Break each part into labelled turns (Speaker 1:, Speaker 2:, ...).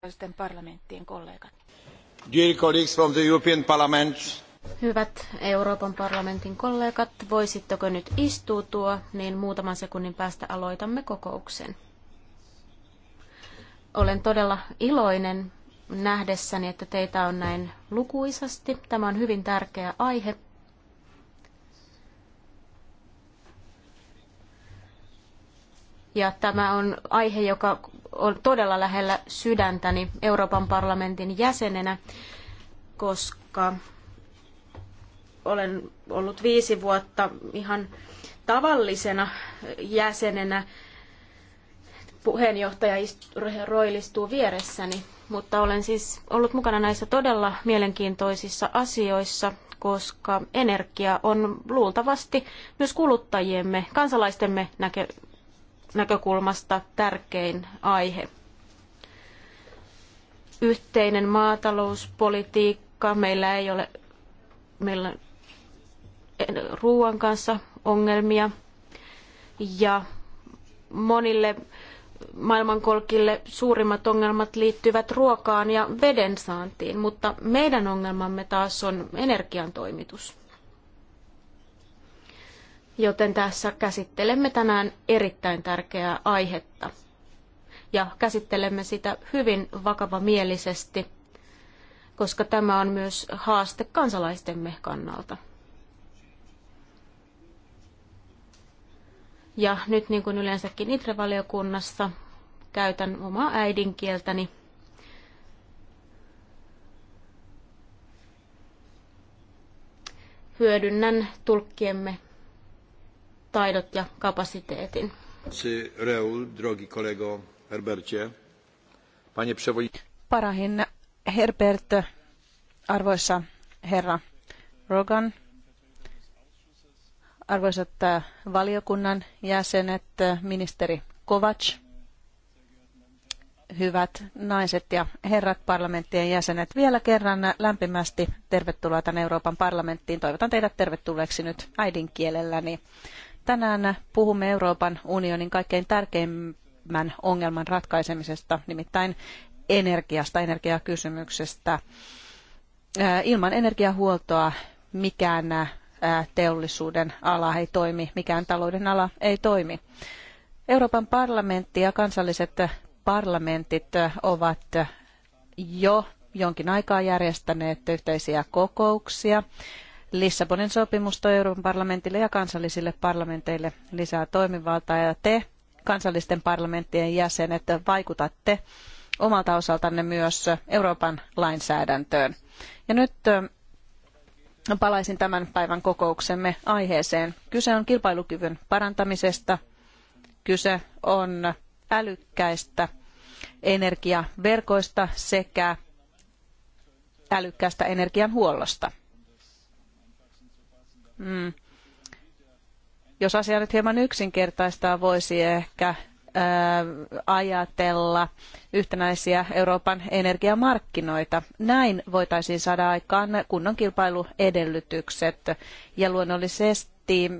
Speaker 1: kansallisten parlamenttien kollegat.
Speaker 2: Dear colleagues from the European Parliament.
Speaker 3: Hyvät Euroopan parlamentin kollegat, voisitteko nyt istuutua, niin muutaman sekunnin päästä aloitamme kokouksen. Olen todella iloinen nähdessäni, että teitä on näin lukuisasti. Tämä on hyvin tärkeä aihe. Ja tämä on aihe, joka on todella lähellä sydäntäni Euroopan parlamentin jäsenenä, koska olen ollut viisi vuotta ihan tavallisena jäsenenä. Puheenjohtaja roilistuu vieressäni, mutta olen siis ollut mukana näissä todella mielenkiintoisissa asioissa, koska energia on luultavasti myös kuluttajiemme, kansalaistemme näke- näkökulmasta tärkein aihe. Yhteinen maatalouspolitiikka, meillä ei ole meillä ruoan kanssa ongelmia ja monille maailmankolkille suurimmat ongelmat liittyvät ruokaan ja veden saantiin, mutta meidän ongelmamme taas on energiantoimitus joten tässä käsittelemme tänään erittäin tärkeää aihetta. Ja käsittelemme sitä hyvin vakavamielisesti, koska tämä on myös haaste kansalaistemme kannalta. Ja nyt niin kuin yleensäkin itre käytän omaa äidinkieltäni. Hyödynnän tulkkiemme taidot ja kapasiteetin.
Speaker 4: Reul, drogi
Speaker 2: Parahin Herbert, arvoisa herra Rogan, arvoisat äh, valiokunnan jäsenet, äh, ministeri Kovac, hyvät naiset ja herrat parlamenttien jäsenet. Vielä kerran lämpimästi tervetuloa tänne Euroopan parlamenttiin. Toivotan teidät tervetulleeksi nyt äidinkielelläni. Tänään puhumme Euroopan unionin kaikkein tärkeimmän ongelman ratkaisemisesta, nimittäin energiasta, energiakysymyksestä. Äh, ilman energiahuoltoa mikään äh, teollisuuden ala ei toimi, mikään talouden ala ei toimi. Euroopan parlamentti ja kansalliset parlamentit äh, ovat jo jonkin aikaa järjestäneet yhteisiä kokouksia Lissabonin sopimus toi Euroopan parlamentille ja kansallisille parlamenteille lisää toimivaltaa ja te kansallisten parlamenttien jäsenet vaikutatte omalta osaltanne myös Euroopan lainsäädäntöön. Ja nyt palaisin tämän päivän kokouksemme aiheeseen. Kyse on kilpailukyvyn parantamisesta. Kyse on älykkäistä energiaverkoista sekä älykkäästä energianhuollosta. Mm. Jos asia nyt hieman yksinkertaistaa, voisi ehkä ajatella yhtenäisiä Euroopan energiamarkkinoita. Näin voitaisiin saada aikaan kunnon kilpailuedellytykset ja luonnollisesti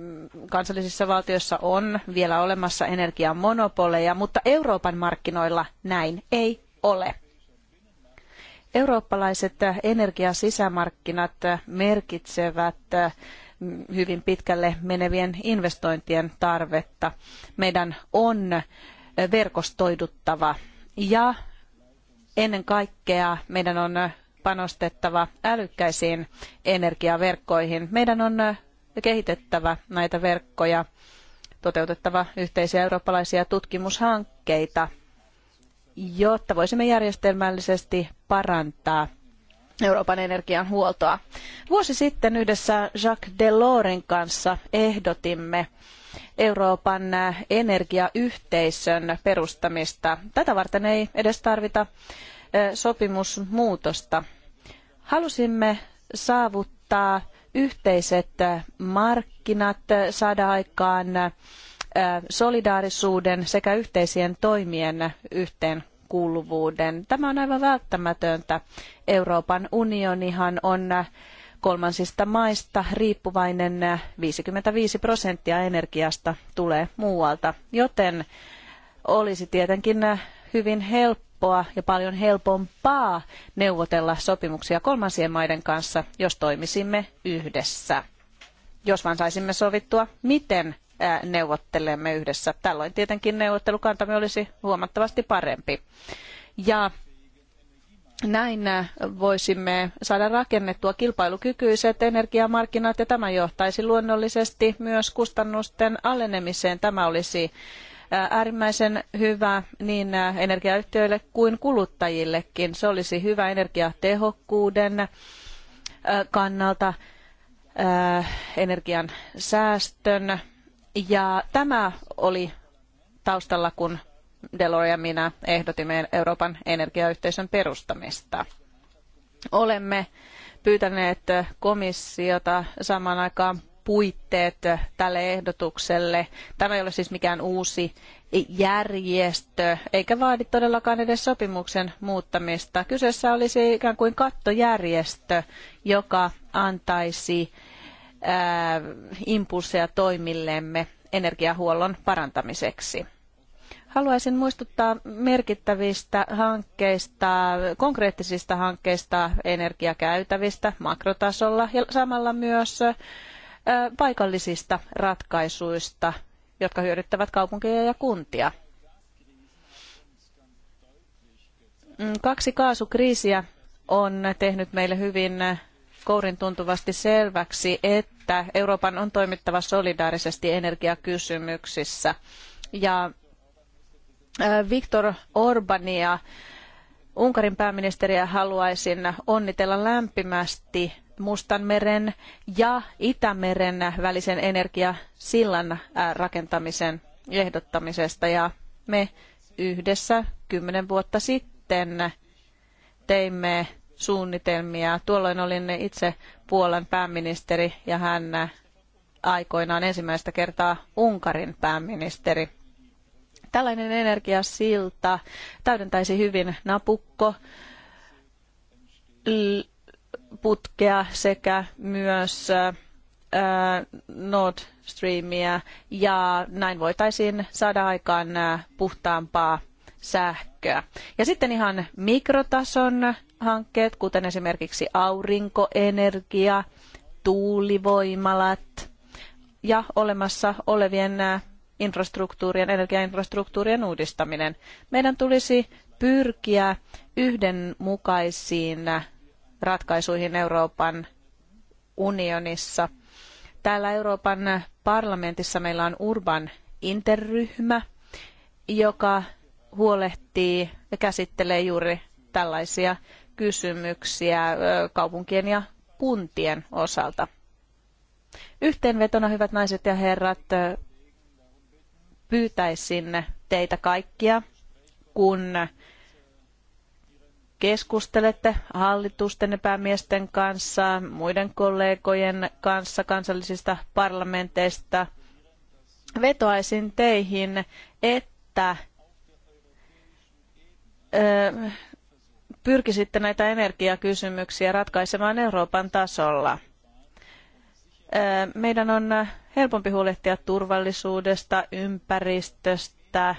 Speaker 2: kansallisissa valtioissa on vielä olemassa energiamonopoleja, mutta Euroopan markkinoilla näin ei ole. Eurooppalaiset energiasisämarkkinat merkitsevät hyvin pitkälle menevien investointien tarvetta. Meidän on verkostoiduttava ja ennen kaikkea meidän on panostettava älykkäisiin energiaverkkoihin. Meidän on kehitettävä näitä verkkoja, toteutettava yhteisiä eurooppalaisia tutkimushankkeita, jotta voisimme järjestelmällisesti parantaa Euroopan energianhuoltoa. Vuosi sitten yhdessä Jacques Delorsin kanssa ehdotimme Euroopan energiayhteisön perustamista. Tätä varten ei edes tarvita sopimusmuutosta. Halusimme saavuttaa yhteiset markkinat, saada aikaan solidaarisuuden sekä yhteisien toimien yhteen yhteenkuuluvuuden. Tämä on aivan välttämätöntä. Euroopan unionihan on kolmansista maista riippuvainen 55 prosenttia energiasta tulee muualta, joten olisi tietenkin hyvin helppoa ja paljon helpompaa neuvotella sopimuksia kolmansien maiden kanssa, jos toimisimme yhdessä. Jos vain saisimme sovittua, miten neuvottelemme yhdessä. Tällöin tietenkin neuvottelukantamme olisi huomattavasti parempi. Ja näin voisimme saada rakennettua kilpailukykyiset energiamarkkinat ja tämä johtaisi luonnollisesti myös kustannusten alenemiseen. Tämä olisi äärimmäisen hyvä niin energiayhtiöille kuin kuluttajillekin. Se olisi hyvä energiatehokkuuden kannalta, energian säästön ja tämä oli taustalla, kun delors ja minä ehdotimme Euroopan energiayhteisön perustamista. Olemme pyytäneet komissiota samaan aikaan puitteet tälle ehdotukselle. Tämä ei ole siis mikään uusi järjestö, eikä vaadi todellakaan edes sopimuksen muuttamista. Kyseessä olisi ikään kuin kattojärjestö, joka antaisi Äh, impulseja toimillemme energiahuollon parantamiseksi. Haluaisin muistuttaa merkittävistä hankkeista, konkreettisista hankkeista, energiakäytävistä makrotasolla ja samalla myös äh, paikallisista ratkaisuista, jotka hyödyttävät kaupunkeja ja kuntia. Mm, kaksi kaasukriisiä on tehnyt meille hyvin kourin tuntuvasti selväksi, että Euroopan on toimittava solidaarisesti energiakysymyksissä. Ja Viktor Orbania, Unkarin pääministeriä, haluaisin onnitella lämpimästi Mustanmeren ja Itämeren välisen energiasillan rakentamisen ehdottamisesta. Ja me yhdessä kymmenen vuotta sitten teimme suunnitelmia. Tuolloin olin itse Puolan pääministeri ja hän aikoinaan ensimmäistä kertaa Unkarin pääministeri. Tällainen energiasilta täydentäisi hyvin napukko putkea sekä myös Nord Streamia ja näin voitaisiin saada aikaan puhtaampaa sähköä. Ja sitten ihan mikrotason hankkeet, kuten esimerkiksi aurinkoenergia, tuulivoimalat ja olemassa olevien infrastruktuurien, energiainfrastruktuurien uudistaminen. Meidän tulisi pyrkiä yhdenmukaisiin ratkaisuihin Euroopan unionissa. Täällä Euroopan parlamentissa meillä on Urban Interryhmä, joka huolehtii ja käsittelee juuri tällaisia kysymyksiä kaupunkien ja kuntien osalta. Yhteenvetona, hyvät naiset ja herrat, pyytäisin teitä kaikkia, kun keskustelette hallitusten päämiesten kanssa, muiden kollegojen kanssa kansallisista parlamenteista, vetoaisin teihin, että pyrkisitte näitä energiakysymyksiä ratkaisemaan Euroopan tasolla? Meidän on helpompi huolehtia turvallisuudesta, ympäristöstä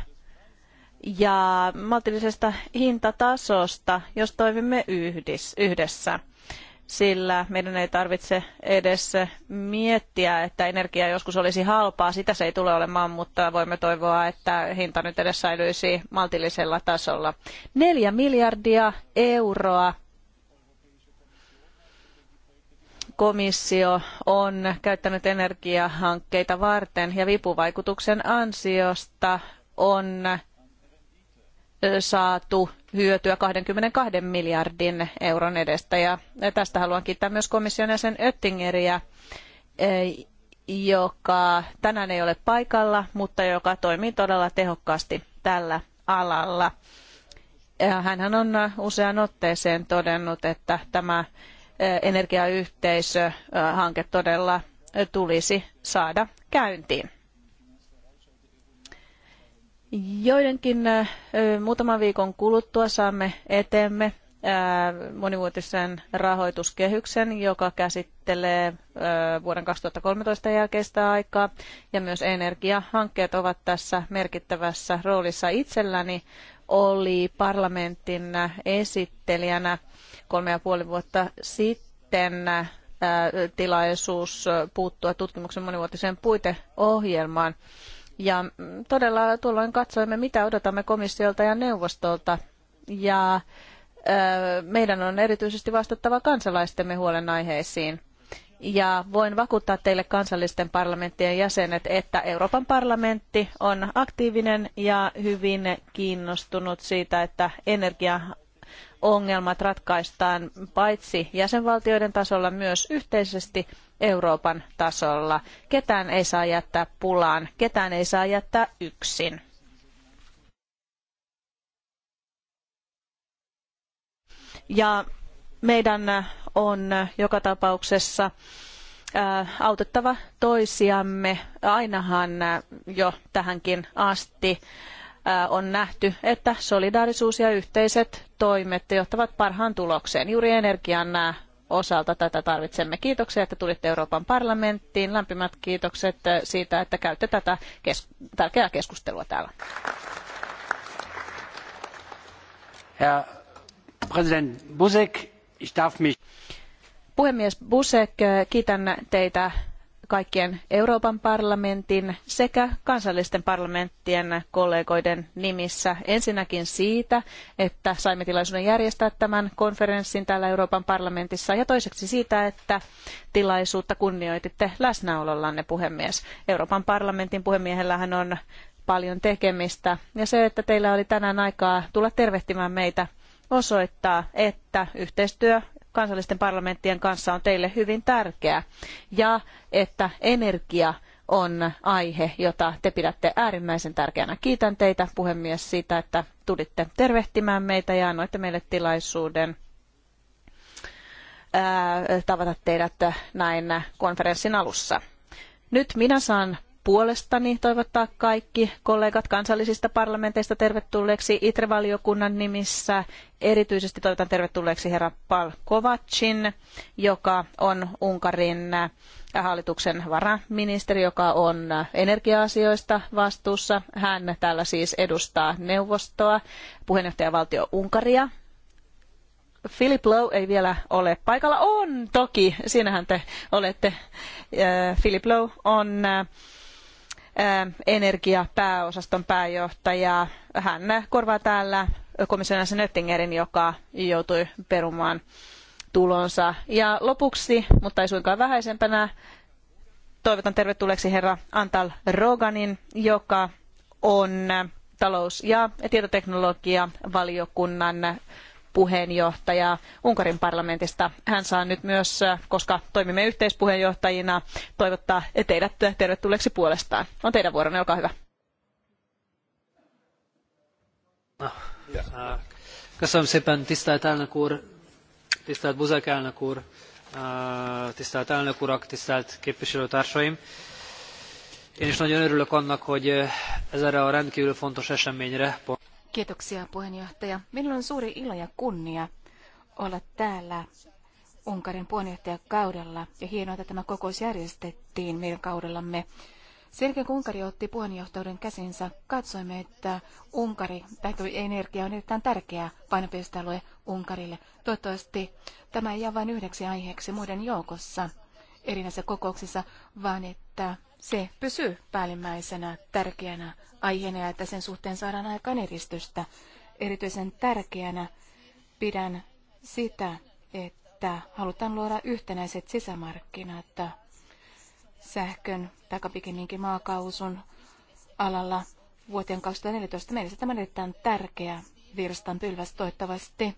Speaker 2: ja maltillisesta hintatasosta, jos toimimme yhdessä sillä meidän ei tarvitse edes miettiä, että energia joskus olisi halpaa. Sitä se ei tule olemaan, mutta voimme toivoa, että hinta nyt edes säilyisi maltillisella tasolla. Neljä miljardia euroa komissio on käyttänyt energiahankkeita varten ja vipuvaikutuksen ansiosta on saatu hyötyä 22 miljardin euron edestä. Ja tästä haluan kiittää myös komission jäsen Oettingeriä, eh, joka tänään ei ole paikalla, mutta joka toimii todella tehokkaasti tällä alalla. Eh, hänhän on usean otteeseen todennut, että tämä eh, energiayhteisöhanke todella tulisi saada käyntiin. Joidenkin äh, muutaman viikon kuluttua saamme eteemme äh, monivuotisen rahoituskehyksen, joka käsittelee äh, vuoden 2013 jälkeistä aikaa. Ja myös energiahankkeet ovat tässä merkittävässä roolissa. Itselläni oli parlamentin esittelijänä kolme ja puoli vuotta sitten tilaisuus puuttua tutkimuksen monivuotiseen puiteohjelmaan. Ja mm, todella tuolloin katsoimme, mitä odotamme komissiolta ja neuvostolta. Ja meidän on erityisesti vastattava kansalaistemme huolenaiheisiin. Ja voin vakuuttaa teille kansallisten parlamenttien jäsenet, että Euroopan parlamentti on aktiivinen ja hyvin kiinnostunut siitä, että energia ongelmat ratkaistaan paitsi jäsenvaltioiden tasolla myös yhteisesti Euroopan tasolla. Ketään ei saa jättää pulaan, ketään ei saa jättää yksin. Ja meidän on joka tapauksessa autettava toisiamme. Ainahan jo tähänkin asti on nähty, että solidaarisuus ja yhteiset toimet johtavat parhaan tulokseen. Juuri energian osalta tätä tarvitsemme. Kiitoksia, että tulitte Euroopan parlamenttiin. Lämpimät kiitokset siitä, että käytte tätä kes- tärkeää keskustelua täällä. Herr
Speaker 4: president Busek, ich darf mich...
Speaker 2: Puhemies Busek, kiitän teitä kaikkien Euroopan parlamentin sekä kansallisten parlamenttien kollegoiden nimissä. Ensinnäkin siitä, että saimme tilaisuuden järjestää tämän konferenssin täällä Euroopan parlamentissa ja toiseksi siitä, että tilaisuutta kunnioititte läsnäolollanne puhemies. Euroopan parlamentin puhemiehellähän on paljon tekemistä ja se, että teillä oli tänään aikaa tulla tervehtimään meitä osoittaa, että yhteistyö kansallisten parlamenttien kanssa on teille hyvin tärkeä ja että energia on aihe, jota te pidätte äärimmäisen tärkeänä. Kiitän teitä puhemies siitä, että tulitte tervehtimään meitä ja annoitte meille tilaisuuden tavata teidät näin konferenssin alussa. Nyt minä saan puolestani toivottaa kaikki kollegat kansallisista parlamenteista tervetulleeksi ITRE-valiokunnan nimissä. Erityisesti toivotan tervetulleeksi herra Pal Kovacin, joka on Unkarin äh, hallituksen varaministeri, joka on äh, energia-asioista vastuussa. Hän täällä siis edustaa neuvostoa, puheenjohtajavaltio Unkaria. Philip Lowe ei vielä ole paikalla. On toki, siinähän te olette. Äh, Philip Lowe on energiapääosaston pääjohtajaa. Hän korvaa täällä komission jäsen Oettingerin, joka joutui perumaan tulonsa. Ja lopuksi, mutta ei suinkaan vähäisempänä, toivotan tervetulleeksi herra Antal Roganin, joka on talous- ja tietoteknologia-valiokunnan puheenjohtaja Unkarin parlamentista. Hän saa nyt myös, koska toimimme yhteispuheenjohtajina, toivottaa teidät tervetulleeksi puolestaan. On teidän vuoronne, olkaa hyvä.
Speaker 4: Köszönöm szépen, tisztelt elnök úr, tisztelt Buzek elnök úr, eh, tisztelt elnök urak, tisztelt képviselőtársaim! Én is nagyon örülök annak, hogy eh, ez erre a rendkívül fontos eseményre
Speaker 1: Kiitoksia puheenjohtaja. Minulla on suuri ilo ja kunnia olla täällä Unkarin puheenjohtajakaudella ja hienoa, että tämä kokous järjestettiin meidän kaudellamme. Selkeä kun Unkari otti puheenjohtajuuden käsinsä, katsoimme, että Unkari, tai energia on erittäin tärkeä painopistealue Unkarille. Toivottavasti tämä ei jää vain yhdeksi aiheeksi muiden joukossa erinäisissä kokouksissa, vaan että se pysyy päällimmäisenä tärkeänä aiheena ja että sen suhteen saadaan aikaan edistystä. Erityisen tärkeänä pidän sitä, että halutaan luoda yhtenäiset sisämarkkinat sähkön tai pikemminkin maakausun alalla vuoteen 2014 mennessä. Tämä on erittäin tärkeä virstan pylväs toivottavasti.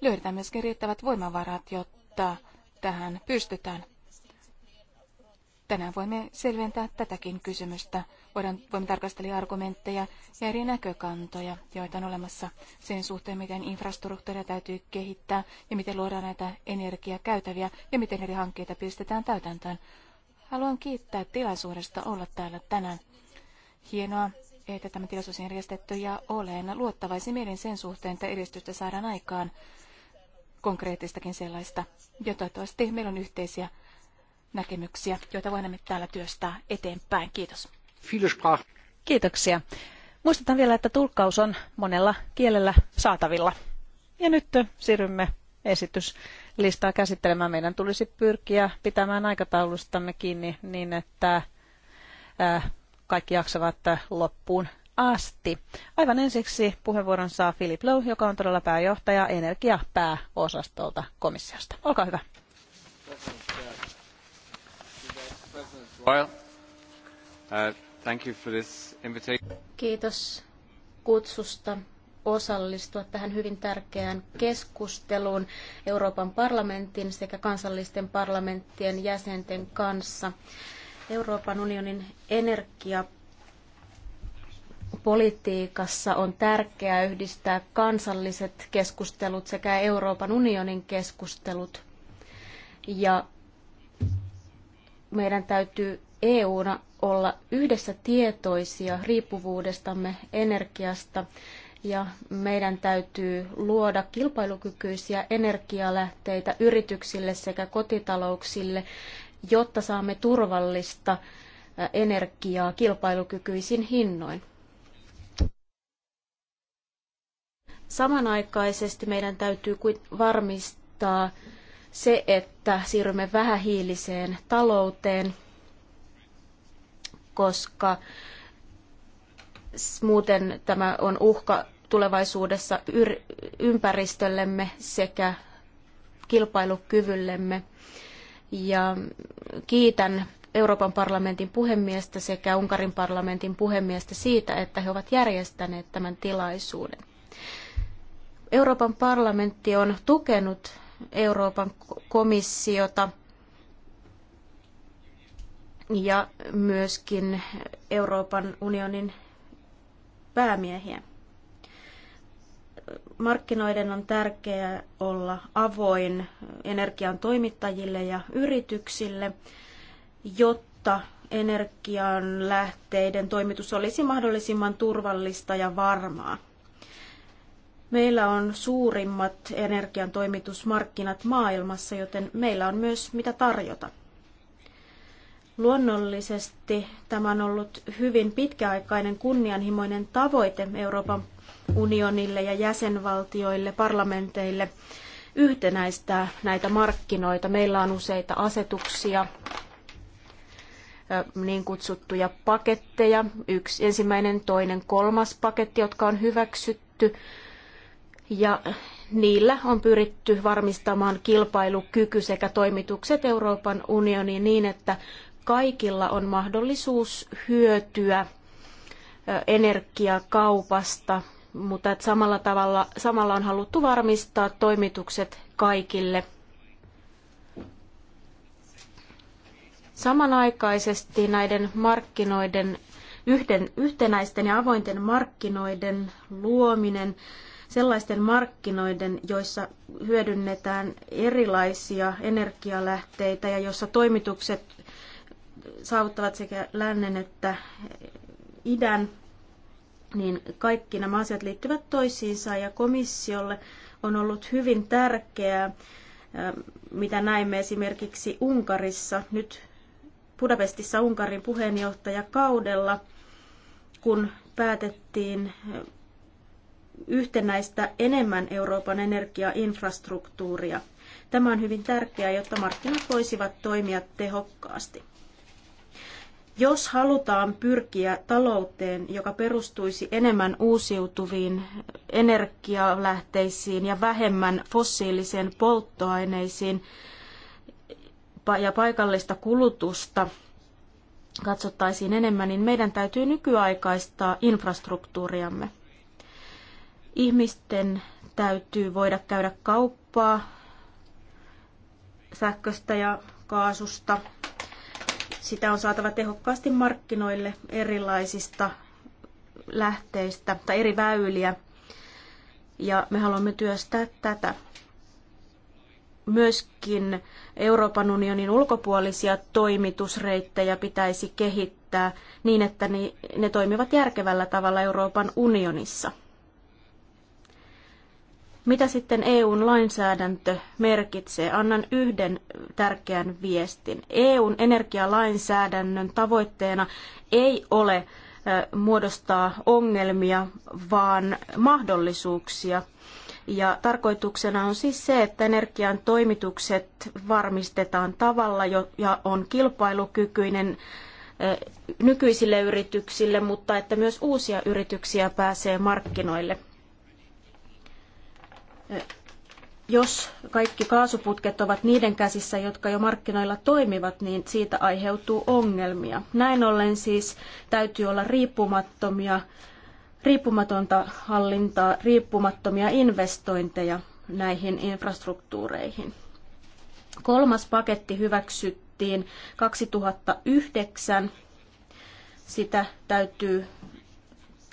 Speaker 1: Löydetään myöskin riittävät voimavarat, jotta tähän pystytään. Tänään voimme selventää tätäkin kysymystä. Voidaan, voimme tarkastella argumentteja ja eri näkökantoja, joita on olemassa sen suhteen, miten infrastruktuuria täytyy kehittää ja miten luodaan näitä energiakäytäviä ja miten eri hankkeita pistetään täytäntöön. Haluan kiittää tilaisuudesta olla täällä tänään. Hienoa, että tämä tilaisuus on järjestetty ja olen luottavaisin mielin sen suhteen, että edistystä saadaan aikaan konkreettistakin sellaista. Ja toivottavasti meillä on yhteisiä näkemyksiä, joita voimme täällä työstää eteenpäin. Kiitos.
Speaker 2: Kiitoksia. Muistetaan vielä, että tulkkaus on monella kielellä saatavilla. Ja nyt siirrymme esityslistaa käsittelemään. Meidän tulisi pyrkiä pitämään aikataulustamme kiinni niin, että äh, kaikki jaksavat loppuun asti. Aivan ensiksi puheenvuoron saa Philip Lowe, joka on todella pääjohtaja energiapääosastolta komissiosta. Olkaa hyvä.
Speaker 4: Thank Uh,
Speaker 3: Kiitos kutsusta osallistua tähän hyvin tärkeään keskusteluun Euroopan parlamentin sekä kansallisten parlamenttien jäsenten kanssa. Euroopan unionin energiapolitiikassa on tärkeää yhdistää kansalliset keskustelut sekä Euroopan unionin keskustelut. Ja meidän täytyy EUna olla yhdessä tietoisia riippuvuudestamme energiasta ja meidän täytyy luoda kilpailukykyisiä energialähteitä yrityksille sekä kotitalouksille, jotta saamme turvallista energiaa kilpailukykyisin hinnoin. Samanaikaisesti meidän täytyy varmistaa se, että siirrymme vähähiiliseen talouteen, koska muuten tämä on uhka tulevaisuudessa ympäristöllemme sekä kilpailukyvyllemme. Ja kiitän Euroopan parlamentin puhemiestä sekä Unkarin parlamentin puhemiestä siitä, että he ovat järjestäneet tämän tilaisuuden. Euroopan parlamentti on tukenut Euroopan komissiota ja myöskin Euroopan unionin päämiehiä. Markkinoiden on tärkeää olla avoin energian toimittajille ja yrityksille, jotta energian lähteiden toimitus olisi mahdollisimman turvallista ja varmaa. Meillä on suurimmat energiantoimitusmarkkinat maailmassa, joten meillä on myös mitä tarjota. Luonnollisesti tämä on ollut hyvin pitkäaikainen kunnianhimoinen tavoite Euroopan unionille ja jäsenvaltioille, parlamenteille yhtenäistää näitä markkinoita. Meillä on useita asetuksia, niin kutsuttuja paketteja, yksi, ensimmäinen, toinen, kolmas paketti, jotka on hyväksytty ja niillä on pyritty varmistamaan kilpailukyky sekä toimitukset Euroopan unioniin niin, että kaikilla on mahdollisuus hyötyä energiakaupasta, mutta samalla, tavalla, samalla on haluttu varmistaa toimitukset kaikille. Samanaikaisesti näiden markkinoiden, yhden, yhtenäisten ja avointen markkinoiden luominen sellaisten markkinoiden, joissa hyödynnetään erilaisia energialähteitä ja jossa toimitukset saavuttavat sekä lännen että idän, niin kaikki nämä asiat liittyvät toisiinsa ja komissiolle on ollut hyvin tärkeää, mitä näimme esimerkiksi Unkarissa nyt Budapestissa Unkarin puheenjohtajakaudella, kun päätettiin yhtenäistä enemmän Euroopan energiainfrastruktuuria. Tämä on hyvin tärkeää, jotta markkinat voisivat toimia tehokkaasti. Jos halutaan pyrkiä talouteen, joka perustuisi enemmän uusiutuviin energialähteisiin ja vähemmän fossiilisiin polttoaineisiin ja paikallista kulutusta katsottaisiin enemmän, niin meidän täytyy nykyaikaistaa infrastruktuuriamme. Ihmisten täytyy voida käydä kauppaa sähköstä ja kaasusta. Sitä on saatava tehokkaasti markkinoille erilaisista lähteistä tai eri väyliä. Ja me haluamme työstää tätä. Myöskin Euroopan unionin ulkopuolisia toimitusreittejä pitäisi kehittää niin, että ne toimivat järkevällä tavalla Euroopan unionissa. Mitä sitten EUn lainsäädäntö merkitsee? Annan yhden tärkeän viestin. EUn energialainsäädännön tavoitteena ei ole muodostaa ongelmia, vaan mahdollisuuksia. Ja tarkoituksena on siis se, että energian toimitukset varmistetaan tavalla, ja on kilpailukykyinen nykyisille yrityksille, mutta että myös uusia yrityksiä pääsee markkinoille jos kaikki kaasuputket ovat niiden käsissä, jotka jo markkinoilla toimivat, niin siitä aiheutuu ongelmia. Näin ollen siis täytyy olla riippumattomia, riippumatonta hallintaa, riippumattomia investointeja näihin infrastruktuureihin. Kolmas paketti hyväksyttiin 2009. Sitä täytyy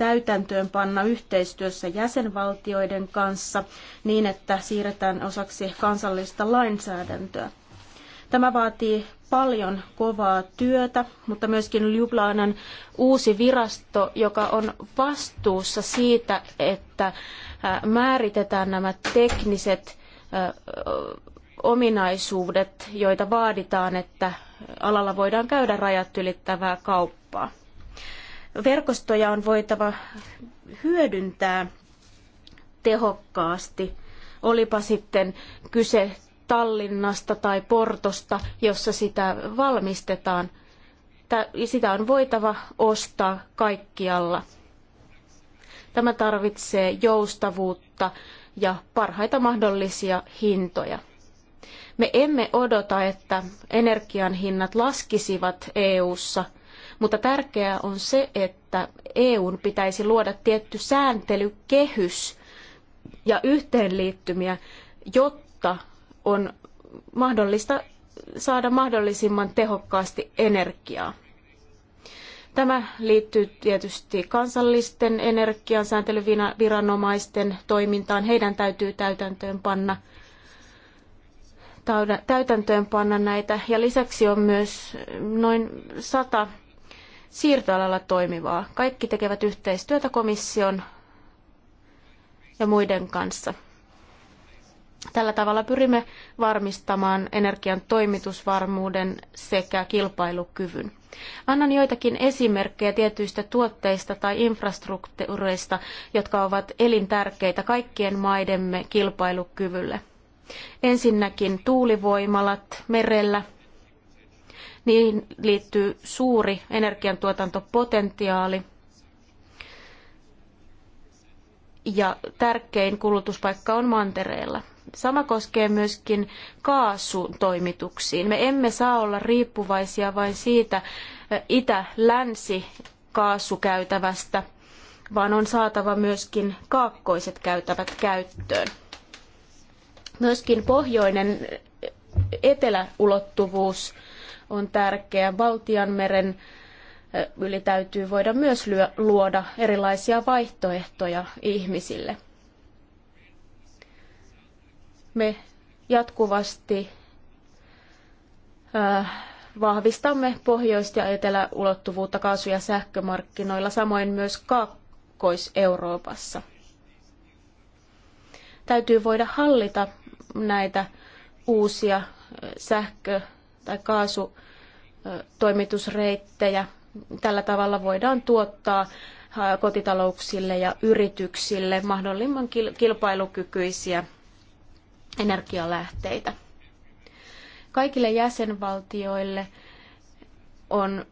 Speaker 3: Täytäntöön panna yhteistyössä jäsenvaltioiden kanssa niin, että siirretään osaksi kansallista lainsäädäntöä. Tämä vaatii paljon kovaa työtä, mutta myöskin Ljubljanan uusi virasto, joka on vastuussa siitä, että äh, määritetään nämä tekniset äh, ominaisuudet, joita vaaditaan, että äh, alalla voidaan käydä rajat ylittävää kauppaa. Verkostoja on voitava hyödyntää tehokkaasti, olipa sitten kyse Tallinnasta tai Portosta, jossa sitä valmistetaan. Sitä on voitava ostaa kaikkialla. Tämä tarvitsee joustavuutta ja parhaita mahdollisia hintoja. Me emme odota, että energian hinnat laskisivat EU:ssa – mutta tärkeää on se, että EUn pitäisi luoda tietty sääntelykehys ja yhteenliittymiä, jotta on mahdollista saada mahdollisimman tehokkaasti energiaa. Tämä liittyy tietysti kansallisten energian sääntelyviranomaisten toimintaan. Heidän täytyy täytäntöönpanna täytäntöönpanna näitä. Ja lisäksi on myös noin sata siirtoalalla toimivaa. Kaikki tekevät yhteistyötä komission ja muiden kanssa. Tällä tavalla pyrimme varmistamaan energian toimitusvarmuuden sekä kilpailukyvyn. Annan joitakin esimerkkejä tietyistä tuotteista tai infrastruktuureista, jotka ovat elintärkeitä kaikkien maidemme kilpailukyvylle. Ensinnäkin tuulivoimalat merellä, Niihin liittyy suuri energiantuotantopotentiaali ja tärkein kulutuspaikka on mantereella. Sama koskee myöskin toimituksiin. Me emme saa olla riippuvaisia vain siitä itä-länsi kaasukäytävästä, vaan on saatava myöskin kaakkoiset käytävät käyttöön. Myöskin pohjoinen eteläulottuvuus ulottuvuus on tärkeä. Baltianmeren yli täytyy voida myös luoda erilaisia vaihtoehtoja ihmisille. Me jatkuvasti vahvistamme pohjois- ja eteläulottuvuutta kaasu- ja sähkömarkkinoilla, samoin myös Kaakkois-Euroopassa. Täytyy voida hallita näitä uusia sähkö- tai kaasutoimitusreittejä. Tällä tavalla voidaan tuottaa kotitalouksille ja yrityksille mahdollisimman kilpailukykyisiä energialähteitä. Kaikille jäsenvaltioille on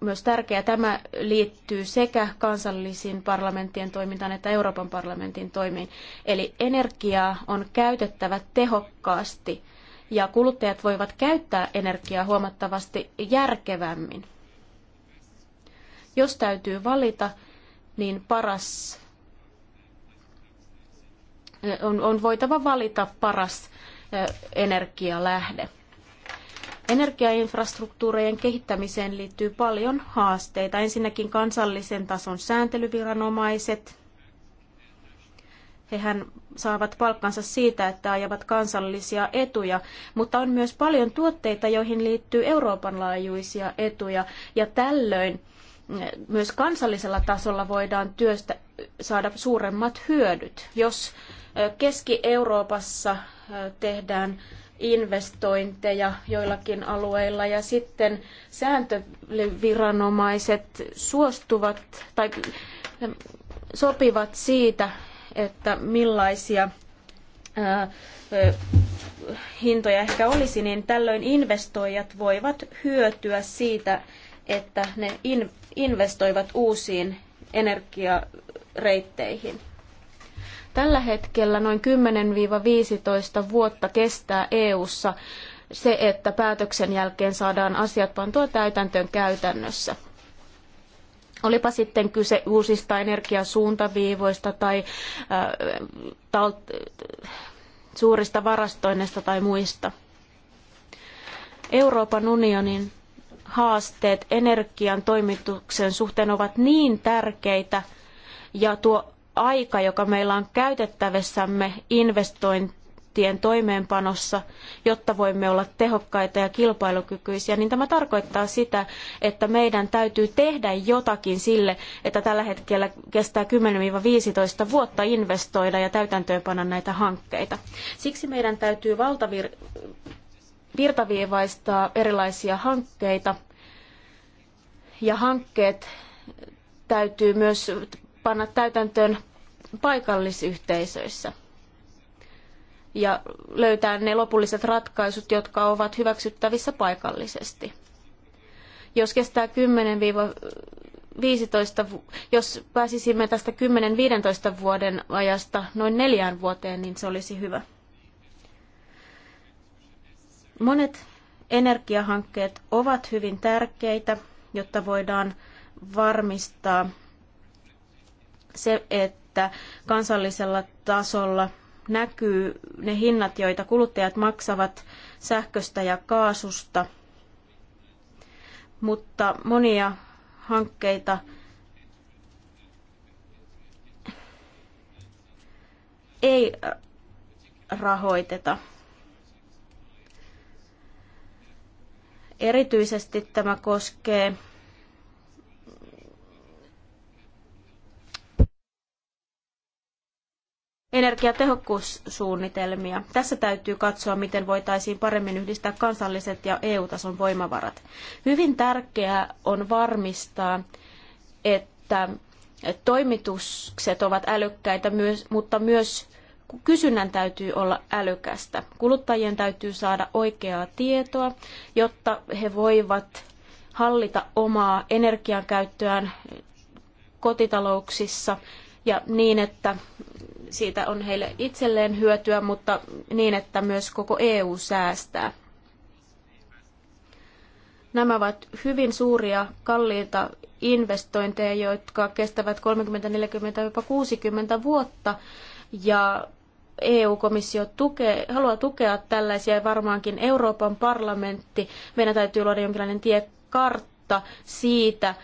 Speaker 3: myös tärkeää. Tämä liittyy sekä kansallisiin parlamenttien toimintaan että Euroopan parlamentin toimiin. Eli energiaa on käytettävä tehokkaasti ja kuluttajat voivat käyttää energiaa huomattavasti järkevämmin. Jos täytyy valita, niin paras eh, on, on voitava valita paras eh, energialähde. Energiainfrastruktuurien kehittämiseen liittyy paljon haasteita. Ensinnäkin kansallisen tason sääntelyviranomaiset, Hehän saavat palkkansa siitä, että ajavat kansallisia etuja, mutta on myös paljon tuotteita, joihin liittyy Euroopan laajuisia etuja, ja tällöin mm, myös kansallisella tasolla voidaan työstä saada suuremmat hyödyt. Jos Keski-Euroopassa tehdään investointeja joillakin alueilla ja sitten sääntöviranomaiset suostuvat tai mm, sopivat siitä, että millaisia hintoja ehkä olisi, niin tällöin investoijat voivat hyötyä siitä, että ne investoivat uusiin energiareitteihin. Tällä hetkellä noin 10-15 vuotta kestää EU:ssa se, että päätöksen jälkeen saadaan asiat pantua täytäntöön käytännössä. Olipa sitten kyse uusista energiasuuntaviivoista tai suurista varastoinnista tai muista. Euroopan unionin haasteet energian toimituksen suhteen ovat niin tärkeitä ja tuo aika, joka meillä on käytettävissämme investointi budjettien toimeenpanossa, jotta voimme olla tehokkaita ja kilpailukykyisiä, niin tämä tarkoittaa sitä, että meidän täytyy tehdä jotakin sille, että tällä hetkellä kestää 10-15 vuotta investoida ja täytäntöönpanna näitä hankkeita. Siksi meidän täytyy valtavir- virtaviivaistaa erilaisia hankkeita ja hankkeet täytyy myös panna täytäntöön paikallisyhteisöissä ja löytää ne lopulliset ratkaisut, jotka ovat hyväksyttävissä paikallisesti. Jos kestää 10 15, jos pääsisimme tästä 10-15 vuoden ajasta noin neljään vuoteen, niin se olisi hyvä. Monet energiahankkeet ovat hyvin tärkeitä, jotta voidaan varmistaa se, että kansallisella tasolla näkyy ne hinnat, joita kuluttajat maksavat sähköstä ja kaasusta. Mutta monia hankkeita ei rahoiteta. Erityisesti tämä koskee energiatehokkuussuunnitelmia. Tässä täytyy katsoa, miten voitaisiin paremmin yhdistää kansalliset ja EU-tason voimavarat. Hyvin tärkeää on varmistaa, että toimitukset ovat älykkäitä, myös, mutta myös kysynnän täytyy olla älykästä. Kuluttajien täytyy saada oikeaa tietoa, jotta he voivat hallita omaa energiankäyttöään kotitalouksissa ja niin, että siitä on heille itselleen hyötyä, mutta niin, että myös koko EU säästää. Nämä ovat hyvin suuria, kalliita investointeja, jotka kestävät 30, 40, jopa 60 vuotta. Ja EU-komissio tukee, haluaa tukea tällaisia ja varmaankin Euroopan parlamentti. Meidän täytyy luoda jonkinlainen tiekartta siitä,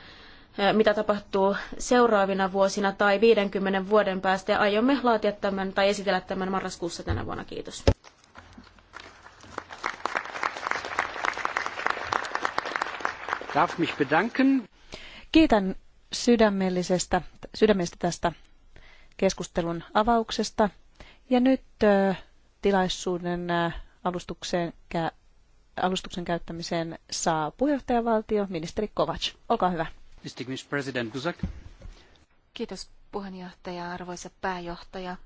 Speaker 3: mitä tapahtuu seuraavina vuosina tai 50 vuoden päästä. Ja aiomme laatia tämän tai esitellä tämän marraskuussa tänä vuonna.
Speaker 4: Kiitos. Darf mich bedanken.
Speaker 2: Kiitän sydämellisestä, sydämestä tästä keskustelun avauksesta. Ja nyt tilaisuuden alustukseen, alustuksen käyttämiseen saa puheenjohtajavaltio, ministeri Kovac. Olkaa hyvä.
Speaker 4: Distinguished President Buzek.
Speaker 1: Kiitos puheenjohtaja, arvoisa pääjohtaja.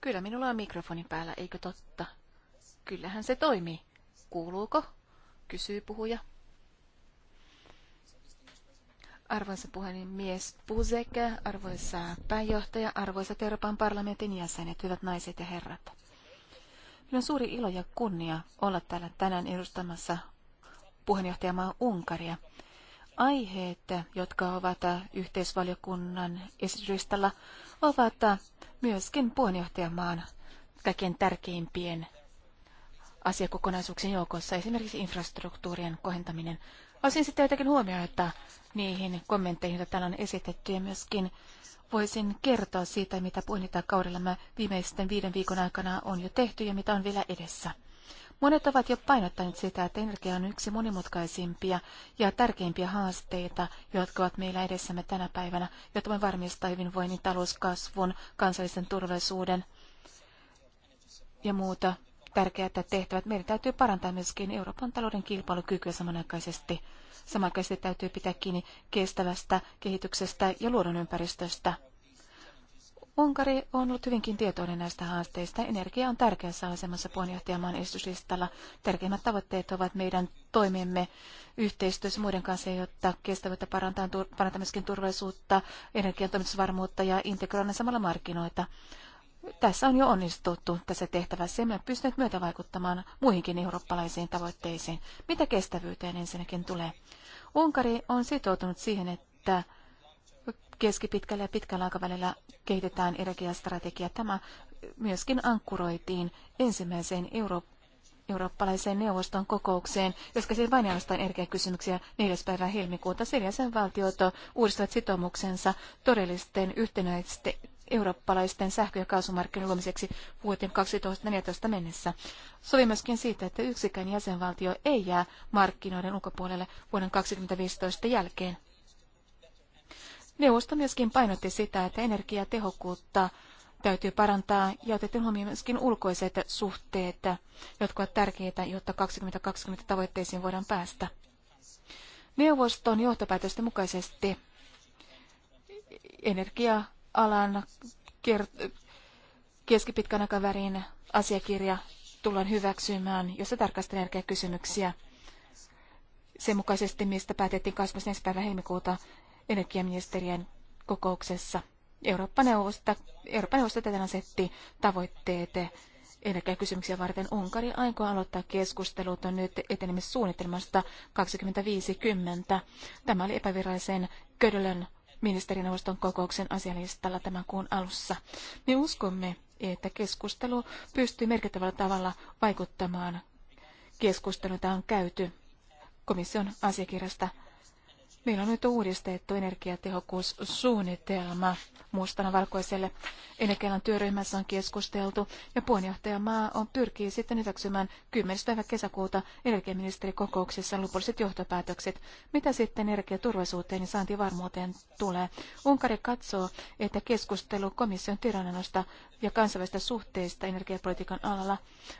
Speaker 1: Kyllä minulla on mikrofoni päällä, eikö totta? Kyllähän se toimii. Kuuluuko? Kysyy puhuja. Arvoisa puhemies Buzek, arvoisa pääjohtaja, arvoisat Euroopan parlamentin jäsenet, hyvät naiset ja herrat. Minun on suuri ilo ja kunnia olla täällä tänään edustamassa puheenjohtajamaa Unkaria aiheet, jotka ovat yhteisvaliokunnan esityslistalla, ovat myöskin puheenjohtajamaan kaikkein tärkeimpien asiakokonaisuuksien joukossa, esimerkiksi infrastruktuurien kohentaminen. Olisin sitten jotakin huomioita niihin kommentteihin, joita täällä on esitetty, ja myöskin voisin kertoa siitä, mitä puheenjohtajakaudella mä viimeisten viiden viikon aikana on jo tehty ja mitä on vielä edessä. Monet ovat jo painottaneet sitä, että energia on yksi monimutkaisimpia ja tärkeimpiä haasteita, jotka ovat meillä edessämme tänä päivänä, jotta voimme varmistaa hyvinvoinnin, talouskasvun, kansallisen turvallisuuden ja muuta että tehtävät. Meidän täytyy parantaa myöskin Euroopan talouden kilpailukykyä samanaikaisesti. Samanaikaisesti täytyy pitää kiinni kestävästä kehityksestä ja luonnonympäristöstä. Unkari on ollut hyvinkin tietoinen näistä haasteista. Energia on tärkeässä asemassa puheenjohtajamaan esityslistalla. Tärkeimmät tavoitteet ovat meidän toimimme yhteistyössä muiden kanssa, jotta kestävyyttä parantaa, parantaa myöskin turvallisuutta, energian toimitusvarmuutta ja integroida samalla markkinoita. Tässä on jo onnistuttu tässä tehtävässä ja me myötä vaikuttamaan muihinkin eurooppalaisiin tavoitteisiin. Mitä kestävyyteen ensinnäkin tulee? Unkari on sitoutunut siihen, että keskipitkällä ja pitkällä aikavälillä kehitetään energiastrategia. Tämä myöskin ankkuroitiin ensimmäiseen Euro- eurooppalaiseen neuvoston kokoukseen, jossa siis vain ainoastaan energiakysymyksiä 4. päivä helmikuuta. Sen jäsenvaltiot uudistavat sitoumuksensa todellisten yhtenäisten eurooppalaisten sähkö- ja kaasumarkkinoiden luomiseksi vuoteen 2014 mennessä. Sovi myöskin siitä, että yksikään jäsenvaltio ei jää markkinoiden ulkopuolelle vuoden 2015 jälkeen. Neuvosto myöskin painotti sitä, että energiatehokkuutta täytyy parantaa ja otettiin huomioon myöskin ulkoiset suhteet, jotka ovat tärkeitä, jotta 2020 tavoitteisiin voidaan päästä. Neuvoston johtopäätösten mukaisesti energia-alan keskipitkän aikavälin asiakirja tullaan hyväksymään, jossa tarkastetaan energiakysymyksiä. Sen mukaisesti, mistä päätettiin 21. päivä helmikuuta energiaministerien kokouksessa. Eurooppa-neuvosto, eurooppa asetti tavoitteet energiakysymyksiä varten. Unkari aikoo aloittaa keskustelut on nyt etenemissuunnitelmasta 2050. Tämä oli epävirallisen Ködölön ministerineuvoston kokouksen asialistalla tämän kuun alussa. Me uskomme, että keskustelu pystyy merkittävällä tavalla vaikuttamaan keskusteluun, jota on käyty komission asiakirjasta Meillä on nyt uudistettu energiatehokkuussuunnitelma mustana valkoiselle. Energialan työryhmässä on keskusteltu ja puheenjohtaja maa on pyrkii sitten hyväksymään 10. päivä kesäkuuta energiaministerikokouksessa lopulliset johtopäätökset. Mitä sitten energiaturvallisuuteen ja saantivarmuuteen tulee? Unkari katsoo, että keskustelu komission tiedonannosta ja kansainvälistä suhteista energiapolitiikan alalla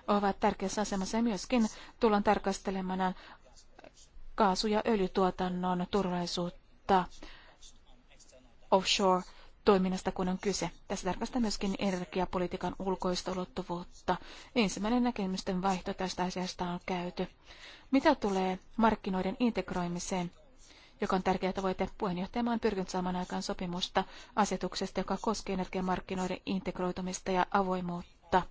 Speaker 1: ovat tärkeässä asemassa ja myöskin tullaan tarkastelemaan kaasu- ja öljytuotannon turvallisuutta offshore toiminnasta, kun on kyse. Tässä tarkastaa myöskin energiapolitiikan ulkoista ulottuvuutta. Ensimmäinen näkemysten vaihto tästä asiasta on käyty. Mitä tulee markkinoiden integroimiseen, joka on tärkeä tavoite, puheenjohtajamaa on pyrkinyt saamaan aikaan sopimusta asetuksesta, joka koskee energiamarkkinoiden integroitumista ja avoimuutta.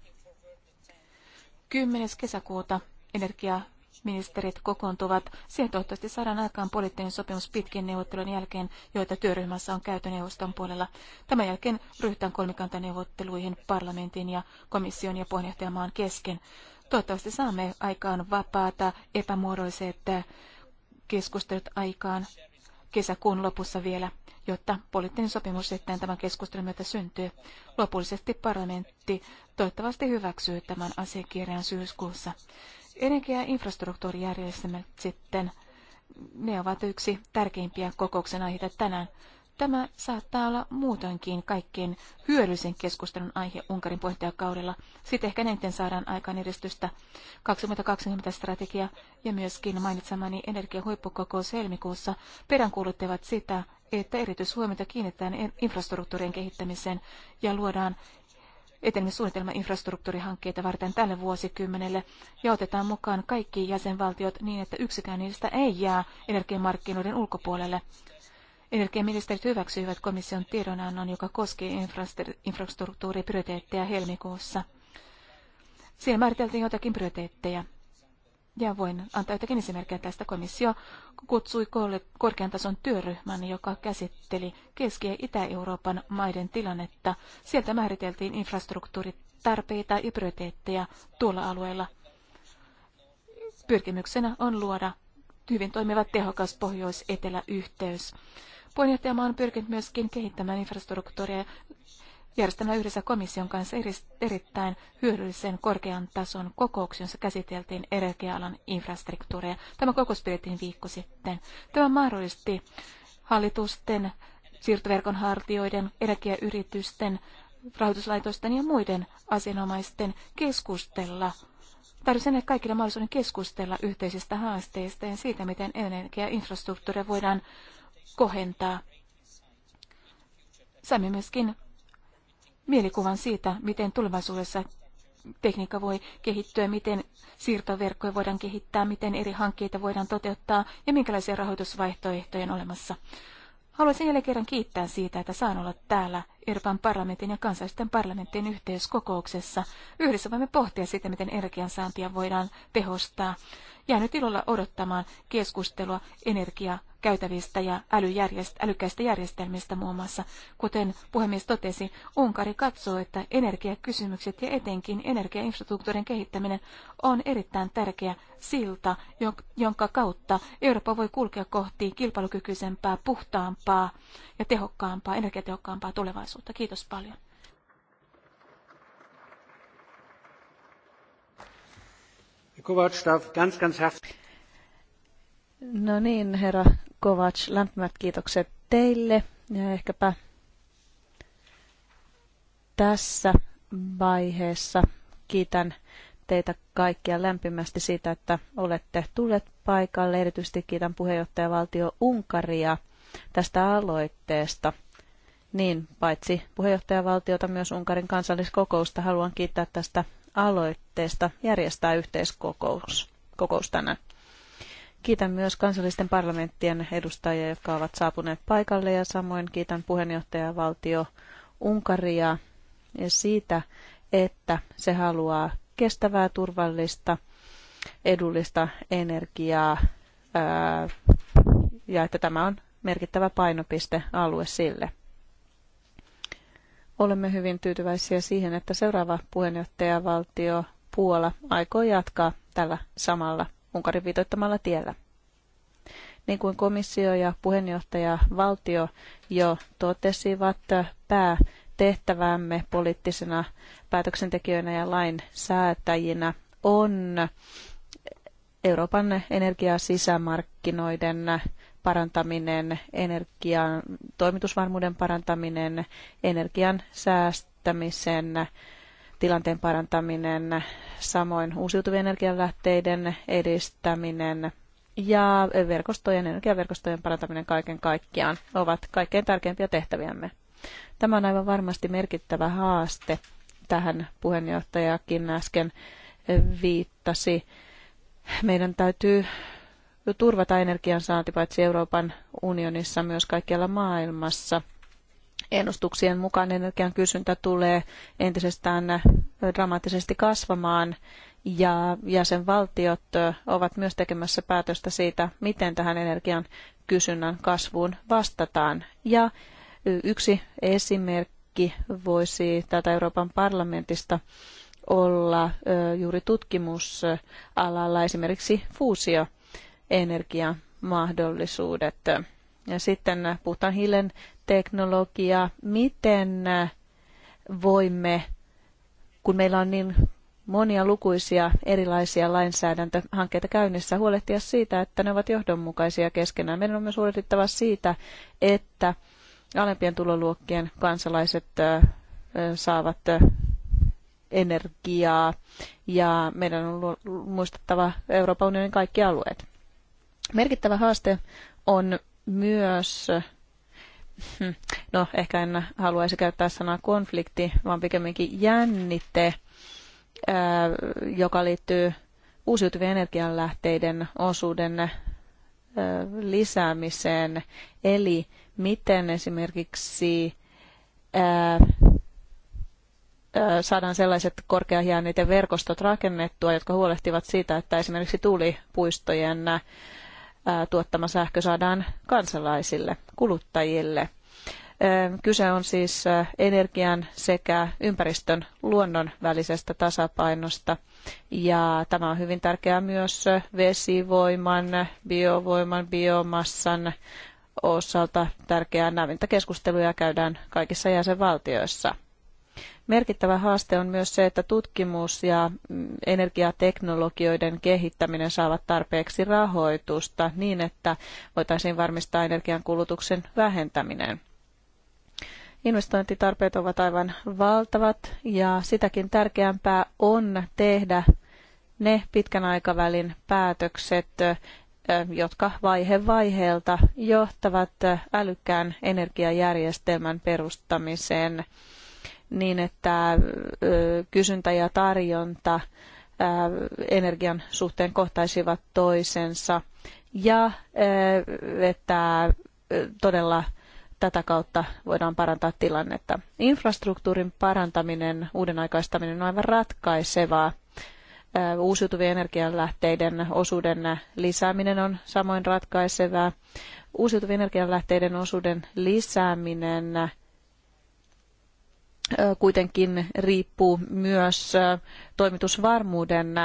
Speaker 1: 10. kesäkuuta energia- ministerit kokoontuvat. Siihen toivottavasti saadaan aikaan poliittinen sopimus pitkin neuvottelun jälkeen, joita työryhmässä on käyty neuvoston puolella. Tämän jälkeen ryhtään kolmikantaneuvotteluihin parlamentin ja komission ja puheenjohtajamaan kesken. Toivottavasti saamme aikaan vapaata, epämuodoiset keskustelut aikaan kesäkuun lopussa vielä, jotta poliittinen sopimus sitten tämän keskustelun myötä syntyy. Lopullisesti parlamentti toivottavasti hyväksyy tämän asiakirjan syyskuussa. Energia- ja infrastruktuurijärjestelmät sitten, ne ovat yksi tärkeimpiä kokouksen aiheita tänään. Tämä saattaa olla muutoinkin kaikkein hyödyllisen keskustelun aihe Unkarin puheenjohtajakaudella. Sitten ehkä eniten saadaan aikaan edistystä 2020-strategia ja myöskin mainitsemani energiahuippukokous helmikuussa peräänkuuluttavat sitä, että erityishuomiota kiinnitetään infrastruktuurien kehittämiseen ja luodaan etenemissuunnitelma infrastruktuurihankkeita varten tälle vuosikymmenelle ja otetaan mukaan kaikki jäsenvaltiot niin, että yksikään niistä ei jää energiamarkkinoiden ulkopuolelle. Energiaministerit hyväksyivät komission tiedonannon, joka koski infrastruktuuriprioriteetteja helmikuussa. Siellä määriteltiin jotakin prioriteetteja. Ja voin antaa jotakin esimerkkejä tästä. Komissio kutsui korkean tason työryhmän, joka käsitteli Keski- ja Itä-Euroopan maiden tilannetta. Sieltä määriteltiin infrastruktuuritarpeita ja prioriteetteja tuolla alueella. Pyrkimyksenä on luoda hyvin toimiva tehokas pohjois-etelä-yhteys. Puheenjohtajamaa on pyrkinyt myöskin kehittämään infrastruktuuria järjestämällä yhdessä komission kanssa erittäin hyödyllisen korkean tason kokouksen, jossa käsiteltiin energia-alan infrastruktuuria. Tämä kokous pidettiin viikko sitten. Tämä mahdollisti hallitusten, siirtoverkon hartioiden, energiayritysten, rahoituslaitosten ja muiden asianomaisten keskustella tarvitsemme kaikille mahdollisuuden keskustella yhteisistä haasteista ja siitä, miten energiainfrastruktuuria voidaan kohentaa. Saimme myöskin mielikuvan siitä, miten tulevaisuudessa tekniikka voi kehittyä, miten siirtoverkkoja voidaan kehittää, miten eri hankkeita voidaan toteuttaa ja minkälaisia rahoitusvaihtoehtoja on olemassa. Haluaisin jälleen kerran kiittää siitä, että saan olla täällä Euroopan parlamentin ja kansallisten parlamenttien yhteiskokouksessa. Yhdessä voimme pohtia sitä, miten energiansaantia voidaan tehostaa. Jään nyt ilolla odottamaan keskustelua energiaa käytävistä ja älyjärjest- älykkäistä järjestelmistä muun muassa. Kuten puhemies totesi, Unkari katsoo, että energiakysymykset ja etenkin energiainfrastruktuurin kehittäminen on erittäin tärkeä silta, jonka kautta Eurooppa voi kulkea kohti kilpailukykyisempää, puhtaampaa ja tehokkaampaa, energiatehokkaampaa tulevaisuutta. Kiitos paljon.
Speaker 2: No niin, herra Kovac, lämpimät kiitokset teille. Ja ehkäpä tässä vaiheessa kiitän teitä kaikkia lämpimästi siitä, että olette tulleet paikalle. Erityisesti kiitän puheenjohtajavaltio Unkaria tästä aloitteesta. Niin, paitsi puheenjohtajavaltiota, myös Unkarin kansalliskokousta haluan kiittää tästä aloitteesta järjestää yhteiskokous kokous tänään. Kiitän myös kansallisten parlamenttien edustajia, jotka ovat saapuneet paikalle ja samoin kiitän puheenjohtajavaltio Unkaria siitä, että se haluaa kestävää, turvallista, edullista energiaa ja että tämä on merkittävä painopistealue sille. Olemme hyvin tyytyväisiä siihen, että seuraava puheenjohtajavaltio Puola aikoo jatkaa tällä samalla Unkarin viitoittamalla tiellä. Niin kuin komissio ja puheenjohtaja valtio jo totesivat, päätehtävämme poliittisena päätöksentekijöinä ja lainsäätäjinä on Euroopan energiasisämarkkinoiden parantaminen, energian toimitusvarmuuden parantaminen, energian säästämisen tilanteen parantaminen, samoin uusiutuvien energialähteiden edistäminen ja verkostojen, energiaverkostojen parantaminen kaiken kaikkiaan ovat kaikkein tärkeimpiä tehtäviämme. Tämä on aivan varmasti merkittävä haaste. Tähän puheenjohtajakin äsken viittasi. Meidän täytyy turvata energiansaanti saanti paitsi Euroopan unionissa myös kaikkialla maailmassa – ennustuksien mukaan energian kysyntä tulee entisestään dramaattisesti kasvamaan ja jäsenvaltiot ovat myös tekemässä päätöstä siitä, miten tähän energian kysynnän kasvuun vastataan. Ja yksi esimerkki voisi tätä Euroopan parlamentista olla juuri tutkimusalalla esimerkiksi fuusioenergiamahdollisuudet. mahdollisuudet ja sitten äh, puhutaan hiilen teknologia. Miten äh, voimme, kun meillä on niin monia lukuisia erilaisia lainsäädäntöhankkeita käynnissä, huolehtia siitä, että ne ovat johdonmukaisia keskenään. Meidän on myös huolehdittava siitä, että alempien tuloluokkien kansalaiset äh, saavat energiaa ja meidän on muistettava Euroopan unionin kaikki alueet. Merkittävä haaste on myös, no ehkä en haluaisi käyttää sanaa konflikti, vaan pikemminkin jännite, äh, joka liittyy uusiutuvien energianlähteiden osuuden äh, lisäämiseen. Eli miten esimerkiksi äh, saadaan sellaiset korkeahiääniten verkostot rakennettua, jotka huolehtivat siitä, että esimerkiksi tuulipuistojen tuottama sähkö saadaan kansalaisille, kuluttajille. Kyse on siis energian sekä ympäristön luonnon välisestä tasapainosta. Ja tämä on hyvin tärkeää myös vesivoiman, biovoiman, biomassan osalta tärkeää. Näitä keskusteluja käydään kaikissa jäsenvaltioissa. Merkittävä haaste on myös se, että tutkimus ja mm, energiateknologioiden kehittäminen saavat tarpeeksi rahoitusta niin, että voitaisiin varmistaa energian kulutuksen vähentäminen. Investointitarpeet ovat aivan valtavat ja sitäkin tärkeämpää on tehdä ne pitkän aikavälin päätökset, jotka vaihe vaiheelta johtavat älykkään energiajärjestelmän perustamiseen niin, että kysyntä ja tarjonta energian suhteen kohtaisivat toisensa ja että todella tätä kautta voidaan parantaa tilannetta. Infrastruktuurin parantaminen, uuden aikaistaminen on aivan ratkaisevaa. Uusiutuvien energianlähteiden osuuden lisääminen on samoin ratkaisevaa. Uusiutuvien energianlähteiden osuuden lisääminen kuitenkin riippuu myös toimitusvarmuuden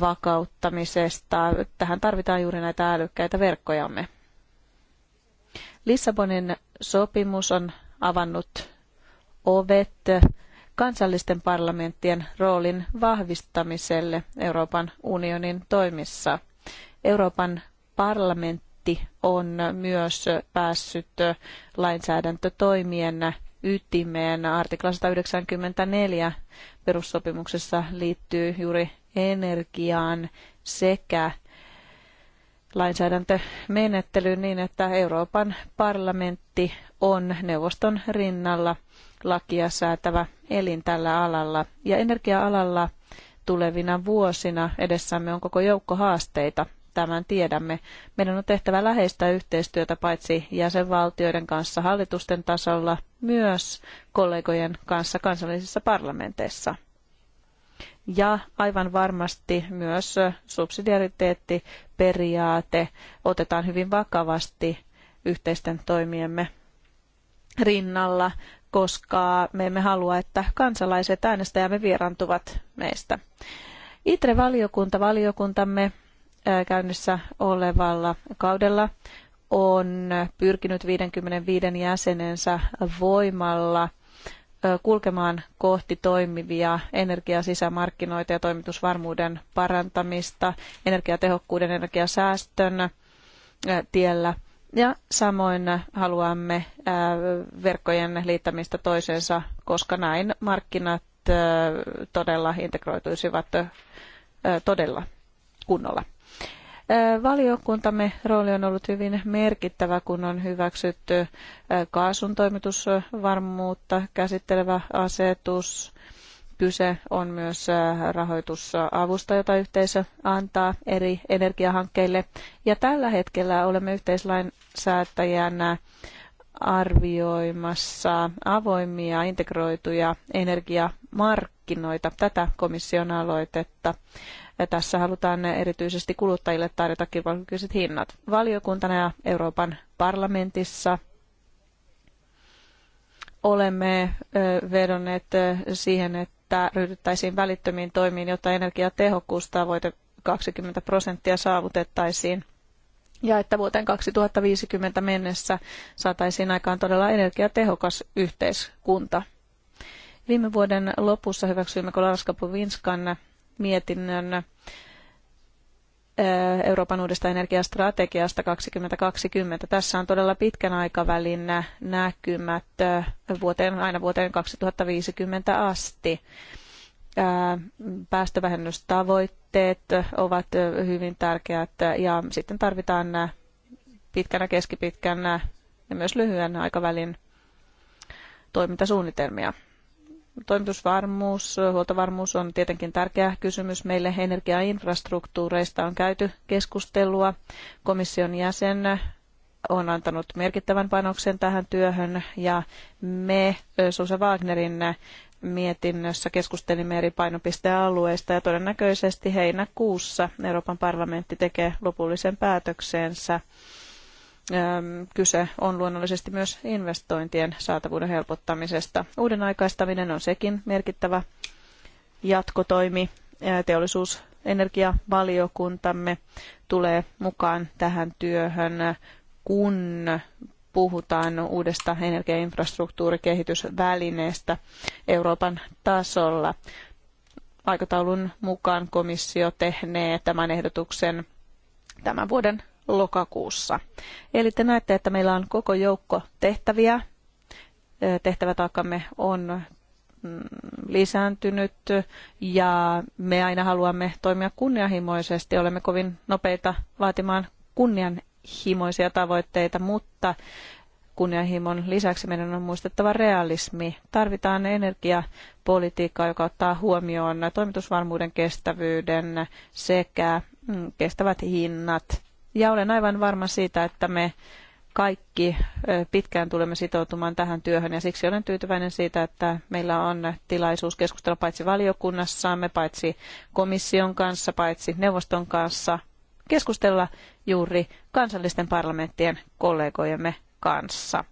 Speaker 2: vakauttamisesta. Tähän tarvitaan juuri näitä älykkäitä verkkojamme. Lissabonin sopimus on avannut ovet kansallisten parlamenttien roolin vahvistamiselle Euroopan unionin toimissa. Euroopan parlamentti on myös päässyt lainsäädäntötoimien ytimeen. Artikla 194 perussopimuksessa liittyy juuri energiaan sekä lainsäädäntömenettelyyn niin, että Euroopan parlamentti on neuvoston rinnalla lakia säätävä elin tällä alalla. Ja energia-alalla tulevina vuosina edessämme on koko joukko haasteita tämän tiedämme. Meidän on tehtävä läheistä yhteistyötä paitsi jäsenvaltioiden kanssa hallitusten tasolla, myös kollegojen kanssa kansallisissa parlamenteissa. Ja aivan varmasti myös subsidiariteettiperiaate otetaan hyvin vakavasti yhteisten toimiemme rinnalla, koska me emme halua, että kansalaiset äänestäjämme vierantuvat meistä. ITRE-valiokunta, valiokuntamme, käynnissä olevalla kaudella on pyrkinyt 55 jäsenensä voimalla kulkemaan kohti toimivia energiasisämarkkinoita ja toimitusvarmuuden parantamista, energiatehokkuuden, energiasäästön tiellä. Ja samoin haluamme verkkojen liittämistä toisensa, koska näin markkinat todella integroituisivat todella kunnolla. Valiokuntamme rooli on ollut hyvin merkittävä, kun on hyväksytty kaasun toimitusvarmuutta käsittelevä asetus. Kyse on myös rahoitusavusta, jota yhteisö antaa eri energiahankkeille. Ja tällä hetkellä olemme yhteislainsäätäjänä arvioimassa avoimia integroituja energiamarkkinoita, tätä komission aloitetta. Ja tässä halutaan erityisesti kuluttajille tarjota kilpailukykyiset hinnat. Valiokuntana ja Euroopan parlamentissa olemme vedonneet siihen, että ryhdyttäisiin välittömiin toimiin, jotta energiatehokkuustavoite 20 prosenttia saavutettaisiin ja että vuoteen 2050 mennessä saataisiin aikaan todella energiatehokas yhteiskunta. Viime vuoden lopussa hyväksyimme Kolarska-Povinskan mietinnön Euroopan uudesta energiastrategiasta 2020. Tässä on todella pitkän aikavälin näkymät vuoteen, aina vuoteen 2050 asti. Päästövähennystavoitteet ovat hyvin tärkeät ja sitten tarvitaan pitkänä, keskipitkänä ja myös lyhyen aikavälin toimintasuunnitelmia. Toimitusvarmuus, huoltovarmuus on tietenkin tärkeä kysymys meille. Energiainfrastruktuureista on käyty keskustelua. Komission jäsen on antanut merkittävän panoksen tähän työhön ja me Susa Wagnerin mietinnössä keskustelimme eri painopistealueista ja todennäköisesti heinäkuussa Euroopan parlamentti tekee lopullisen päätöksensä kyse on luonnollisesti myös investointien saatavuuden helpottamisesta. Uuden aikaistaminen on sekin merkittävä jatkotoimi. Teollisuus tulee mukaan tähän työhön, kun puhutaan uudesta energiainfrastruktuurikehitysvälineestä Euroopan tasolla. Aikataulun mukaan komissio tehnee tämän ehdotuksen tämän vuoden lokakuussa. Eli te näette, että meillä on koko joukko tehtäviä. Tehtävätaakkamme on mm, lisääntynyt ja me aina haluamme toimia kunnianhimoisesti. Olemme kovin nopeita vaatimaan kunnianhimoisia tavoitteita, mutta kunnianhimon lisäksi meidän on muistettava realismi. Tarvitaan energiapolitiikkaa, joka ottaa huomioon toimitusvarmuuden kestävyyden sekä mm, kestävät hinnat ja olen aivan varma siitä, että me kaikki pitkään tulemme sitoutumaan tähän työhön ja siksi olen tyytyväinen siitä, että meillä on tilaisuus keskustella paitsi valiokunnassamme, paitsi komission kanssa, paitsi neuvoston kanssa, keskustella juuri kansallisten parlamenttien kollegojemme kanssa.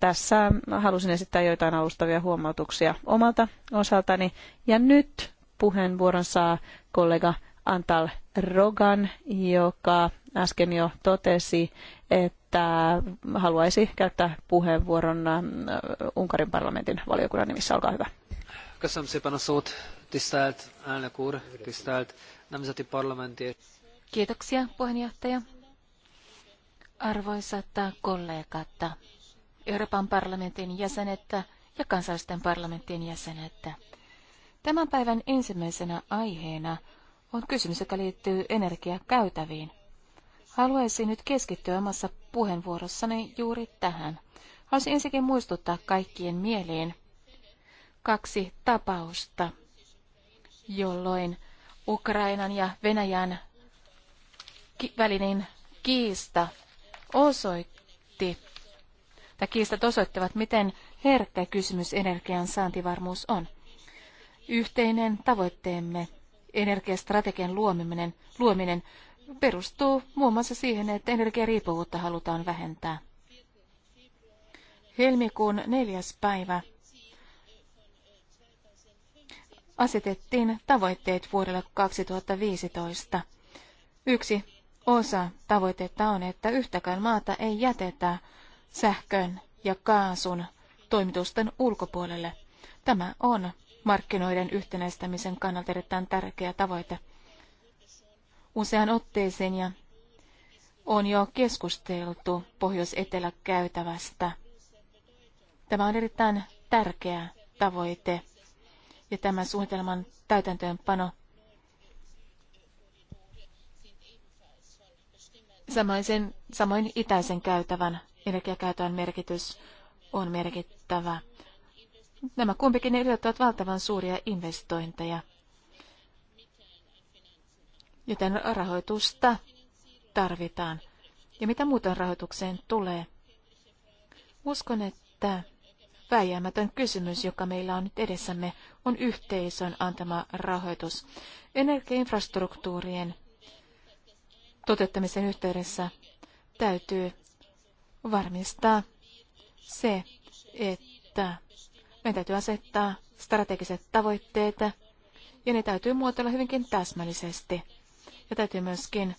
Speaker 2: Tässä halusin esittää joitain alustavia huomautuksia omalta osaltani ja nyt puheenvuoron saa kollega Antal Rogan, joka äsken jo totesi, että haluaisi käyttää puheenvuoron ähm, Unkarin parlamentin valiokunnan nimissä. Olkaa hyvä. Kiitoksia puheenjohtaja.
Speaker 1: Arvoisat kollegat, Euroopan parlamentin jäsenet ja kansallisten parlamenttien jäsenet. Tämän päivän ensimmäisenä aiheena – on kysymys, joka liittyy energiakäytäviin. Haluaisin nyt keskittyä omassa puheenvuorossani juuri tähän. Haluaisin ensinnäkin muistuttaa kaikkien mieliin kaksi tapausta, jolloin Ukrainan ja Venäjän välinen kiista osoitti, tai kiistat osoittavat, miten herkkä kysymys energian saantivarmuus on. Yhteinen tavoitteemme energiastrategian luominen, luominen perustuu muun muassa siihen, että energiariippuvuutta halutaan vähentää. Helmikuun neljäs päivä asetettiin tavoitteet vuodelle 2015. Yksi osa tavoitetta on, että yhtäkään maata ei jätetä sähkön ja kaasun toimitusten ulkopuolelle. Tämä on markkinoiden yhtenäistämisen kannalta erittäin tärkeä tavoite. Usean otteeseen ja on jo keskusteltu pohjois-etelä käytävästä. Tämä on erittäin tärkeä tavoite ja tämän suunnitelman täytäntöönpano Samoin, sen, samoin itäisen käytävän energiakäytön merkitys on merkittävä. Nämä kumpikin edellyttävät valtavan suuria investointeja, joten rahoitusta tarvitaan. Ja mitä muuten rahoitukseen tulee? Uskon, että väijämätön kysymys, joka meillä on nyt edessämme, on yhteisön antama rahoitus. Energiainfrastruktuurien toteuttamisen yhteydessä täytyy varmistaa se, että meidän täytyy asettaa strategiset tavoitteet ja ne täytyy muotoilla hyvinkin täsmällisesti. Ja täytyy myöskin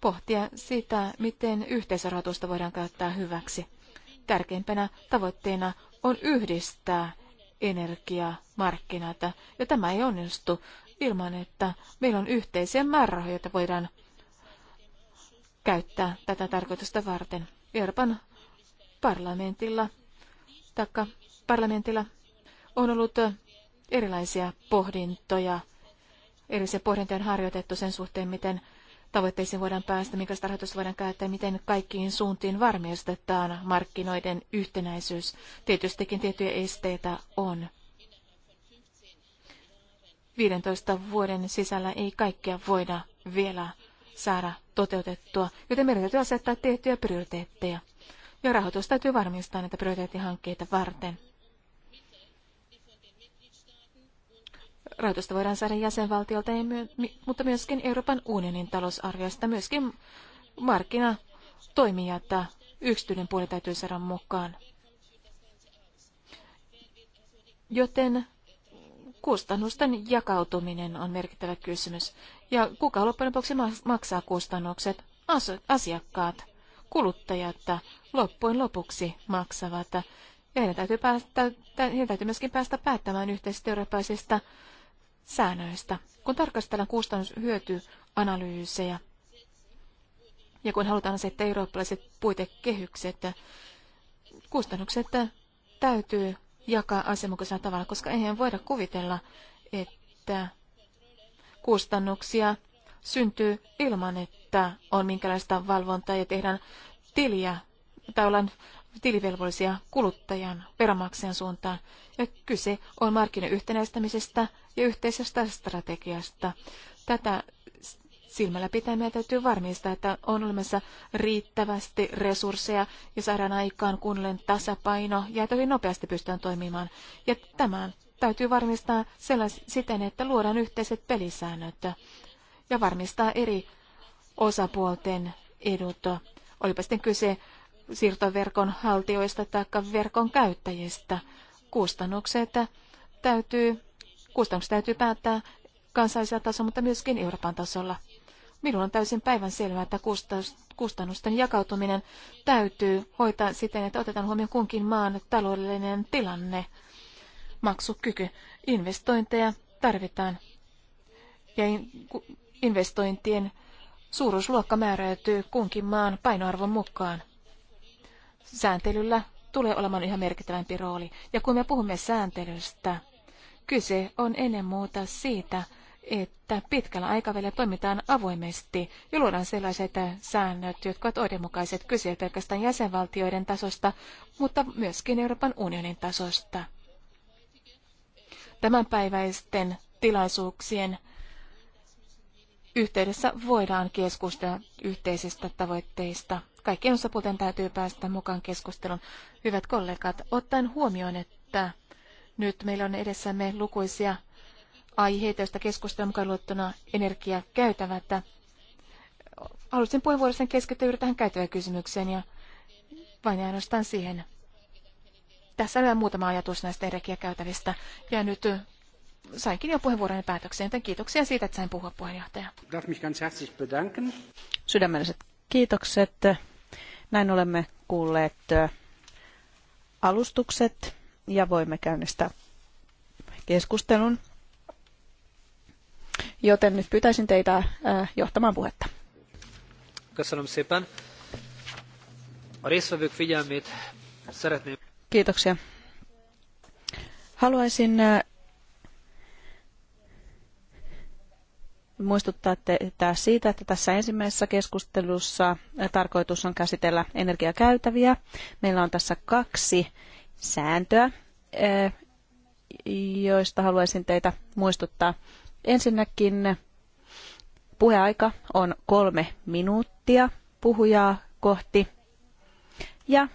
Speaker 1: pohtia sitä, miten yhteisörahoitusta voidaan käyttää hyväksi. Tärkeimpänä tavoitteena on yhdistää energiamarkkinoita, ja tämä ei onnistu ilman, että meillä on yhteisiä määrärahoja, joita voidaan käyttää tätä tarkoitusta varten. Euroopan parlamentilla taikka parlamentilla on ollut erilaisia pohdintoja, erilaisia pohdintoja on harjoitettu sen suhteen, miten tavoitteisiin voidaan päästä, mikä rahoitusta voidaan käyttää, miten kaikkiin suuntiin varmistetaan markkinoiden yhtenäisyys. Tietystikin tiettyjä esteitä on. 15 vuoden sisällä ei kaikkia voida vielä saada toteutettua, joten meidän täytyy asettaa tiettyjä prioriteetteja. Ja rahoitus täytyy varmistaa näitä prioriteettihankkeita varten. Rahoitusta voidaan saada jäsenvaltiolta, mutta myöskin Euroopan unionin talousarviosta, myöskin markkinatoimijat yksityinen puoli täytyy saada mukaan. Joten kustannusten jakautuminen on merkittävä kysymys. Ja kuka loppujen lopuksi maksaa kustannukset? asiakkaat, kuluttajat loppujen lopuksi maksavat. Ja heidän täytyy, päästä, heidän täytyy myöskin päästä päättämään yhteisistä eurooppalaisista säännöistä. Kun tarkastellaan kustannushyötyanalyysejä ja kun halutaan asettaa eurooppalaiset puitekehykset, kustannukset täytyy jakaa asianmukaisella tavalla, koska eihän voida kuvitella, että kustannuksia syntyy ilman, että on minkälaista valvontaa ja tehdään tiliä tai ollaan tilivelvollisia kuluttajan veronmaksajan suuntaan, ja kyse on yhtenäistämisestä ja yhteisestä strategiasta. Tätä silmällä pitää meidän täytyy varmistaa, että on olemassa riittävästi resursseja ja saadaan aikaan kunnollinen tasapaino ja että hyvin nopeasti pystytään toimimaan. Ja tämän täytyy varmistaa sellais, siten, että luodaan yhteiset pelisäännöt ja varmistaa eri osapuolten edut. Olipa sitten kyse siirtoverkon haltioista tai verkon käyttäjistä. Kustannukset täytyy, kustannukset täytyy päättää kansallisella tasolla, mutta myöskin Euroopan tasolla. Minulla on täysin päivän selvää, että kustannusten jakautuminen täytyy hoitaa siten, että otetaan huomioon kunkin maan taloudellinen tilanne, maksukyky. Investointeja tarvitaan ja investointien suuruusluokka määräytyy kunkin maan painoarvon mukaan sääntelyllä tulee olemaan yhä merkittävämpi rooli. Ja kun me puhumme sääntelystä, kyse on ennen muuta siitä, että pitkällä aikavälillä toimitaan avoimesti ja luodaan sellaiset säännöt, jotka ovat oikeudenmukaiset kyse pelkästään jäsenvaltioiden tasosta, mutta myöskin Euroopan unionin tasosta. Tämänpäiväisten tilaisuuksien yhteydessä voidaan keskustella yhteisistä tavoitteista kaikkien osapuolten täytyy päästä mukaan keskustelun. Hyvät kollegat, ottaen huomioon, että nyt meillä on edessämme lukuisia aiheita, joista keskustelun mukaan luottuna energia käytävät. Haluaisin puheenvuorossani keskittyä juuri tähän käytävän kysymykseen ja vain ainoastaan siihen. Tässä on muutama ajatus näistä energiakäytävistä. Ja nyt sainkin jo puheenvuoron päätökseen, joten kiitoksia siitä, että sain puhua puheenjohtaja.
Speaker 2: Sydämelliset Kiitokset. Näin olemme kuulleet alustukset ja voimme käynnistää keskustelun. Joten nyt pyytäisin teitä johtamaan puhetta. Kiitoksia. Haluaisin muistuttaa teitä siitä, että tässä ensimmäisessä keskustelussa tarkoitus on käsitellä energiakäytäviä. Meillä on tässä kaksi sääntöä, eh, joista haluaisin teitä muistuttaa. Ensinnäkin puheaika on kolme minuuttia puhujaa kohti ja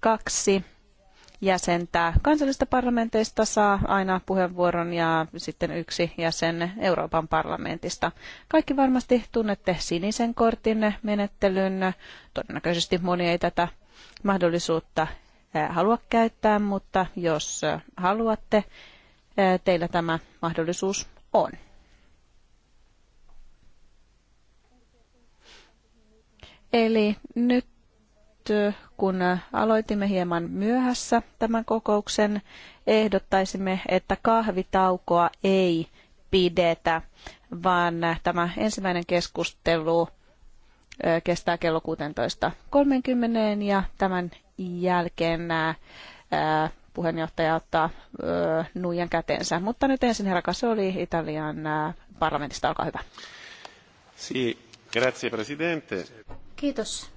Speaker 2: kaksi jäsentä kansallisista parlamenteista saa aina puheenvuoron ja sitten yksi jäsen Euroopan parlamentista. Kaikki varmasti tunnette sinisen kortin menettelyn. Todennäköisesti moni ei tätä mahdollisuutta eh, halua käyttää, mutta jos eh, haluatte, eh, teillä tämä mahdollisuus on. Eli nyt kun aloitimme hieman myöhässä tämän kokouksen, ehdottaisimme, että kahvitaukoa ei pidetä, vaan tämä ensimmäinen keskustelu kestää kello 16.30 ja tämän jälkeen puheenjohtaja ottaa nuijan käteensä. Mutta nyt ensin herra Kasoli Italian parlamentista, olkaa hyvä.
Speaker 4: Si, grazie presidente.
Speaker 2: Kiitos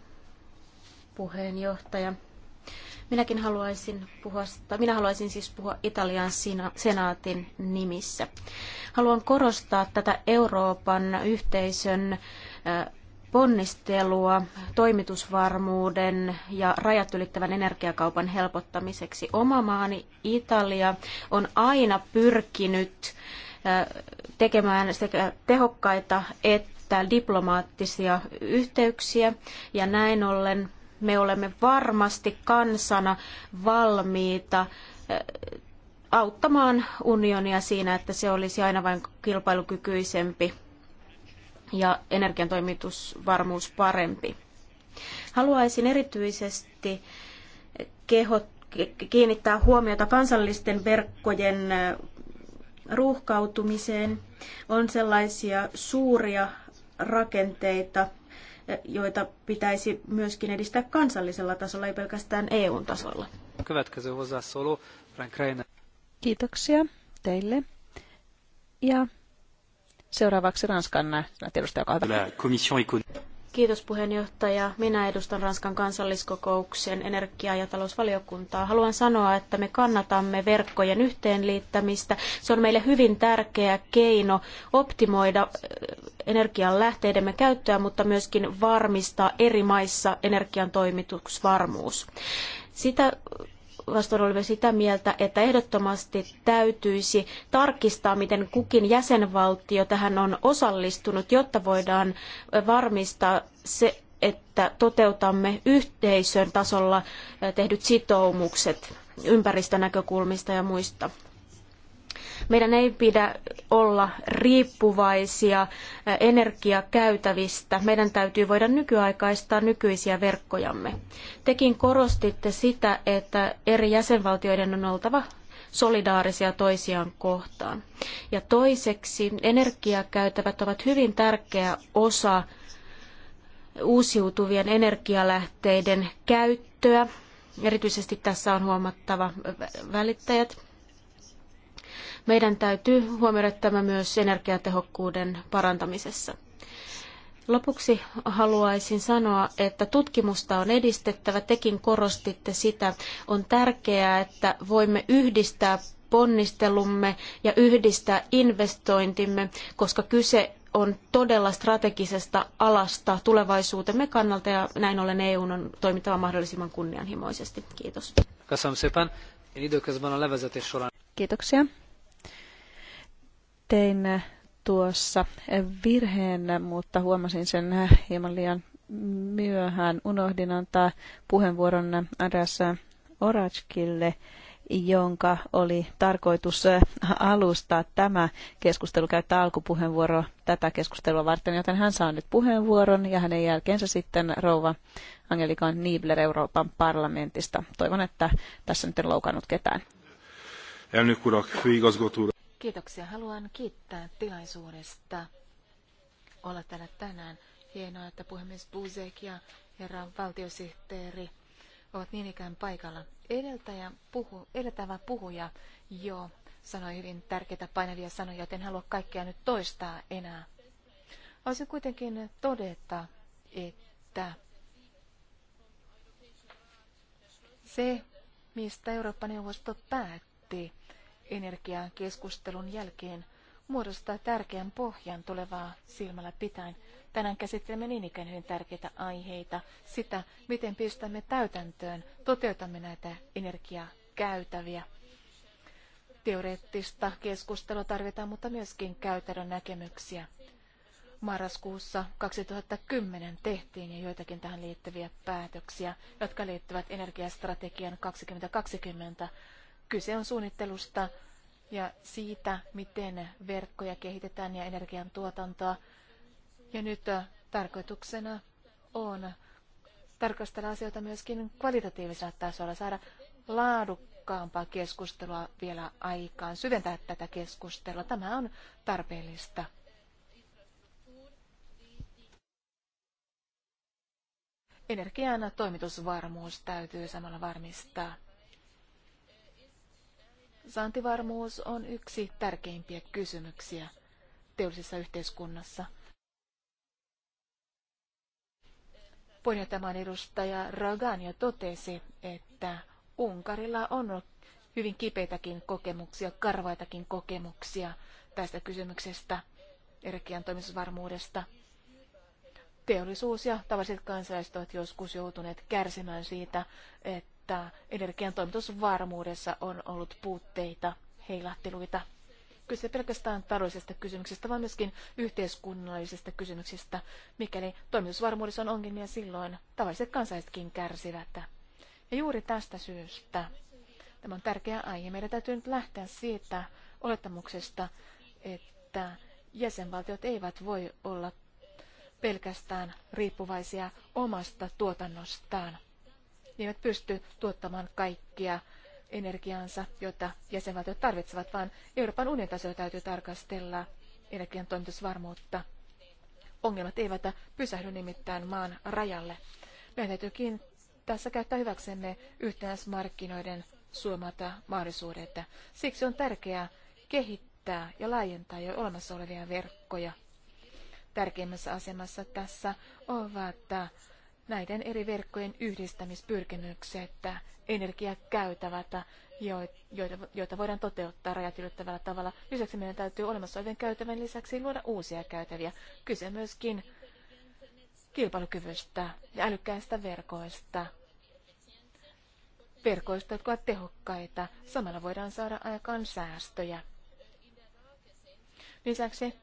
Speaker 2: puheenjohtaja.
Speaker 3: Minäkin haluaisin puhua, tai minä haluaisin siis puhua Italian senaatin nimissä. Haluan korostaa tätä Euroopan yhteisön ponnistelua toimitusvarmuuden ja rajat ylittävän energiakaupan helpottamiseksi. Oma maani Italia on aina pyrkinyt tekemään sekä tehokkaita että diplomaattisia yhteyksiä ja näin ollen me olemme varmasti kansana valmiita eh, auttamaan unionia siinä, että se olisi aina vain kilpailukykyisempi ja energiantoimitusvarmuus parempi. Haluaisin erityisesti kehot, kiinnittää huomiota kansallisten verkkojen eh, ruuhkautumiseen. On sellaisia suuria rakenteita, joita pitäisi myöskin edistää kansallisella tasolla, ei pelkästään eu tasolla.
Speaker 2: Kiitoksia teille. Ja seuraavaksi Ranskan edustaja,
Speaker 3: Kiitos puheenjohtaja. Minä edustan Ranskan kansalliskokouksen energia- ja talousvaliokuntaa. Haluan sanoa, että me kannatamme verkkojen yhteenliittämistä. Se on meille hyvin tärkeä keino optimoida energianlähteidemme käyttöä, mutta myöskin varmistaa eri maissa energian toimitusvarmuus. Sitä vastoin olemme sitä mieltä, että ehdottomasti täytyisi tarkistaa, miten kukin jäsenvaltio tähän on osallistunut, jotta voidaan varmistaa se, että toteutamme yhteisön tasolla tehdyt sitoumukset ympäristönäkökulmista ja muista meidän ei pidä olla riippuvaisia energiakäytävistä. Meidän täytyy voida nykyaikaistaa nykyisiä verkkojamme. Tekin korostitte sitä, että eri jäsenvaltioiden on oltava solidaarisia toisiaan kohtaan. Ja toiseksi energiakäytävät ovat hyvin tärkeä osa uusiutuvien energialähteiden käyttöä. Erityisesti tässä on huomattava välittäjät. Meidän täytyy huomioida tämä myös energiatehokkuuden parantamisessa. Lopuksi haluaisin sanoa, että tutkimusta on edistettävä. Tekin korostitte sitä. On tärkeää, että voimme yhdistää ponnistelumme ja yhdistää investointimme, koska kyse on todella strategisesta alasta tulevaisuutemme kannalta ja näin ollen EU on toimittava mahdollisimman kunnianhimoisesti. Kiitos.
Speaker 2: Kiitoksia tein tuossa virheen, mutta huomasin sen hieman liian myöhään. Unohdin antaa puheenvuoron Adas Orachkille, jonka oli tarkoitus alustaa tämä keskustelu, käyttää alkupuheenvuoro tätä keskustelua varten, joten hän saa nyt puheenvuoron ja hänen jälkeensä sitten rouva Angelika Niebler Euroopan parlamentista. Toivon, että tässä nyt en loukannut ketään.
Speaker 4: Elnök urak, főigazgató
Speaker 1: Kiitoksia. Haluan kiittää tilaisuudesta olla täällä tänään. Hienoa, että puhemies Buzek ja herra valtiosihteeri ovat niin ikään paikalla. Edeltäjä puhu, edeltävä puhuja jo sanoi hyvin tärkeitä painavia sanoja, joten en halua kaikkea nyt toistaa enää. Olisin kuitenkin todeta, että se, mistä Eurooppa-neuvosto päätti, keskustelun jälkeen muodostaa tärkeän pohjan tulevaa silmällä pitäen. Tänään käsittelemme niin ikään hyvin tärkeitä aiheita, sitä, miten pistämme täytäntöön, toteutamme näitä energiakäytäviä. Teoreettista keskustelua tarvitaan, mutta myöskin käytännön näkemyksiä. Marraskuussa 2010 tehtiin jo joitakin tähän liittyviä päätöksiä, jotka liittyvät energiastrategian 2020 Kyse on suunnittelusta ja siitä, miten verkkoja kehitetään ja energiantuotantoa. Ja nyt äh, tarkoituksena on tarkastella asioita myöskin kvalitatiivisella tasolla, saada laadukkaampaa keskustelua vielä aikaan, syventää tätä keskustelua. Tämä on tarpeellista. Energian toimitusvarmuus täytyy samalla varmistaa. Saantivarmuus on yksi tärkeimpiä kysymyksiä teollisessa yhteiskunnassa. Puheenjohtajan edustaja Ragania totesi, että Unkarilla on ollut hyvin kipeitäkin kokemuksia, karvaitakin kokemuksia tästä kysymyksestä, energian toimitusvarmuudesta. Teollisuus ja tavalliset kansalaiset ovat joskus joutuneet kärsimään siitä, että että energian toimitusvarmuudessa on ollut puutteita, heilahteluita. Kyse pelkästään taloudellisesta kysymyksestä, vaan myöskin yhteiskunnallisesta kysymyksestä. Mikäli toimitusvarmuudessa on ongelmia, silloin tavalliset kansalaisetkin kärsivät. Ja juuri tästä syystä tämä on tärkeä aihe. Meidän täytyy nyt lähteä siitä olettamuksesta, että jäsenvaltiot eivät voi olla pelkästään riippuvaisia omasta tuotannostaan. Ne eivät pysty tuottamaan kaikkia energiansa, jota jäsenvaltiot tarvitsevat, vaan Euroopan unionin tasolla täytyy tarkastella energian toimitusvarmuutta. Ongelmat eivät pysähdy nimittäin maan rajalle. Meidän täytyykin tässä käyttää hyväksemme yhtenäismarkkinoiden suomata mahdollisuudet. Siksi on tärkeää kehittää ja laajentaa jo olemassa olevia verkkoja. Tärkeimmässä asemassa tässä ovat näiden eri verkkojen yhdistämispyrkimykset, energiakäytävät, joita, joita voidaan toteuttaa rajatilyttävällä tavalla. Lisäksi meidän täytyy olemassa olevien käytävän lisäksi luoda uusia käytäviä. Kyse myöskin kilpailukyvystä ja älykkäistä verkoista. Verkoista, jotka ovat tehokkaita. Samalla voidaan saada aikaan säästöjä. Lisäksi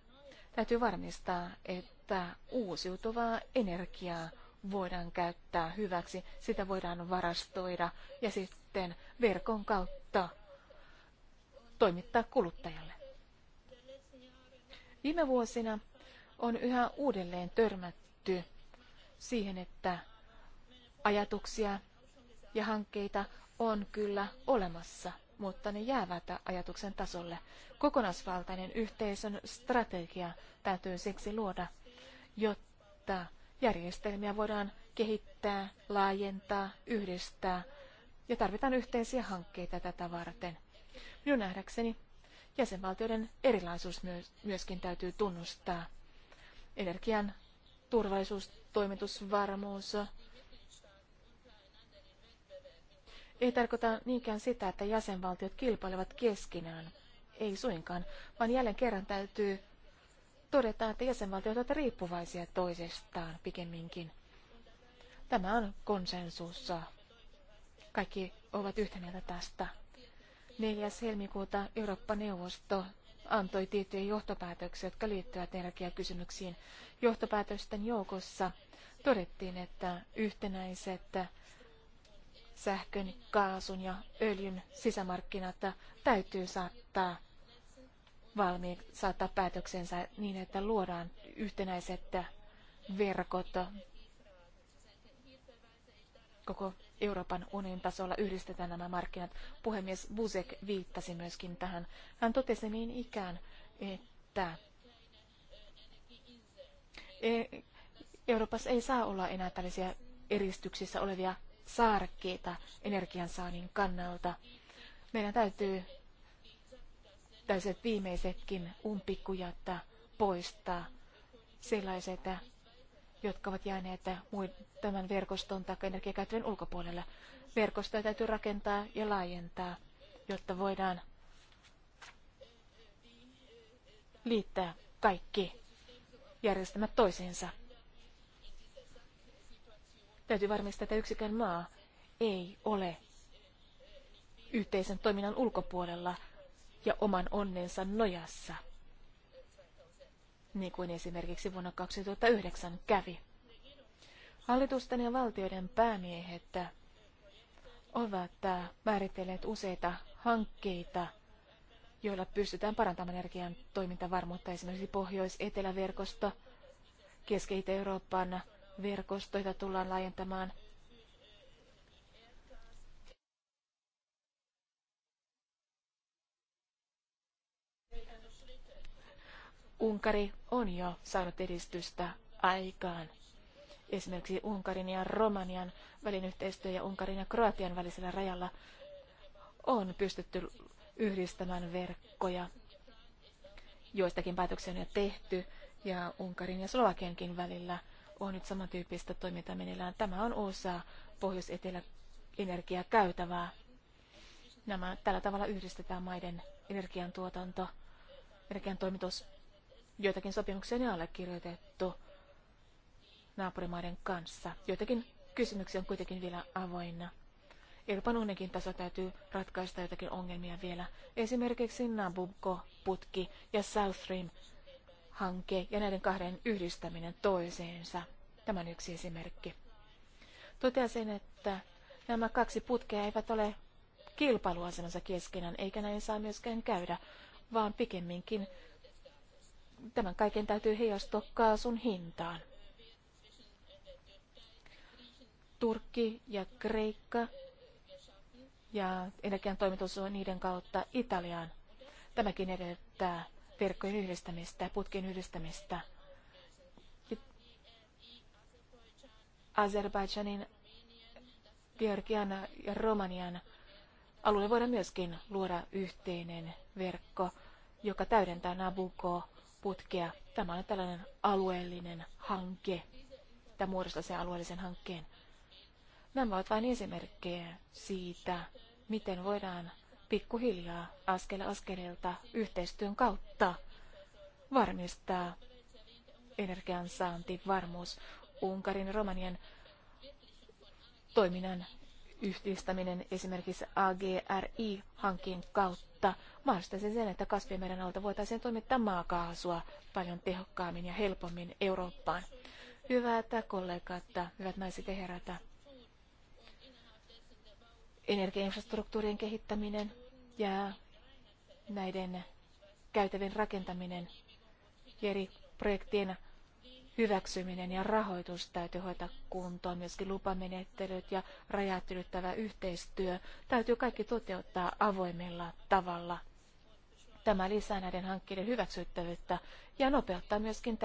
Speaker 1: täytyy varmistaa, että uusiutuvaa energiaa voidaan käyttää hyväksi, sitä voidaan varastoida ja sitten verkon kautta toimittaa kuluttajalle. Viime vuosina on yhä uudelleen törmätty siihen, että ajatuksia ja hankkeita on kyllä olemassa, mutta ne jäävät ajatuksen tasolle. Kokonaisvaltainen yhteisön strategia täytyy siksi luoda, jotta Järjestelmiä voidaan kehittää, laajentaa, yhdistää ja tarvitaan yhteisiä hankkeita tätä varten. Minun nähdäkseni jäsenvaltioiden erilaisuus myöskin täytyy tunnustaa. Energian turvallisuus, toimitusvarmuus ei tarkoita niinkään sitä, että jäsenvaltiot kilpailevat keskenään. Ei suinkaan, vaan jälleen kerran täytyy todetaan, että jäsenvaltiot ovat riippuvaisia toisestaan pikemminkin. Tämä on konsensus. Kaikki ovat yhtä mieltä tästä. 4. helmikuuta Eurooppa-neuvosto antoi tiettyjä johtopäätöksiä, jotka liittyvät energiakysymyksiin. Johtopäätösten joukossa todettiin, että yhtenäiset sähkön, kaasun ja öljyn sisämarkkinat täytyy saattaa valmiit saattaa päätöksensä niin, että luodaan yhtenäiset verkot koko Euroopan unionin tasolla yhdistetään nämä markkinat. Puhemies Buzek viittasi myöskin tähän. Hän totesi niin ikään, että e, Euroopassa ei saa olla enää tällaisia eristyksissä olevia saarekkeita energiansaannin kannalta. Meidän täytyy tällaiset viimeisetkin umpikujat poistaa sellaiset, jotka ovat jääneet tämän verkoston tai energiakäytön ulkopuolelle. Verkostoja täytyy rakentaa ja laajentaa, jotta voidaan liittää kaikki järjestelmät toisiinsa. Täytyy varmistaa, että yksikään maa ei ole yhteisen toiminnan ulkopuolella ja oman onnensa nojassa, niin kuin esimerkiksi vuonna 2009 kävi. Hallitusten ja valtioiden päämiehet ovat määritelleet useita hankkeita, joilla pystytään parantamaan energian toimintavarmuutta, esimerkiksi Pohjois-Eteläverkosto, Keski-Itä-Euroopan verkosto, jota tullaan laajentamaan – Unkari on jo saanut edistystä aikaan. Esimerkiksi Unkarin ja Romanian välin yhteistyö ja Unkarin ja Kroatian välisellä rajalla on pystytty yhdistämään verkkoja. Joistakin päätöksiä on jo tehty ja Unkarin ja Slovakiankin välillä on nyt samantyyppistä toimintaa meneillään. Tämä on osa pohjois-etelä energiakäytävää. Nämä tällä tavalla yhdistetään maiden energiantuotanto, energiantoimitus. Joitakin sopimuksia on allekirjoitettu naapurimaiden kanssa. Joitakin kysymyksiä on kuitenkin vielä avoinna. Euroopan unionin taso täytyy ratkaista jotakin ongelmia vielä. Esimerkiksi Nabucco-putki ja South Stream-hanke ja näiden kahden yhdistäminen toiseensa. Tämä on yksi esimerkki. Toteasin, että nämä kaksi putkea eivät ole kilpailuasemansa keskenään, eikä näin saa myöskään käydä, vaan pikemminkin tämän kaiken täytyy heijastua kaasun hintaan. Turkki ja Kreikka ja energian toimitus on niiden kautta Italiaan. Tämäkin edellyttää verkkojen yhdistämistä, putkien yhdistämistä. Azerbaidžanin, Georgian ja Romanian alueelle voidaan myöskin luoda yhteinen verkko, joka täydentää Nabukoa. Putkea Tämä on tällainen alueellinen hanke, tämä muodostaa sen alueellisen hankkeen. Nämä ovat vain esimerkkejä siitä, miten voidaan pikkuhiljaa askel askeleelta yhteistyön kautta varmistaa varmuus Unkarin ja Romanian toiminnan yhtistäminen esimerkiksi AGRI-hankin kautta mahdollistaisi sen, että Kaspianmeren alta voitaisiin toimittaa maakaasua paljon tehokkaammin ja helpommin Eurooppaan. että kollegat, hyvät naiset ja herrat, energiainfrastruktuurien kehittäminen ja näiden käytävien rakentaminen ja eri projektien hyväksyminen ja rahoitus täytyy hoitaa kuntoon, myöskin lupamenettelyt ja rajat ylittävä yhteistyö täytyy kaikki toteuttaa avoimella tavalla. Tämä lisää näiden hankkeiden hyväksyttävyyttä ja nopeuttaa myöskin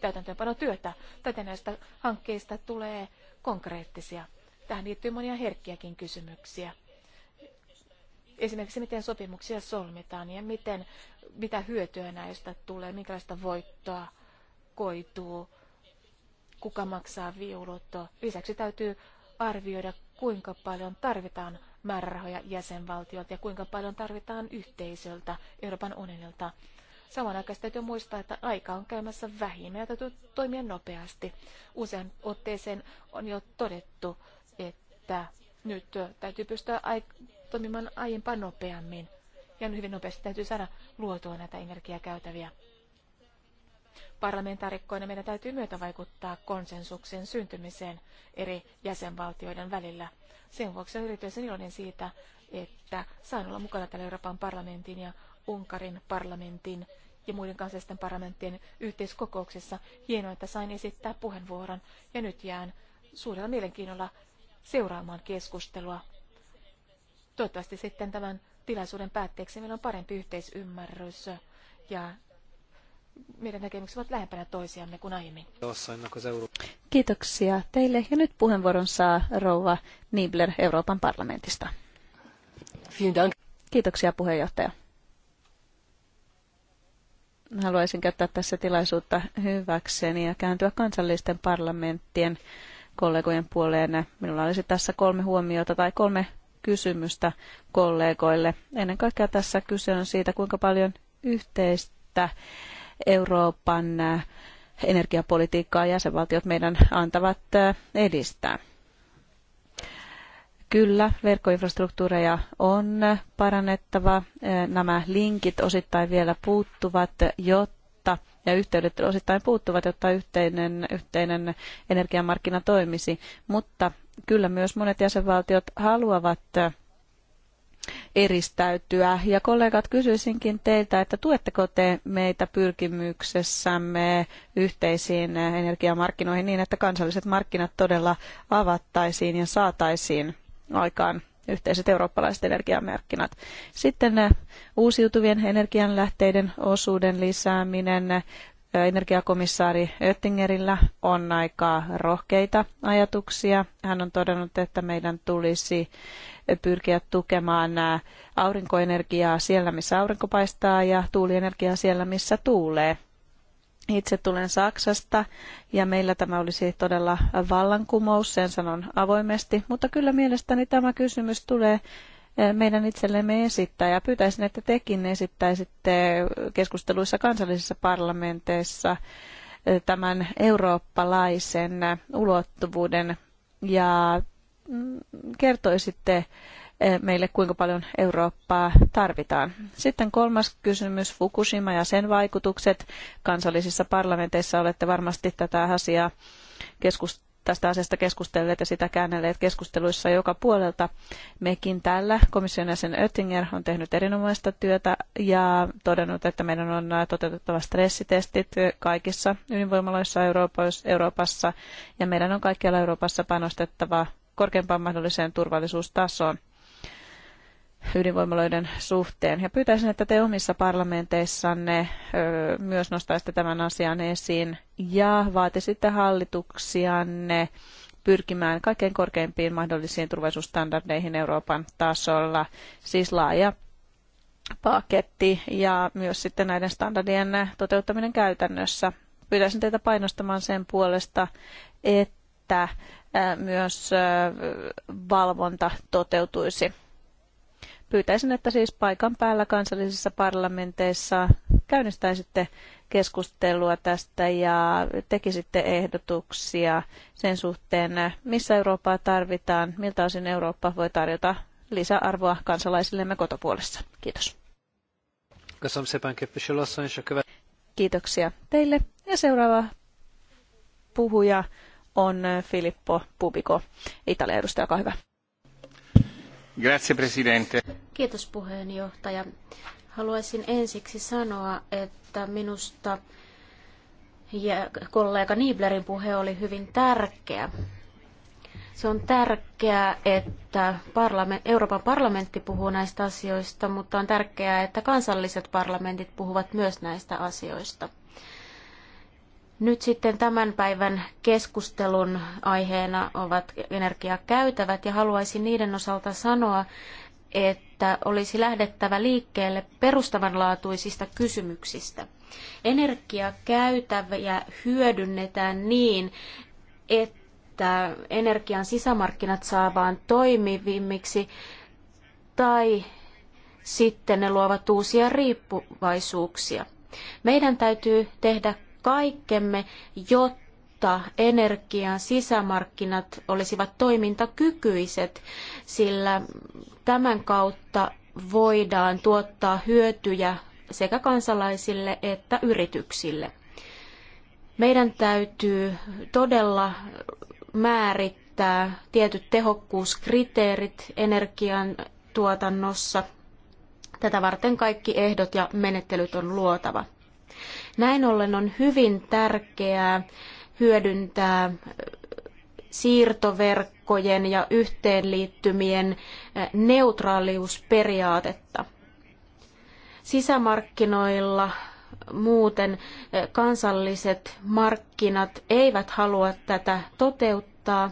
Speaker 1: täytäntöönpanotyötä. Täten näistä hankkeista tulee konkreettisia. Tähän liittyy monia herkkiäkin kysymyksiä. Esimerkiksi miten sopimuksia solmitaan ja miten, mitä hyötyä näistä tulee, minkälaista voittoa koituu, kuka maksaa viulutto. Lisäksi täytyy arvioida, kuinka paljon tarvitaan määrärahoja jäsenvaltiolta ja kuinka paljon tarvitaan yhteisöltä, Euroopan unionilta. aikaan täytyy muistaa, että aika on käymässä vähin. Meidän täytyy toimia nopeasti. Usean otteeseen on jo todettu, että nyt täytyy pystyä toimimaan aiempaa nopeammin. Ja hyvin nopeasti täytyy saada luotua näitä energiakäytäviä parlamentaarikkoina meidän täytyy myötävaikuttaa konsensuksen syntymiseen eri jäsenvaltioiden välillä. Sen vuoksi olen erityisen iloinen siitä, että saan olla mukana täällä Euroopan parlamentin ja Unkarin parlamentin ja muiden kansallisten parlamenttien yhteiskokouksessa. Hienoa, että sain esittää puheenvuoron ja nyt jään suurella mielenkiinnolla seuraamaan keskustelua. Toivottavasti sitten tämän tilaisuuden päätteeksi meillä on parempi yhteisymmärrys ja meidän näkemykset ovat lähempänä toisiamme kuin aiemmin.
Speaker 2: Kiitoksia teille. Ja nyt puheenvuoron saa rouva Niebler Euroopan parlamentista. Kiitoksia puheenjohtaja. Haluaisin käyttää tässä tilaisuutta hyväkseni ja kääntyä kansallisten parlamenttien kollegojen puoleen. Minulla olisi tässä kolme huomiota tai kolme kysymystä kollegoille. Ennen kaikkea tässä kyse on siitä, kuinka paljon yhteistä Euroopan äh, energiapolitiikkaa jäsenvaltiot meidän antavat äh, edistää. Kyllä, verkkoinfrastruktuureja on parannettava. Äh, nämä linkit osittain vielä puuttuvat, jotta ja yhteydet osittain puuttuvat, jotta yhteinen, yhteinen energiamarkkina toimisi. Mutta kyllä myös monet jäsenvaltiot haluavat eristäytyä. Ja kollegat, kysyisinkin teiltä, että tuetteko te meitä pyrkimyksessämme yhteisiin energiamarkkinoihin niin, että kansalliset markkinat todella avattaisiin ja saataisiin aikaan yhteiset eurooppalaiset energiamarkkinat. Sitten äh, uusiutuvien energianlähteiden osuuden lisääminen energiakomissaari Oettingerillä on aika rohkeita ajatuksia. Hän on todennut, että meidän tulisi pyrkiä tukemaan aurinkoenergiaa siellä, missä aurinko paistaa ja tuulienergiaa siellä, missä tuulee. Itse tulen Saksasta ja meillä tämä olisi todella vallankumous, sen sanon avoimesti, mutta kyllä mielestäni tämä kysymys tulee meidän itsellemme esittää ja pyytäisin, että tekin esittäisitte keskusteluissa kansallisissa parlamenteissa tämän eurooppalaisen ulottuvuuden ja mm, kertoisitte meille, kuinka paljon Eurooppaa tarvitaan. Sitten kolmas kysymys, Fukushima ja sen vaikutukset. Kansallisissa parlamenteissa olette varmasti tätä asiaa keskustelleet tästä asiasta keskustelleet ja sitä käännelleet keskusteluissa joka puolelta. Mekin täällä komission jäsen Oettinger on tehnyt erinomaista työtä ja todennut, että meidän on toteutettava stressitestit kaikissa ydinvoimaloissa Euroopassa ja meidän on kaikkialla Euroopassa panostettava korkeampaan mahdolliseen turvallisuustasoon ydinvoimaloiden suhteen. Ja pyytäisin, että te omissa parlamenteissanne myös nostaisitte tämän asian esiin ja vaatisitte hallituksianne pyrkimään kaikkein korkeimpiin mahdollisiin turvallisuusstandardeihin Euroopan tasolla, siis laaja paketti ja myös sitten näiden standardien toteuttaminen käytännössä. Pyytäisin teitä painostamaan sen puolesta, että myös valvonta toteutuisi Pyytäisin, että siis paikan päällä kansallisissa parlamenteissa käynnistäisitte keskustelua tästä ja tekisitte ehdotuksia sen suhteen, missä Eurooppaa tarvitaan, miltä osin Eurooppa voi tarjota lisäarvoa kansalaisillemme kotopuolessa. Kiitos. Kiitoksia teille. Ja seuraava puhuja on Filippo Pubiko, Italian edustaja, olkaa hyvä. Kiitos puheenjohtaja.
Speaker 3: Haluaisin ensiksi sanoa, että minusta ja kollega Nieblerin puhe oli hyvin tärkeä. Se on tärkeää, että Euroopan parlamentti puhuu näistä asioista, mutta on tärkeää, että kansalliset parlamentit puhuvat myös näistä asioista. Nyt sitten tämän päivän keskustelun aiheena ovat energiakäytävät ja haluaisin niiden osalta sanoa, että olisi lähdettävä liikkeelle perustavanlaatuisista kysymyksistä. Energiakäytäviä hyödynnetään niin, että energian sisämarkkinat saavaan toimivimmiksi tai sitten ne luovat uusia riippuvaisuuksia. Meidän täytyy tehdä kaikkemme, jotta energian sisämarkkinat olisivat toimintakykyiset, sillä tämän kautta voidaan tuottaa hyötyjä sekä kansalaisille että yrityksille. Meidän täytyy todella määrittää tietyt tehokkuuskriteerit energian tuotannossa. Tätä varten kaikki ehdot ja menettelyt on luotava. Näin ollen on hyvin tärkeää hyödyntää siirtoverkkojen ja yhteenliittymien neutraaliusperiaatetta. Sisämarkkinoilla muuten kansalliset markkinat eivät halua tätä toteuttaa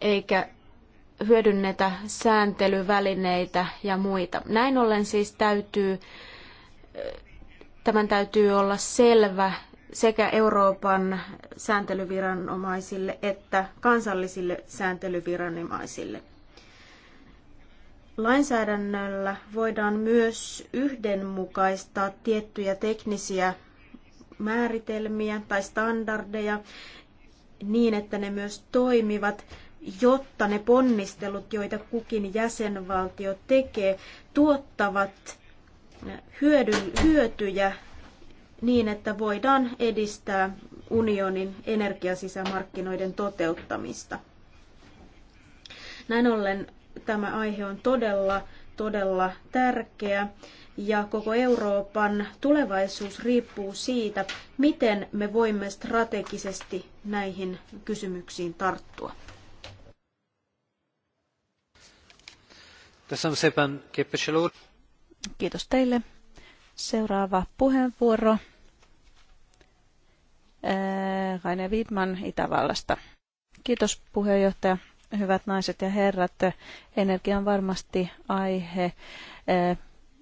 Speaker 3: eikä hyödynnetä sääntelyvälineitä ja muita. Näin ollen siis täytyy Tämän täytyy olla selvä sekä Euroopan sääntelyviranomaisille että kansallisille sääntelyviranomaisille. Lainsäädännöllä voidaan myös yhdenmukaistaa tiettyjä teknisiä määritelmiä tai standardeja niin, että ne myös toimivat, jotta ne ponnistelut, joita kukin jäsenvaltio tekee, tuottavat hyödy, hyötyjä niin, että voidaan edistää unionin energiasisämarkkinoiden toteuttamista. Näin ollen tämä aihe on todella, todella tärkeä ja koko Euroopan tulevaisuus riippuu siitä, miten me voimme strategisesti näihin kysymyksiin tarttua.
Speaker 4: Tässä on Sepan úr.
Speaker 2: Kiitos teille. Seuraava puheenvuoro. Äh, Raine Wittman Itävallasta. Kiitos puheenjohtaja. Hyvät naiset ja herrat, energia on varmasti aihe, äh,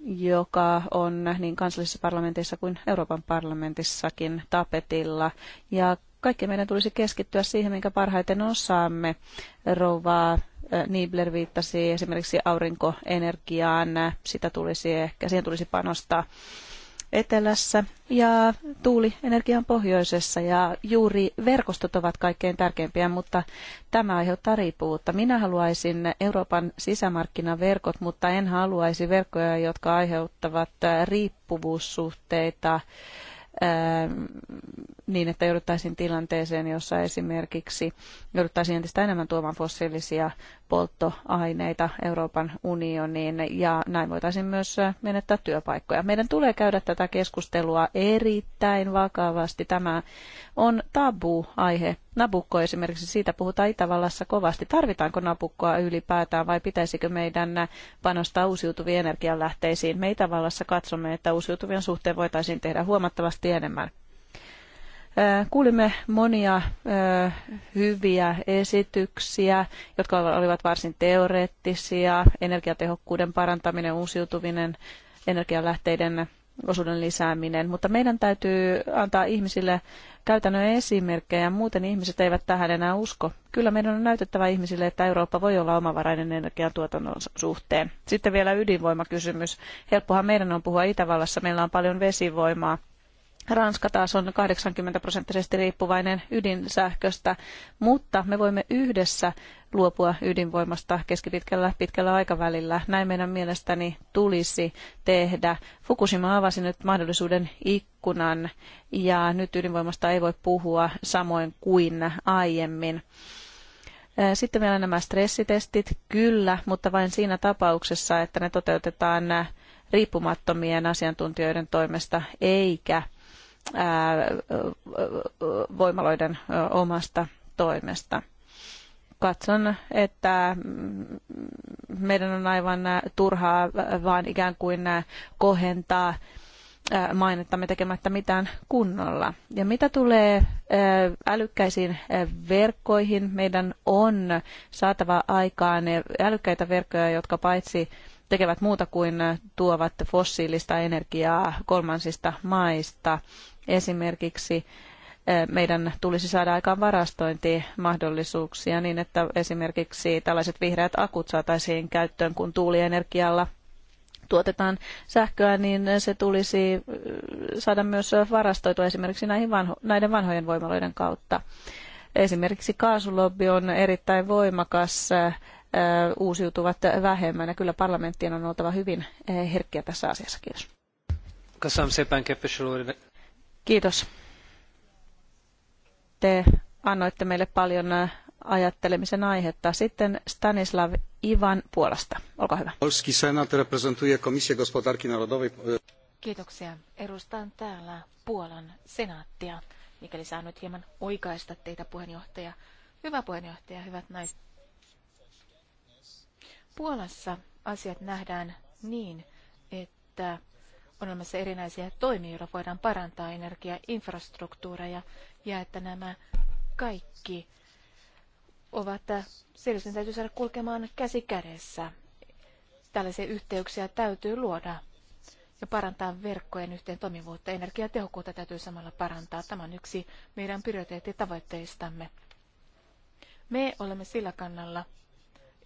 Speaker 2: joka on niin kansallisissa parlamentissa kuin Euroopan parlamentissakin tapetilla. Ja kaikki meidän tulisi keskittyä siihen, minkä parhaiten osaamme. Rouva Niebler viittasi esimerkiksi aurinkoenergiaan, sitä tulisi ehkä, siihen tulisi panostaa etelässä ja tuulienergian pohjoisessa ja juuri verkostot ovat kaikkein tärkeimpiä, mutta tämä aiheuttaa riippuvuutta. Minä haluaisin Euroopan sisämarkkinaverkot, mutta en haluaisi verkkoja, jotka aiheuttavat riippuvuussuhteita niin, että jouduttaisiin tilanteeseen, jossa esimerkiksi jouduttaisiin entistä enemmän tuomaan fossiilisia polttoaineita Euroopan unioniin ja näin voitaisiin myös menettää työpaikkoja. Meidän tulee käydä tätä keskustelua erittäin vakavasti. Tämä on tabu-aihe. Nabukko esimerkiksi, siitä puhutaan Itävallassa kovasti. Tarvitaanko Nabukkoa ylipäätään vai pitäisikö meidän panostaa uusiutuviin energianlähteisiin? Me Itävallassa katsomme, että uusiutuvien suhteen voitaisiin tehdä huomattavasti enemmän. Kuulimme monia hyviä esityksiä, jotka olivat varsin teoreettisia. Energiatehokkuuden parantaminen, uusiutuvinen energialähteiden osuuden lisääminen, mutta meidän täytyy antaa ihmisille käytännön esimerkkejä, muuten ihmiset eivät tähän enää usko. Kyllä meidän on näytettävä ihmisille, että Eurooppa voi olla omavarainen energiantuotannon suhteen. Sitten vielä ydinvoimakysymys. Helppohan meidän on puhua Itävallassa, meillä on paljon vesivoimaa. Ranska taas on 80 prosenttisesti riippuvainen ydinsähköstä, mutta me voimme yhdessä luopua ydinvoimasta keskipitkällä pitkällä aikavälillä. Näin meidän mielestäni tulisi tehdä. Fukushima avasi nyt mahdollisuuden ikkunan ja nyt ydinvoimasta ei voi puhua samoin kuin aiemmin. Sitten meillä on nämä stressitestit, kyllä, mutta vain siinä tapauksessa, että ne toteutetaan riippumattomien asiantuntijoiden toimesta eikä voimaloiden omasta toimesta. Katson, että mm, meidän on aivan turhaa vaan ikään kuin kohentaa mainettamme tekemättä mitään kunnolla. Ja mitä tulee älykkäisiin verkkoihin, meidän on saatava aikaan älykkäitä verkkoja, jotka paitsi tekevät muuta kuin tuovat fossiilista energiaa kolmansista maista, esimerkiksi eh, meidän tulisi saada aikaan varastointimahdollisuuksia niin, että esimerkiksi tällaiset vihreät akut saataisiin käyttöön, kun tuulienergialla tuotetaan sähköä, niin se tulisi eh, saada myös varastoitua esimerkiksi näihin vanho, näiden vanhojen voimaloiden kautta. Esimerkiksi kaasulobby on erittäin voimakas, eh, uusiutuvat vähemmän ja kyllä parlamenttien on oltava hyvin herkkiä tässä asiassa. Kiitos. Kiitos. Te annoitte meille paljon äh, ajattelemisen aihetta. Sitten Stanislav Ivan Puolasta. Olkaa hyvä. Polski senat reprezentuje Komisję Gospodarki Narodowej. Kiitoksia.
Speaker 1: Edustan täällä Puolan senaattia, mikäli saan nyt hieman oikaista teitä puheenjohtaja. Hyvä puheenjohtaja, hyvät naiset. Puolassa asiat nähdään niin, että on olemassa erinäisiä toimia, joilla voidaan parantaa energiainfrastruktuureja ja että nämä kaikki ovat, äh, selvästi täytyy saada kulkemaan käsi kädessä. Tällaisia yhteyksiä täytyy luoda ja parantaa verkkojen yhteen toimivuutta. Energiatehokkuutta täytyy samalla parantaa. Tämä on yksi meidän prioriteettitavoitteistamme. Me olemme sillä kannalla,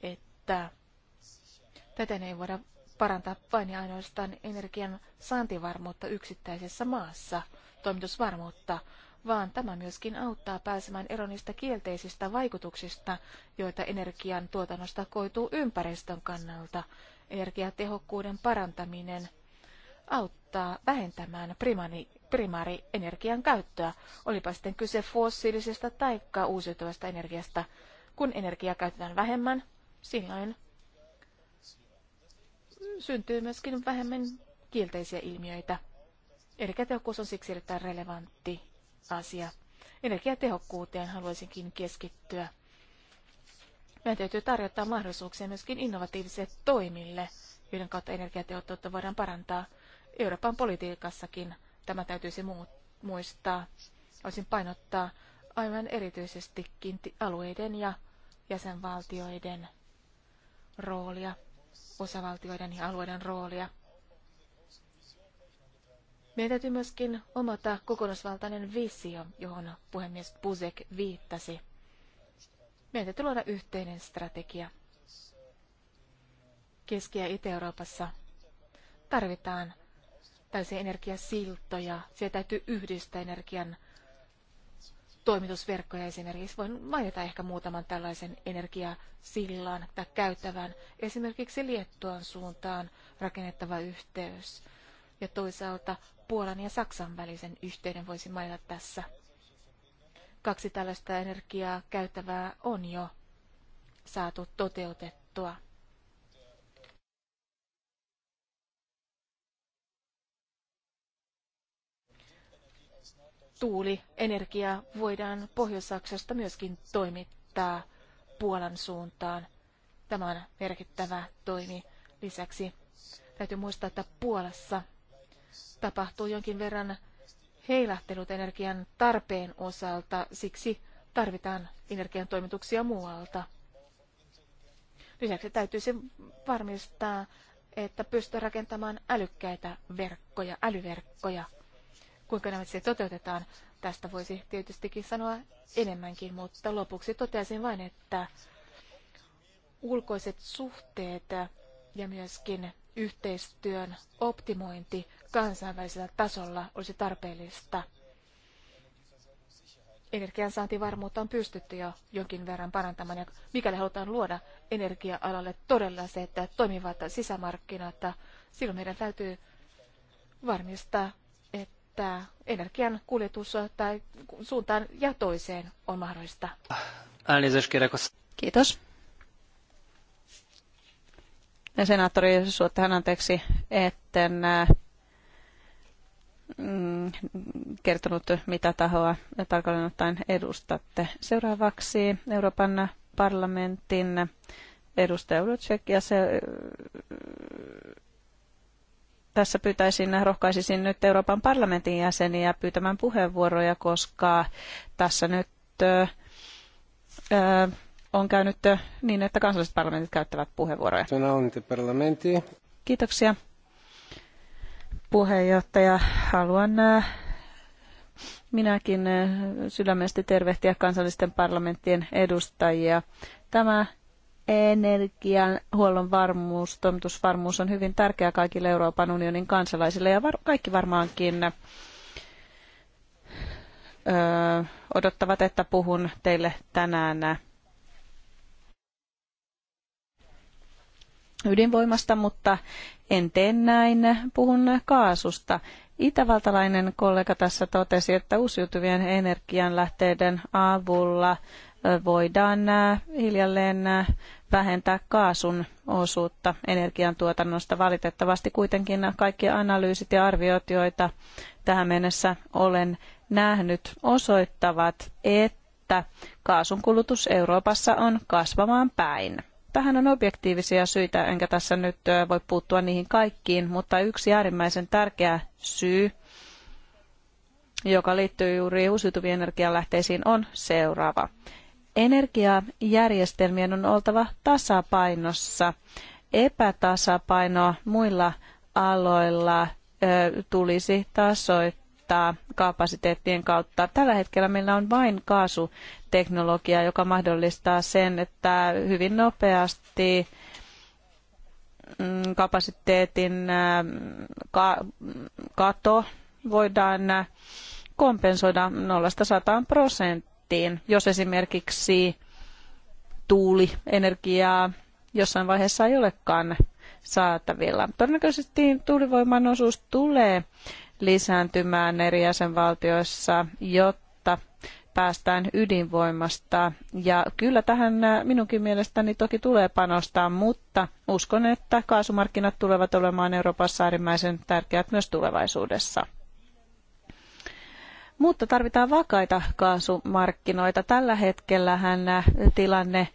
Speaker 1: että tätä ei voida parantaa vain ja ainoastaan energian saantivarmuutta yksittäisessä maassa, toimitusvarmuutta, vaan tämä myöskin auttaa pääsemään eroon niistä kielteisistä vaikutuksista, joita energian tuotannosta koituu ympäristön kannalta. Energiatehokkuuden parantaminen auttaa vähentämään primani, primaarienergian käyttöä, olipa sitten kyse fossiilisesta tai uusiutuvasta energiasta. Kun energiaa käytetään vähemmän, silloin syntyy myöskin vähemmän kielteisiä ilmiöitä. Energiatehokkuus on siksi erittäin relevantti asia. Energiatehokkuuteen haluaisinkin keskittyä. Meidän täytyy tarjota mahdollisuuksia myöskin innovatiivisille toimille, joiden kautta energiatehokkuutta voidaan parantaa. Euroopan politiikassakin tämä täytyisi muistaa. Olisin painottaa aivan erityisestikin alueiden ja jäsenvaltioiden roolia osavaltioiden ja alueiden roolia. Meidän täytyy myöskin omata kokonaisvaltainen visio, johon puhemies Buzek viittasi. Meidän täytyy luoda yhteinen strategia. Keski- ja Itä-Euroopassa tarvitaan täysiä energiasiltoja. Siellä täytyy yhdistää energian toimitusverkkoja esimerkiksi. Voin mainita ehkä muutaman tällaisen energiasillan tai käyttävän esimerkiksi Liettuan suuntaan rakennettava yhteys. Ja toisaalta Puolan ja Saksan välisen yhteyden voisi mainita tässä. Kaksi tällaista energiaa käyttävää on jo saatu toteutettua. tuulienergiaa voidaan Pohjois-Saksasta myöskin toimittaa Puolan suuntaan. Tämä on merkittävä toimi. Lisäksi täytyy muistaa, että Puolassa tapahtuu jonkin verran heilahtelut energian tarpeen osalta, siksi tarvitaan energian toimituksia muualta. Lisäksi se varmistaa, että pystyy rakentamaan älykkäitä verkkoja, älyverkkoja – Kuinka nämä se toteutetaan, tästä voisi tietystikin sanoa enemmänkin, mutta lopuksi toteaisin vain, että ulkoiset suhteet ja myöskin yhteistyön optimointi kansainvälisellä tasolla olisi tarpeellista. Energiansaantivarmuutta on pystytty jo jonkin verran parantamaan, ja mikäli halutaan luoda energia-alalle todella se, että toimivat sisämarkkinat, silloin meidän täytyy varmistaa että energian kuljetus tai suuntaan ja toiseen on
Speaker 2: mahdollista. Kiitos. Ja senaattori, suot anteeksi, etten mm, kertonut mitä tahoa tarkalleen ottaen edustatte. Seuraavaksi Euroopan parlamentin edustaja Ulucek ja se tässä pyytäisin, rohkaisisin nyt Euroopan parlamentin jäseniä pyytämään puheenvuoroja, koska tässä nyt on käynyt niin, että kansalliset parlamentit käyttävät puheenvuoroja. Kiitoksia. Puheenjohtaja, haluan minäkin sydämestä tervehtiä kansallisten parlamenttien edustajia. Tämä energianhuollon varmuus, toimitusvarmuus on hyvin tärkeä kaikille Euroopan unionin kansalaisille ja var- kaikki varmaankin odottavat, että puhun teille tänään ydinvoimasta, mutta en tee näin, puhun kaasusta. Itävaltalainen kollega tässä totesi, että uusiutuvien energianlähteiden avulla voidaan hiljalleen vähentää kaasun osuutta energiantuotannosta. Valitettavasti kuitenkin kaikki analyysit ja arviot, joita tähän mennessä olen nähnyt, osoittavat, että kaasun kulutus Euroopassa on kasvamaan päin. Tähän on objektiivisia syitä, enkä tässä nyt voi puuttua niihin kaikkiin, mutta yksi äärimmäisen tärkeä syy, joka liittyy juuri uusiutuviin energialähteisiin, on seuraava. Energiajärjestelmien on oltava tasapainossa. Epätasapainoa muilla aloilla tulisi tasoittaa kapasiteettien kautta. Tällä hetkellä meillä on vain kaasuteknologia, joka mahdollistaa sen, että hyvin nopeasti mm, kapasiteetin kato voidaan kompensoida 0-100 prosenttia pakettiin, jos esimerkiksi tuulienergiaa jossain vaiheessa ei olekaan saatavilla. Todennäköisesti tuulivoiman osuus tulee lisääntymään eri jäsenvaltioissa, jotta päästään ydinvoimasta. Ja kyllä tähän minunkin mielestäni toki tulee panostaa, mutta uskon, että kaasumarkkinat tulevat olemaan Euroopassa äärimmäisen tärkeät myös tulevaisuudessa mutta tarvitaan vakaita kaasumarkkinoita. Tällä hetkellä äh, tilanne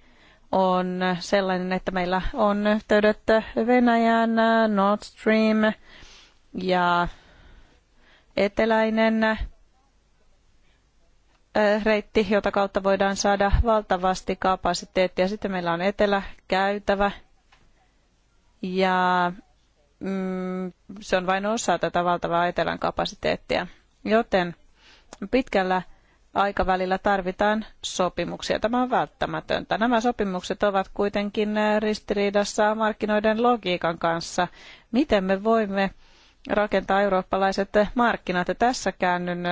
Speaker 2: on sellainen, että meillä on yhteydet Venäjän, äh, Nord Stream ja eteläinen äh, reitti, jota kautta voidaan saada valtavasti kapasiteettia. Sitten meillä on eteläkäytävä ja mm, se on vain osa tätä valtavaa etelän kapasiteettia. Joten pitkällä aikavälillä tarvitaan sopimuksia. Tämä on välttämätöntä. Nämä sopimukset ovat kuitenkin ristiriidassa markkinoiden logiikan kanssa. Miten me voimme rakentaa eurooppalaiset markkinat? Ja tässä käännyn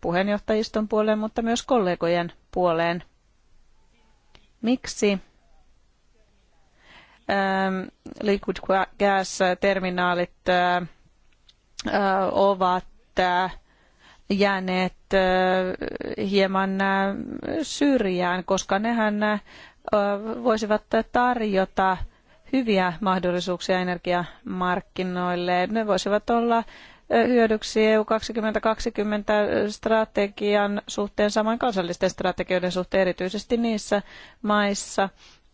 Speaker 2: puheenjohtajiston puoleen, mutta myös kollegojen puoleen. Miksi liquid gas-terminaalit ovat jääneet hieman syrjään, koska nehän voisivat tarjota hyviä mahdollisuuksia energiamarkkinoille. Ne voisivat olla hyödyksi EU 2020 strategian suhteen, samoin kansallisten strategioiden suhteen, erityisesti niissä maissa,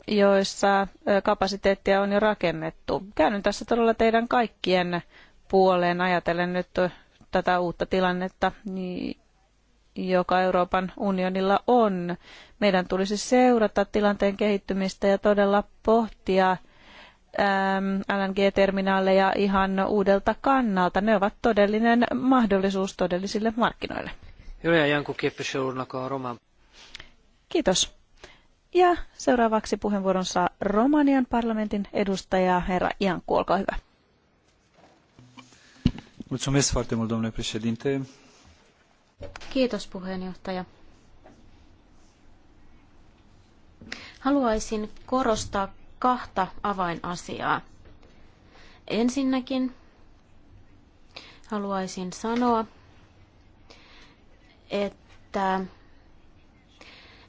Speaker 2: joissa kapasiteettia on jo rakennettu. Käyn tässä todella teidän kaikkien puoleen ajatellen nyt tätä uutta tilannetta, niin joka Euroopan unionilla on. Meidän tulisi seurata tilanteen kehittymistä ja todella pohtia LNG-terminaaleja ihan uudelta kannalta. Ne ovat todellinen mahdollisuus todellisille markkinoille. Kiitos. Ja seuraavaksi puheenvuoron saa Romanian parlamentin edustaja herra Ianku, olkaa hyvä.
Speaker 4: Mulțumesc foarte mult, domnule președinte.
Speaker 3: Kiitos puheenjohtaja. Haluaisin korostaa kahta avainasiaa. Ensinnäkin haluaisin sanoa, että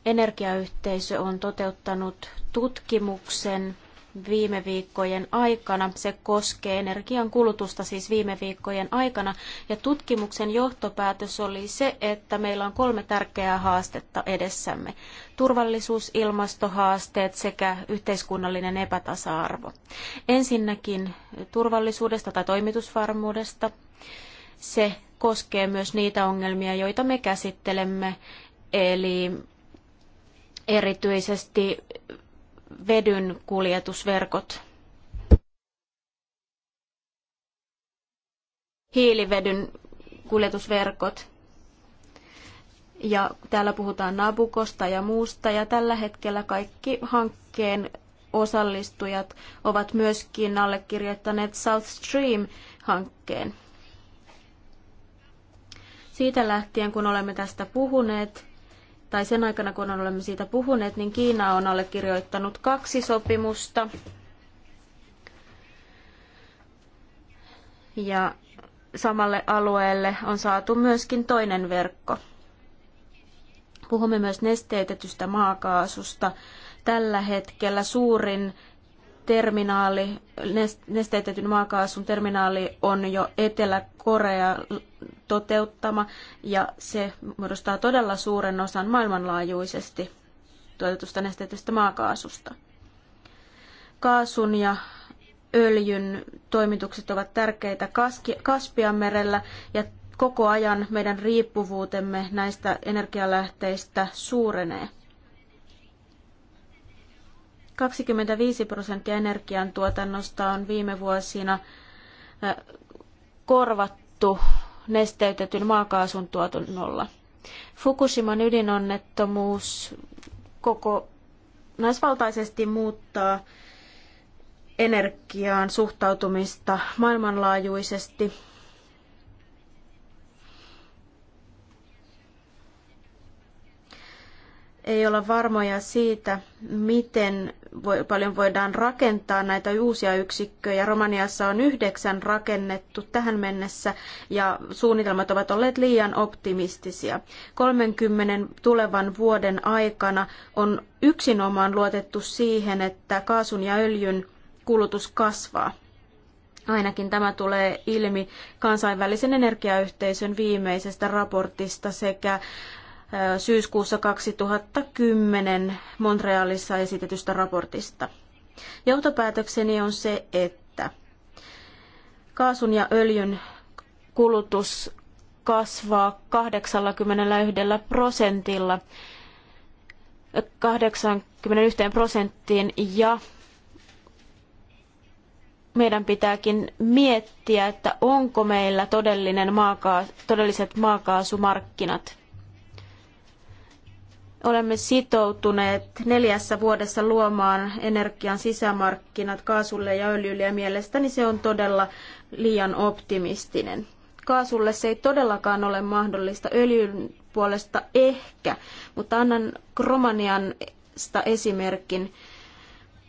Speaker 3: energiayhteisö on toteuttanut tutkimuksen viime viikkojen aikana. Se koskee energian kulutusta siis viime viikkojen aikana. Ja tutkimuksen johtopäätös oli se, että meillä on kolme tärkeää haastetta edessämme. Turvallisuus, ilmastohaasteet sekä yhteiskunnallinen epätasa-arvo. Ensinnäkin turvallisuudesta tai toimitusvarmuudesta. Se koskee myös niitä ongelmia, joita me käsittelemme, eli erityisesti vedyn kuljetusverkot, hiilivedyn kuljetusverkot. Ja täällä puhutaan Nabukosta ja muusta ja tällä hetkellä kaikki hankkeen osallistujat ovat myöskin allekirjoittaneet South Stream-hankkeen. Siitä lähtien, kun olemme tästä puhuneet, tai sen aikana kun olemme siitä puhuneet, niin Kiina on allekirjoittanut kaksi sopimusta. Ja samalle alueelle on saatu myöskin toinen verkko. Puhumme myös nesteytetystä maakaasusta. Tällä hetkellä suurin terminaali, nesteytetyn maakaasun terminaali on jo Etelä-Korea toteuttama ja se muodostaa todella suuren osan maailmanlaajuisesti tuotetusta nesteytetystä maakaasusta. Kaasun ja öljyn toimitukset ovat tärkeitä merellä ja koko ajan meidän riippuvuutemme näistä energialähteistä suurenee. 25 prosenttia energiantuotannosta on viime vuosina korvattu nesteytetyn maakaasun tuotannolla. Fukushiman ydinonnettomuus koko naisvaltaisesti muuttaa energiaan suhtautumista maailmanlaajuisesti ei olla varmoja siitä, miten paljon voidaan rakentaa näitä uusia yksikköjä. Romaniassa on yhdeksän rakennettu tähän mennessä ja suunnitelmat ovat olleet liian optimistisia. 30 tulevan vuoden aikana on yksinomaan luotettu siihen, että kaasun ja öljyn kulutus kasvaa. Ainakin tämä tulee ilmi kansainvälisen energiayhteisön viimeisestä raportista sekä syyskuussa 2010 Montrealissa esitetystä raportista. Johtopäätökseni on se, että kaasun ja öljyn kulutus kasvaa 81 prosentilla 81 prosenttiin ja meidän pitääkin miettiä, että onko meillä todellinen maaka- todelliset maakaasumarkkinat olemme sitoutuneet neljässä vuodessa luomaan energian sisämarkkinat kaasulle ja öljylle ja mielestäni se on todella liian optimistinen. Kaasulle se ei todellakaan ole mahdollista, öljyn puolesta ehkä, mutta annan Romaniasta esimerkin.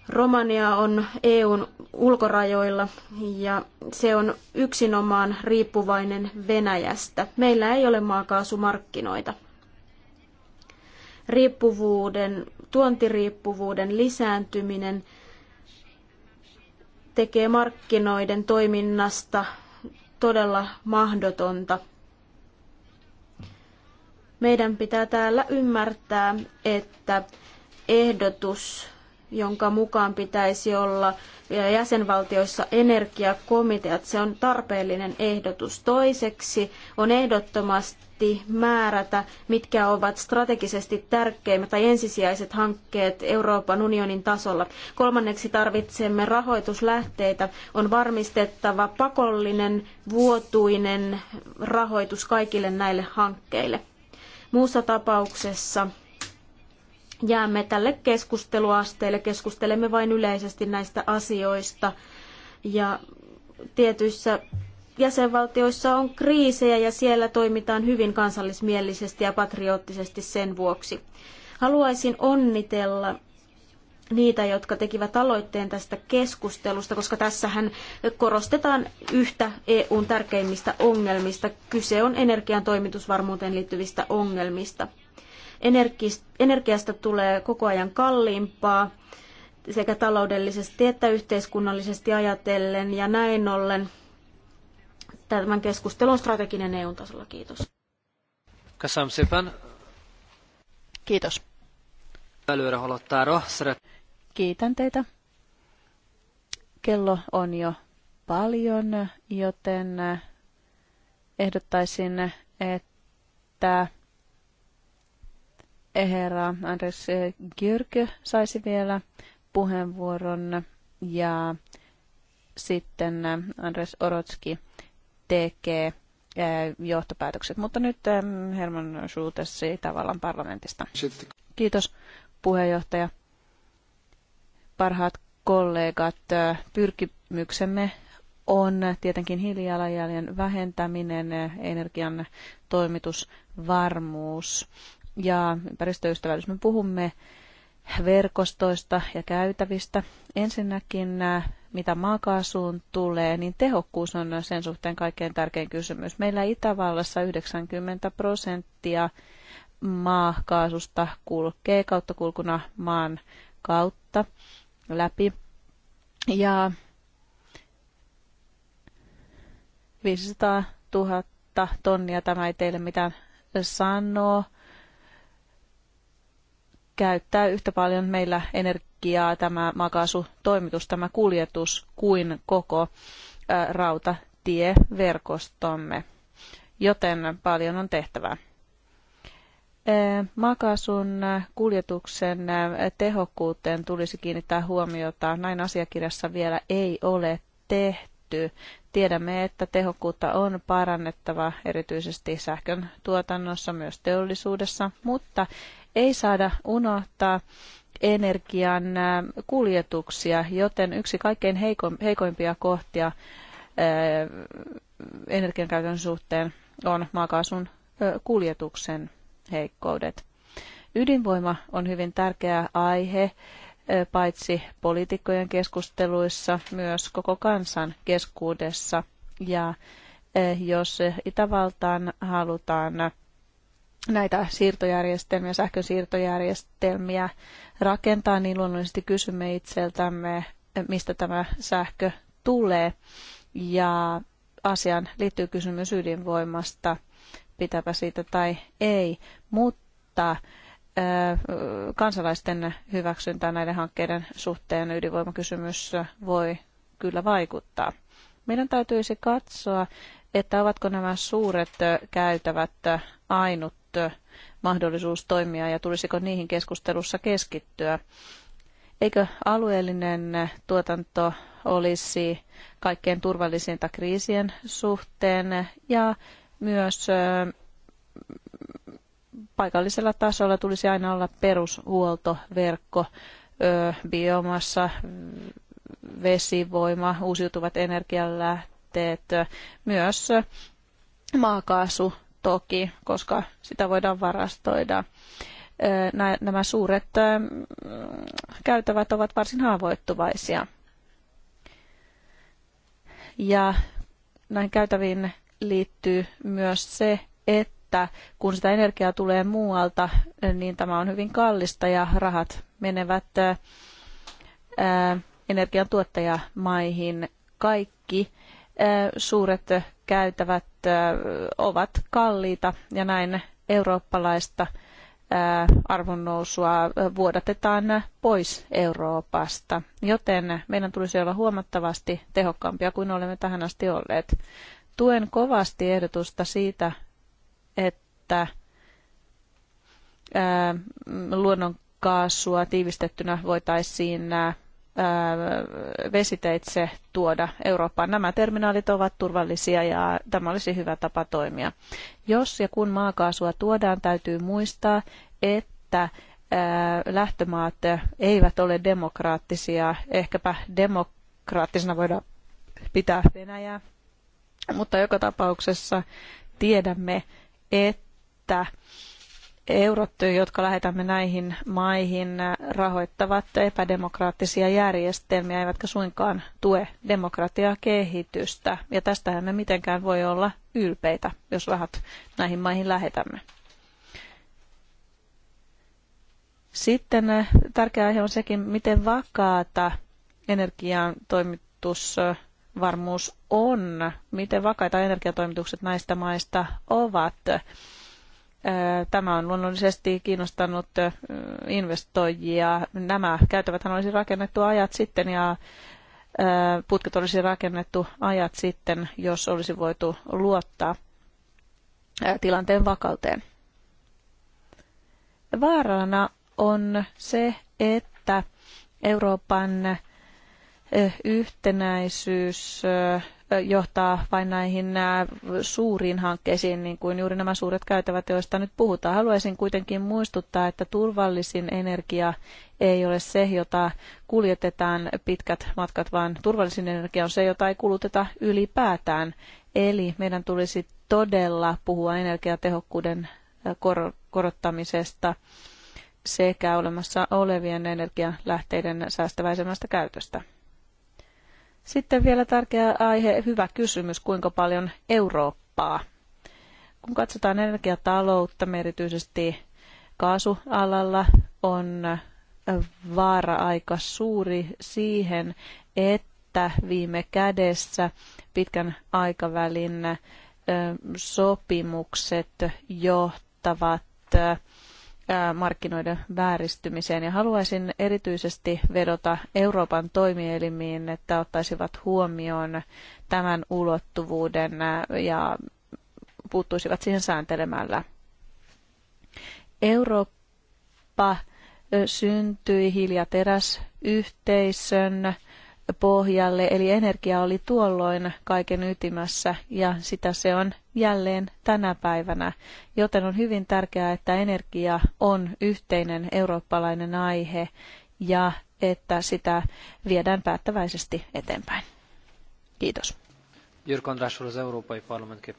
Speaker 3: Romania on EUn ulkorajoilla ja se on yksinomaan riippuvainen Venäjästä. Meillä ei ole maakaasumarkkinoita riippuvuuden, tuontiriippuvuuden lisääntyminen tekee markkinoiden toiminnasta todella mahdotonta. Meidän pitää täällä ymmärtää, että ehdotus jonka mukaan pitäisi olla jäsenvaltioissa energiakomiteat. Se on tarpeellinen ehdotus. Toiseksi on ehdottomasti määrätä, mitkä ovat strategisesti tärkeimmät tai ensisijaiset hankkeet Euroopan unionin tasolla. Kolmanneksi tarvitsemme rahoituslähteitä. On varmistettava pakollinen vuotuinen rahoitus kaikille näille hankkeille. Muussa tapauksessa jäämme tälle keskusteluasteelle, keskustelemme vain yleisesti näistä asioista. Ja tietyissä jäsenvaltioissa on kriisejä ja siellä toimitaan hyvin kansallismielisesti ja patriottisesti sen vuoksi. Haluaisin onnitella niitä, jotka tekivät aloitteen tästä keskustelusta, koska tässähän korostetaan yhtä EUn tärkeimmistä ongelmista. Kyse on energian toimitusvarmuuteen liittyvistä ongelmista. Energiasta tulee koko ajan kalliimpaa sekä taloudellisesti että yhteiskunnallisesti ajatellen ja näin ollen tämän keskustelun strateginen EU-tasolla. Kiitos.
Speaker 4: Kasam Sepan.
Speaker 3: Kiitos.
Speaker 2: Kiitän teitä. Kello on jo paljon, joten ehdottaisin, että herra Andres Gyrkö saisi vielä puheenvuoron ja sitten Andres Orotski tekee eh, johtopäätökset. Mutta nyt eh, Herman Schulte tavallaan parlamentista. Kiitos puheenjohtaja. Parhaat kollegat, eh, pyrkimyksemme on tietenkin hiilijalanjäljen vähentäminen, energian toimitusvarmuus ja ympäristöystävällisyys. Me puhumme verkostoista ja käytävistä. Ensinnäkin äh, mitä maakaasuun tulee, niin tehokkuus on sen suhteen kaikkein tärkein kysymys. Meillä Itävallassa 90 prosenttia maakaasusta kulkee kauttakulkuna maan kautta läpi. Ja 500 000 tonnia, tämä ei teille mitään sanoo, käyttää yhtä paljon meillä energiaa tämä maakaasutoimitus, tämä kuljetus kuin koko rautatieverkostomme, joten paljon on tehtävää. Maakaasun kuljetuksen tehokkuuteen tulisi kiinnittää huomiota. Näin asiakirjassa vielä ei ole tehty. Tiedämme, että tehokkuutta on parannettava erityisesti sähkön tuotannossa, myös teollisuudessa, mutta ei saada unohtaa energian kuljetuksia, joten yksi kaikkein heikoimpia kohtia energiankäytön suhteen on maakaasun kuljetuksen heikkoudet. Ydinvoima on hyvin tärkeä aihe paitsi poliitikkojen keskusteluissa, myös koko kansan keskuudessa. Ja jos Itävaltaan halutaan näitä siirtojärjestelmiä, sähkön siirtojärjestelmiä rakentaa, niin luonnollisesti kysymme itseltämme, mistä tämä sähkö tulee. Ja asiaan liittyy kysymys ydinvoimasta, pitäpä siitä tai ei, mutta kansalaisten hyväksyntää näiden hankkeiden suhteen ydinvoimakysymys voi kyllä vaikuttaa. Meidän täytyisi katsoa, että ovatko nämä suuret käytävät ainut mahdollisuus toimia ja tulisiko niihin keskustelussa keskittyä. Eikö alueellinen tuotanto olisi kaikkein turvallisinta kriisien suhteen ja myös paikallisella tasolla tulisi aina olla perushuoltoverkko, biomassa, vesivoima, uusiutuvat energialähteet, jätteet, myös maakaasu toki, koska sitä voidaan varastoida. Nämä suuret käytävät ovat varsin haavoittuvaisia. Ja näin käytäviin liittyy myös se, että kun sitä energiaa tulee muualta, niin tämä on hyvin kallista ja rahat menevät energiantuottajamaihin. Kaikki suuret käytävät ovat kalliita ja näin eurooppalaista arvonnousua vuodatetaan pois Euroopasta, joten meidän tulisi olla huomattavasti tehokkaampia kuin olemme tähän asti olleet. Tuen kovasti ehdotusta siitä, että luonnonkaasua tiivistettynä voitaisiin vesiteitse tuoda Eurooppaan. Nämä terminaalit ovat turvallisia ja tämä olisi hyvä tapa toimia. Jos ja kun maakaasua tuodaan, täytyy muistaa, että lähtömaat eivät ole demokraattisia. Ehkäpä demokraattisena voidaan pitää Venäjää, mutta joka tapauksessa tiedämme, että Eurot, jotka lähetämme näihin maihin, rahoittavat epädemokraattisia järjestelmiä, eivätkä suinkaan tue demokratiakehitystä. Ja tästähän me mitenkään voi olla ylpeitä, jos rahat näihin maihin lähetämme. Sitten eh, tärkeä aihe on sekin, miten vakaata energian toimitusvarmuus on, miten vakaita energiatoimitukset näistä maista ovat. Tämä on luonnollisesti kiinnostanut investoijia. Nämä käytäväthän olisi rakennettu ajat sitten ja putket olisi rakennettu ajat sitten, jos olisi voitu luottaa tilanteen vakauteen. Vaarana on se, että Euroopan yhtenäisyys johtaa vain näihin äh, suuriin hankkeisiin, niin kuin juuri nämä suuret käytävät, joista nyt puhutaan. Haluaisin kuitenkin muistuttaa, että turvallisin energia ei ole se, jota kuljetetaan pitkät matkat, vaan turvallisin energia on se, jota ei kuluteta ylipäätään. Eli meidän tulisi todella puhua energiatehokkuuden äh, kor- korottamisesta sekä olemassa olevien energialähteiden säästäväisemmästä käytöstä. Sitten vielä tärkeä aihe, hyvä kysymys, kuinka paljon Eurooppaa. Kun katsotaan energiataloutta, erityisesti kaasualalla on vaara aika suuri siihen, että viime kädessä pitkän aikavälin sopimukset johtavat markkinoiden vääristymiseen. Ja haluaisin erityisesti vedota Euroopan toimielimiin, että ottaisivat huomioon tämän ulottuvuuden ja puuttuisivat siihen sääntelemällä. Eurooppa syntyi hiljateräsyhteisön yhteisön pohjalle, eli energia oli tuolloin kaiken ytimässä ja sitä se on jälleen tänä päivänä. Joten on hyvin tärkeää, että energia on yhteinen eurooppalainen aihe ja että sitä viedään päättäväisesti eteenpäin. Kiitos.
Speaker 4: Jyrk Andrásról Euroopan parlamentin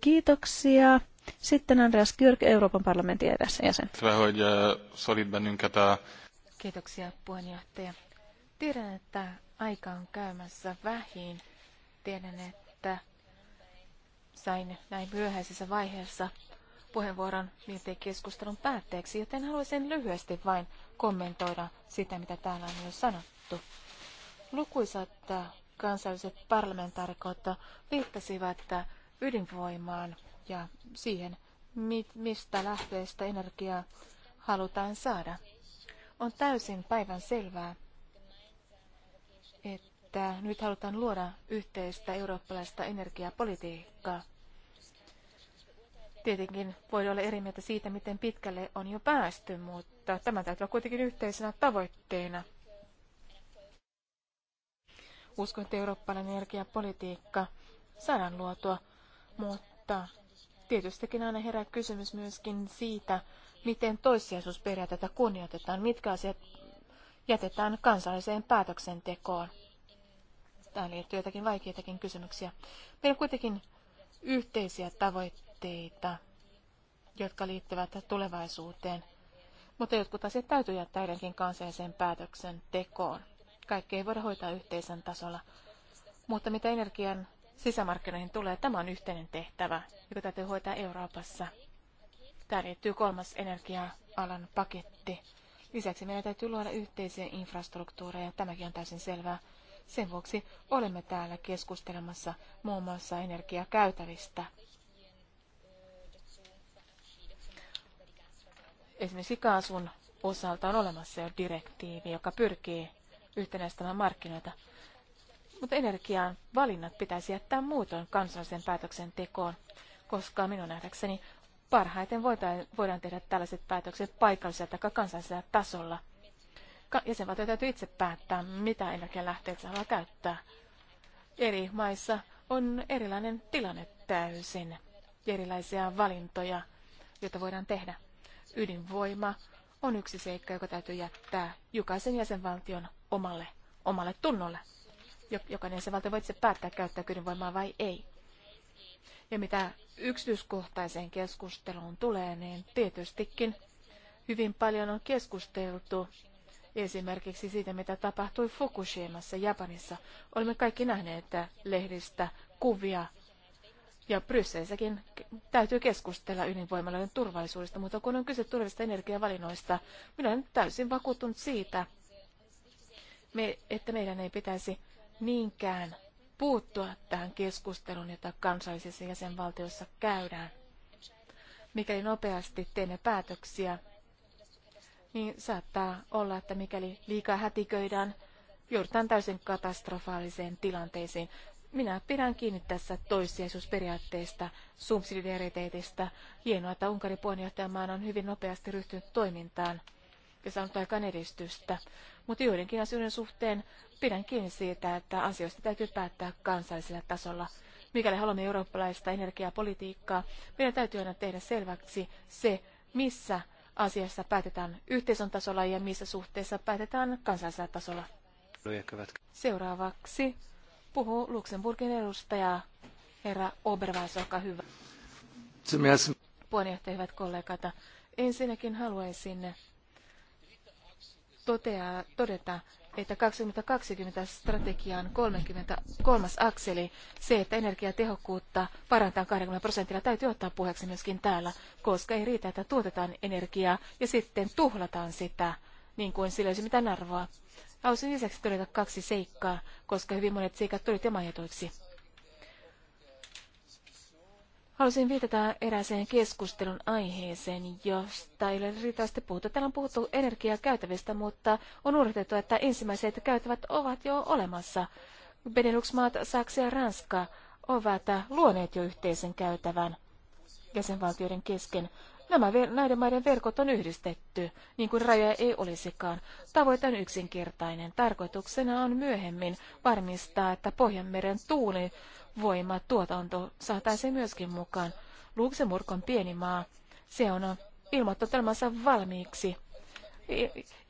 Speaker 2: Kiitoksia. Sitten Andreas Kyrk, Euroopan parlamentin edessä jäsen.
Speaker 4: Eh,
Speaker 2: Kiitoksia
Speaker 1: puheenjohtaja. Tiedän, että aika on käymässä vähin. Tiedän, että sain näin myöhäisessä vaiheessa puheenvuoron miltei keskustelun päätteeksi, joten haluaisin lyhyesti vain kommentoida sitä, mitä täällä on jo sanottu. Lukuisat kansalliset parlamentaarikot viittasivat ydinvoimaan ja siihen, mistä lähteestä energiaa halutaan saada. On täysin päivän selvää, että nyt halutaan luoda yhteistä eurooppalaista energiapolitiikkaa. Tietenkin voi olla eri mieltä siitä, miten pitkälle on jo päästy, mutta tämä täytyy olla kuitenkin yhteisenä tavoitteena. Uskon, että eurooppalainen energiapolitiikka saadaan luotua, mutta tietystikin aina herää kysymys myöskin siitä, miten toissijaisuusperiaatetta kunnioitetaan, mitkä asiat jätetään kansalliseen päätöksentekoon. Tähän liittyy jotakin vaikeitakin kysymyksiä. Meillä on kuitenkin yhteisiä tavoitteita, jotka liittyvät tulevaisuuteen, mutta jotkut asiat täytyy jättää edelläkin kansalliseen päätöksentekoon. Kaikki ei voida hoitaa yhteisen tasolla. Mutta mitä energian sisämarkkinoihin tulee, tämä on yhteinen tehtävä, joka täytyy hoitaa Euroopassa. Tämä liittyy kolmas energia-alan paketti. Lisäksi meidän täytyy luoda yhteisiä infrastruktuureja, tämäkin on täysin selvää. Sen vuoksi olemme täällä keskustelemassa muun muassa energiakäytävistä. Esimerkiksi kaasun osalta on olemassa jo direktiivi, joka pyrkii yhtenäistämään markkinoita. Mutta energian valinnat pitäisi jättää muutoin kansallisen päätöksentekoon, koska minun nähdäkseni parhaiten voidaan tehdä tällaiset päätökset paikallisella tai kansallisella tasolla – jäsenvaltio täytyy itse päättää, mitä eläkelähteet haluaa käyttää. Eri maissa on erilainen tilanne täysin, erilaisia valintoja, joita voidaan tehdä. Ydinvoima on yksi seikka, joka täytyy jättää jokaisen jäsenvaltion omalle, omalle tunnolle. Jokainen jäsenvaltio voi itse päättää, käyttää ydinvoimaa vai ei. Ja mitä yksityiskohtaiseen keskusteluun tulee, niin tietystikin hyvin paljon on keskusteltu esimerkiksi siitä, mitä tapahtui Fukushimassa Japanissa. Olemme kaikki nähneet lehdistä kuvia ja Brysseissäkin täytyy keskustella ydinvoimaloiden turvallisuudesta, mutta kun on kyse tulevista energiavalinnoista, minä olen täysin vakuuttunut siitä, että meidän ei pitäisi niinkään puuttua tähän keskusteluun, jota kansallisissa jäsenvaltioissa käydään. Mikäli nopeasti teemme päätöksiä, niin saattaa olla, että mikäli liikaa hätiköidään, joudutaan täysin katastrofaaliseen tilanteeseen. Minä pidän kiinni tässä toissijaisuusperiaatteesta, subsidiariteetista. Hienoa, että Unkarin puheenjohtajamaan on hyvin nopeasti ryhtynyt toimintaan ja saanut aikaan edistystä. Mutta joidenkin asioiden suhteen pidän kiinni siitä, että asioista täytyy päättää kansallisella tasolla. Mikäli haluamme eurooppalaista energiapolitiikkaa, meidän täytyy aina tehdä selväksi se, missä asiassa päätetään yhteisön tasolla ja missä suhteessa päätetään kansallisella tasolla. Seuraavaksi puhuu Luxemburgin edustaja herra Obervais, olkaa hyvä. Puheenjohtaja, hyvät kollegat. Ensinnäkin haluaisin totea, todeta, että 2020 strategian 33. akseli, se, että energiatehokkuutta parantaa 20 prosentilla, täytyy ottaa puheeksi myöskin täällä, koska ei riitä, että tuotetaan energiaa ja sitten tuhlataan sitä, niin kuin sillä ei olisi mitään arvoa. Haluaisin lisäksi todeta kaksi seikkaa, koska hyvin monet seikat tulivat jo mainituiksi. Haluaisin viitata erääseen keskustelun aiheeseen, josta ei ole riittävästi puhuttu. Täällä on puhuttu energiakäytävistä, mutta on unohdettu, että ensimmäiset käytävät ovat jo olemassa. Benelux-maat, Saksa ja Ranska ovat luoneet jo yhteisen käytävän jäsenvaltioiden kesken. Nämä, näiden maiden verkot on yhdistetty, niin kuin rajoja ei olisikaan. Tavoite on yksinkertainen. Tarkoituksena on myöhemmin varmistaa, että Pohjanmeren tuulivoimatuotanto saataisiin myöskin mukaan. Luxemburg on pieni maa. Se on ilmoittanut valmiiksi.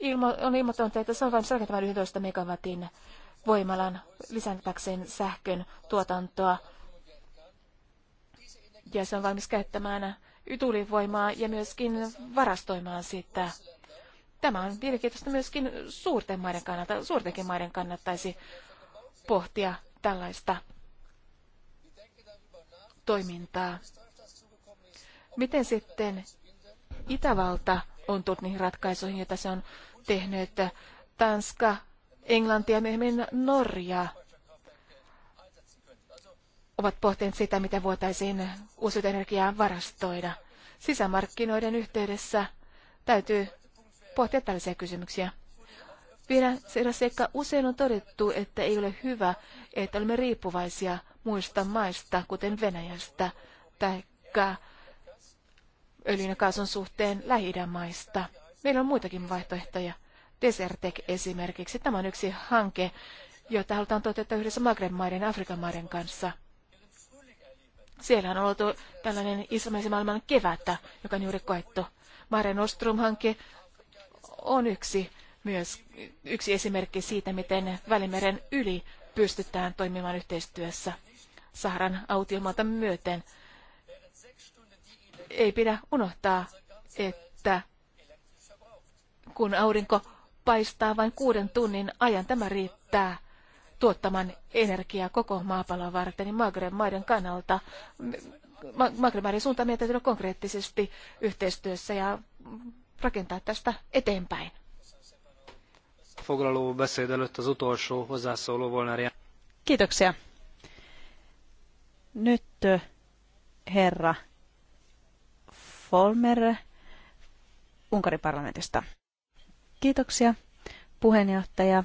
Speaker 1: Ilmo, on ilmoittanut, että se on valmis rakentamaan 11 megawatin voimalan lisätäkseen sähkön tuotantoa. Ja se on valmis käyttämään tuulivoimaa ja myöskin varastoimaan sitä. Tämä on mielenkiintoista myöskin suurten maiden kannalta. Suurtenkin maiden kannattaisi pohtia tällaista toimintaa. Miten sitten Itävalta on tullut niihin ratkaisuihin, joita se on tehnyt? Tanska, Englanti ja myöhemmin Norja ovat pohtineet sitä, mitä voitaisiin uusiutua energiaa varastoida. Sisämarkkinoiden yhteydessä täytyy pohtia tällaisia kysymyksiä. Vielä sekä seikka usein on todettu, että ei ole hyvä, että olemme riippuvaisia muista maista, kuten Venäjästä tai öljyn ja kaasun suhteen lähi maista. Meillä on muitakin vaihtoehtoja. Desertec esimerkiksi. Tämä on yksi hanke, jota halutaan toteuttaa yhdessä magreb maiden ja Afrikan maiden kanssa. Siellähän on ollut tällainen islamisen maailman kevättä, joka on juuri koettu. Mare Nostrum-hanke on yksi, myös, yksi esimerkki siitä, miten Välimeren yli pystytään toimimaan yhteistyössä Saharan autiomaata myöten. Ei pidä unohtaa, että kun aurinko paistaa vain kuuden tunnin ajan, tämä riittää – tuottamaan energiaa koko maapallon varten, niin Magreb maiden kannalta Maghrebin suuntaan meidän täytyy olla konkreettisesti yhteistyössä ja rakentaa tästä eteenpäin.
Speaker 2: Kiitoksia. Nyt herra Folmer Unkarin parlamentista. Kiitoksia puheenjohtaja.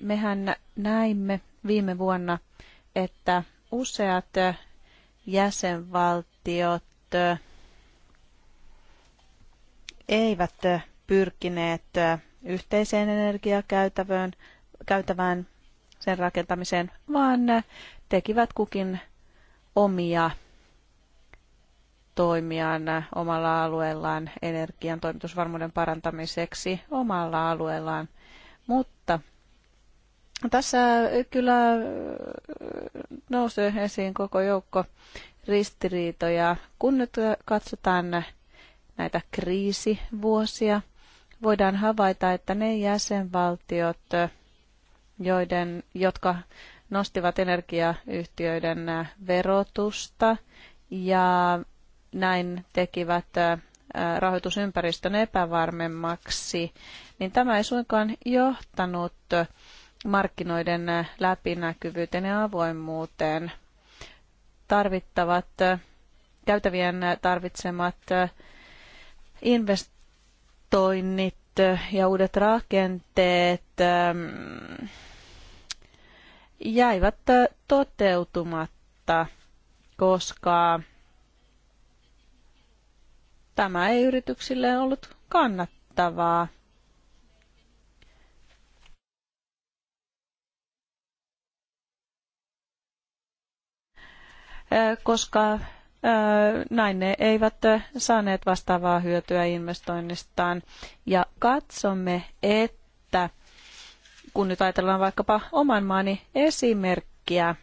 Speaker 2: Mehän näimme viime vuonna, että useat jäsenvaltiot eivät pyrkineet yhteiseen energiakäytävään käytävään sen rakentamiseen, vaan tekivät kukin omia toimiaan omalla alueellaan energian toimitusvarmuuden parantamiseksi omalla alueellaan. Mutta tässä kyllä nousee esiin koko joukko ristiriitoja. Kun nyt katsotaan näitä kriisivuosia, voidaan havaita, että ne jäsenvaltiot, joiden, jotka nostivat energiayhtiöiden verotusta ja näin tekivät rahoitusympäristön epävarmemmaksi, niin tämä ei suinkaan johtanut markkinoiden äh, läpinäkyvyyteen ja avoimuuteen tarvittavat, äh, käytävien äh, tarvitsemat investoinnit ja uudet rakenteet ähm, jäivät toteutumatta, koska tämä ei yrityksille ollut kannattavaa. koska näin ne eivät saaneet vastaavaa hyötyä investoinnistaan. Ja katsomme, että kun nyt ajatellaan vaikkapa oman maani esimerkkiä,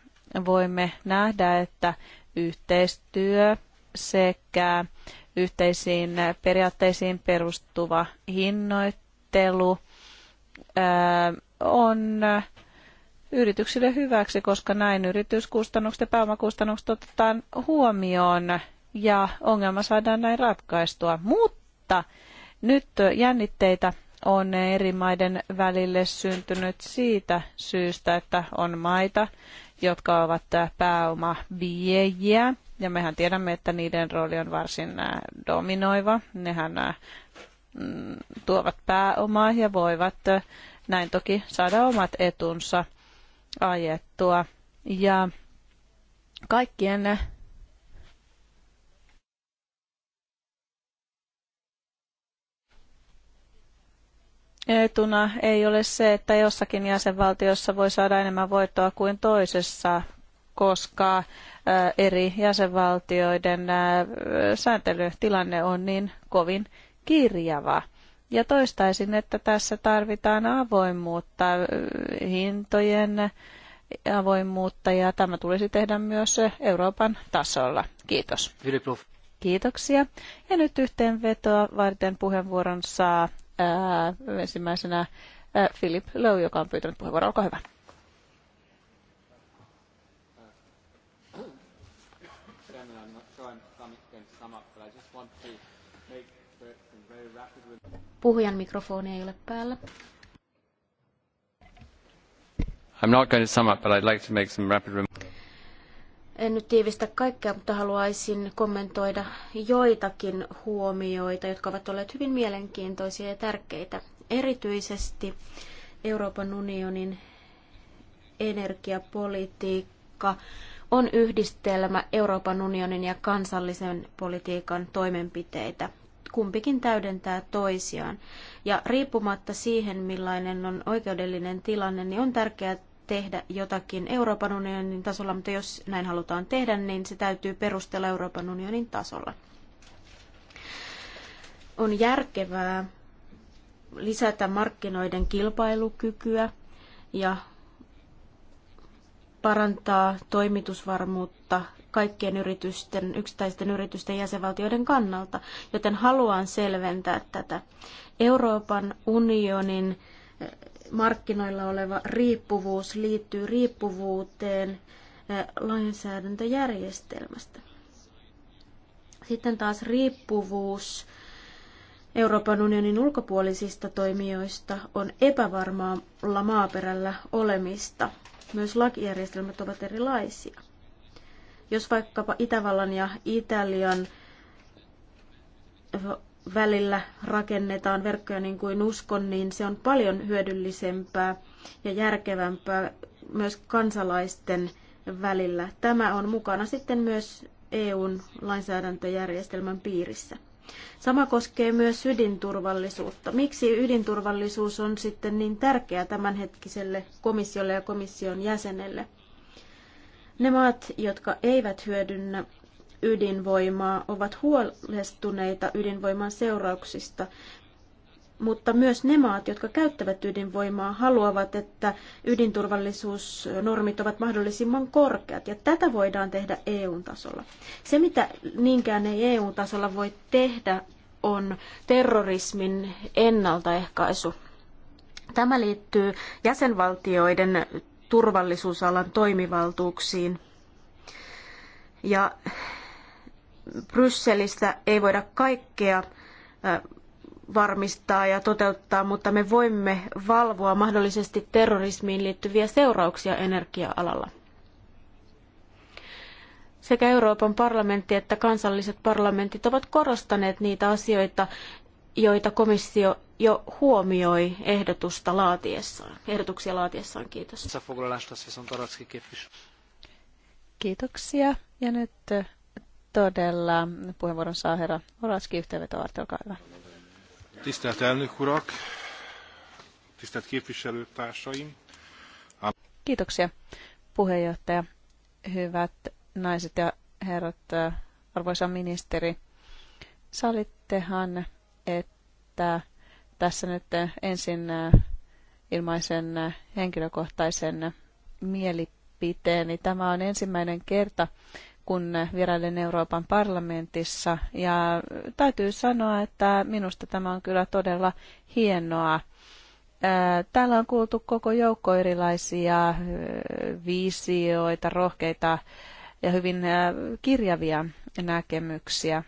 Speaker 2: voimme nähdä, että yhteistyö sekä yhteisiin periaatteisiin perustuva hinnoittelu on yrityksille hyväksi, koska näin yrityskustannukset ja pääomakustannukset otetaan huomioon ja ongelma saadaan näin ratkaistua. Mutta nyt jännitteitä on eri maiden välille syntynyt siitä syystä, että on maita, jotka ovat pääomaviejiä. Ja mehän tiedämme, että niiden rooli on varsin dominoiva. Nehän mm, tuovat pääomaa ja voivat näin toki saada omat etunsa – ajettua. Ja kaikkien etuna ei ole se, että jossakin jäsenvaltiossa voi saada enemmän voittoa kuin toisessa, koska eri jäsenvaltioiden sääntelytilanne on niin kovin kirjava. Ja toistaisin, että tässä tarvitaan avoimuutta, hintojen avoimuutta ja tämä tulisi tehdä myös Euroopan tasolla. Kiitos. Kiitoksia. Ja nyt yhteenvetoa varten puheenvuoron saa ää, ensimmäisenä ää, Philip Lowe, joka on pyytänyt puheenvuoron. Olkaa hyvä.
Speaker 3: Puhujan mikrofoni ei ole päällä.
Speaker 1: I'm not going to sum up, but I'd like to make some rapid
Speaker 3: en nyt tiivistä kaikkea, mutta haluaisin kommentoida joitakin huomioita, jotka ovat olleet hyvin mielenkiintoisia ja tärkeitä. Erityisesti Euroopan unionin energiapolitiikka on yhdistelmä Euroopan unionin ja kansallisen politiikan toimenpiteitä kumpikin täydentää toisiaan. Ja riippumatta siihen, millainen on oikeudellinen tilanne, niin on tärkeää tehdä jotakin Euroopan unionin tasolla, mutta jos näin halutaan tehdä, niin se täytyy perustella Euroopan unionin tasolla. On järkevää lisätä markkinoiden kilpailukykyä ja parantaa toimitusvarmuutta kaikkien yritysten, yksittäisten yritysten jäsenvaltioiden kannalta, joten haluan selventää tätä. Euroopan unionin eh, markkinoilla oleva riippuvuus liittyy riippuvuuteen eh, lainsäädäntöjärjestelmästä. Sitten taas riippuvuus Euroopan unionin ulkopuolisista toimijoista on epävarmaalla maaperällä olemista. Myös lakijärjestelmät ovat erilaisia. Jos vaikkapa Itävallan ja Italian välillä rakennetaan verkkoja niin kuin uskon, niin se on paljon hyödyllisempää ja järkevämpää myös kansalaisten välillä. Tämä on mukana sitten myös EUn lainsäädäntöjärjestelmän piirissä. Sama koskee myös ydinturvallisuutta. Miksi ydinturvallisuus on sitten niin tärkeä tämänhetkiselle komissiolle ja komission jäsenelle? Ne maat, jotka eivät hyödynnä ydinvoimaa, ovat huolestuneita ydinvoiman seurauksista, mutta myös ne maat, jotka käyttävät ydinvoimaa, haluavat, että ydinturvallisuusnormit ovat mahdollisimman korkeat, ja tätä voidaan tehdä EU-tasolla. Se, mitä niinkään ei EU-tasolla voi tehdä, on terrorismin ennaltaehkäisy. Tämä liittyy jäsenvaltioiden turvallisuusalan toimivaltuuksiin. Ja Brysselistä ei voida kaikkea varmistaa ja toteuttaa, mutta me voimme valvoa mahdollisesti terrorismiin liittyviä seurauksia energia-alalla. Sekä Euroopan parlamentti että kansalliset parlamentit ovat korostaneet niitä asioita, joita komissio jo huomioi ehdotusta laatiessaan, ehdotuksia laatiessaan. Kiitos.
Speaker 2: Kiitoksia. Ja nyt äh, todella puheenvuoron saa herra Oraski yhteenvetovartio, olkaa hyvä.
Speaker 4: Tisztelt elnök urak,
Speaker 2: Kiitoksia puheenjohtaja. Hyvät naiset ja herrat, äh, arvoisa ministeri, salittehan että tässä nyt ensin ilmaisen henkilökohtaisen mielipiteeni. Tämä on ensimmäinen kerta, kun vierailen Euroopan parlamentissa ja täytyy sanoa, että minusta tämä on kyllä todella hienoa. Täällä on kuultu koko joukko erilaisia visioita, rohkeita ja hyvin kirjavia näkemyksiä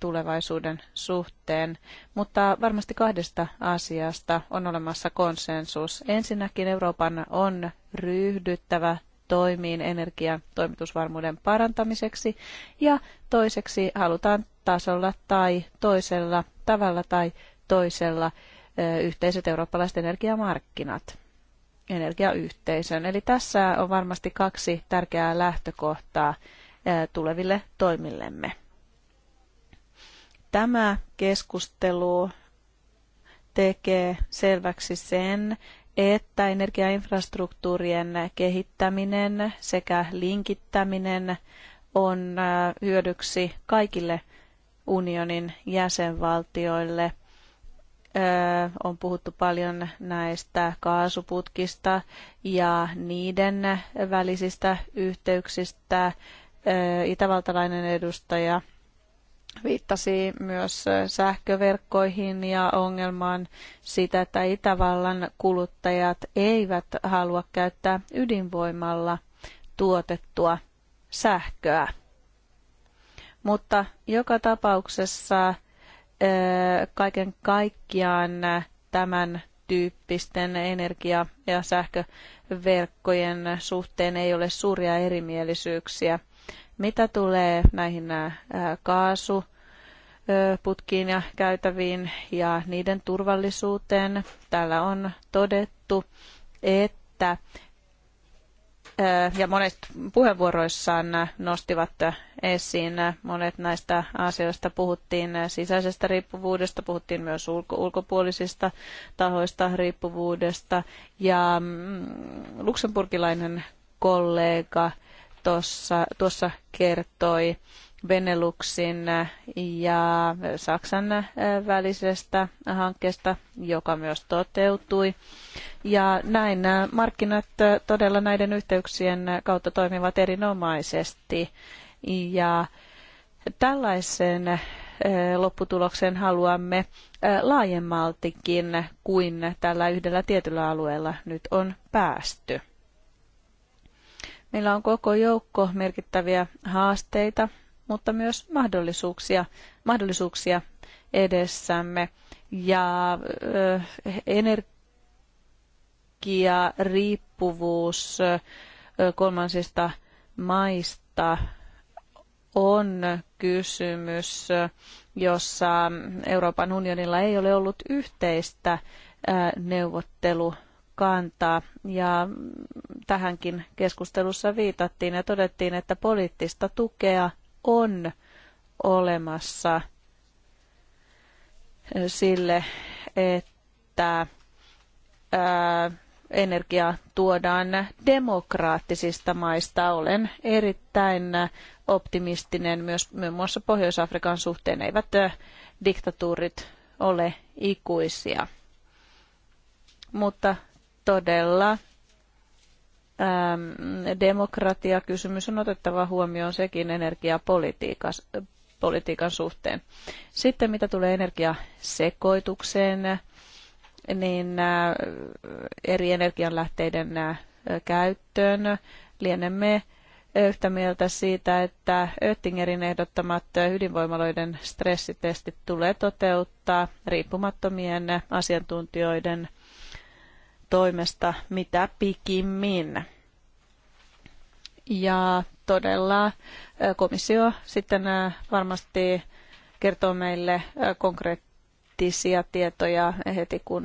Speaker 2: tulevaisuuden suhteen, mutta varmasti kahdesta asiasta on olemassa konsensus. Ensinnäkin Euroopan on ryhdyttävä toimiin energian toimitusvarmuuden parantamiseksi ja toiseksi halutaan tasolla tai toisella tavalla tai toisella yhteiset eurooppalaiset energiamarkkinat energiayhteisön. Eli tässä on varmasti kaksi tärkeää lähtökohtaa tuleville toimillemme. Tämä keskustelu tekee selväksi sen, että energiainfrastruktuurien kehittäminen sekä linkittäminen on äh, hyödyksi kaikille unionin jäsenvaltioille. Äh, on puhuttu paljon näistä kaasuputkista ja niiden välisistä yhteyksistä. Äh, itävaltalainen edustaja viittasi myös sähköverkkoihin ja ongelmaan siitä, että Itävallan kuluttajat eivät halua käyttää ydinvoimalla tuotettua sähköä. Mutta joka tapauksessa kaiken kaikkiaan tämän tyyppisten energia- ja sähköverkkojen suhteen ei ole suuria erimielisyyksiä – mitä tulee näihin äh, kaasuputkiin ja käytäviin ja niiden turvallisuuteen. Täällä on todettu, että ja monet puheenvuoroissaan nostivat esiin monet näistä asioista. Puhuttiin sisäisestä riippuvuudesta, puhuttiin myös ulko- ulkopuolisista tahoista riippuvuudesta. Ja mm, Luxemburgilainen luksemburgilainen kollega tuossa, tuossa kertoi Beneluxin ja Saksan äh, välisestä hankkeesta, joka myös toteutui. Ja näin äh, markkinat äh, todella näiden yhteyksien kautta toimivat erinomaisesti. Ja tällaisen lopputuloksen haluamme laajemmaltikin kuin tällä yhdellä tietyllä alueella nyt on päästy. Meillä on koko joukko merkittäviä haasteita, mutta myös mahdollisuuksia, mahdollisuuksia edessämme. Ja energiariippuvuus kolmansista maista on kysymys, jossa Euroopan unionilla ei ole ollut yhteistä neuvottelu kantaa ja tähänkin keskustelussa viitattiin ja todettiin, että poliittista tukea on olemassa sille, että ää, energiaa tuodaan demokraattisista maista. Olen erittäin optimistinen myös muun muassa Pohjois-Afrikan suhteen. Eivät diktatuurit ole ikuisia. Mutta todella ähm, demokratiakysymys on otettava huomioon sekin energiapolitiikan suhteen. Sitten mitä tulee energiasekoitukseen, niin äh, eri energianlähteiden äh, käyttöön lienemme yhtä mieltä siitä, että Oettingerin ehdottamat ydinvoimaloiden stressitestit tulee toteuttaa riippumattomien asiantuntijoiden – toimesta mitä pikimmin. Ja todella komissio sitten varmasti kertoo meille konkreettisia tietoja heti kun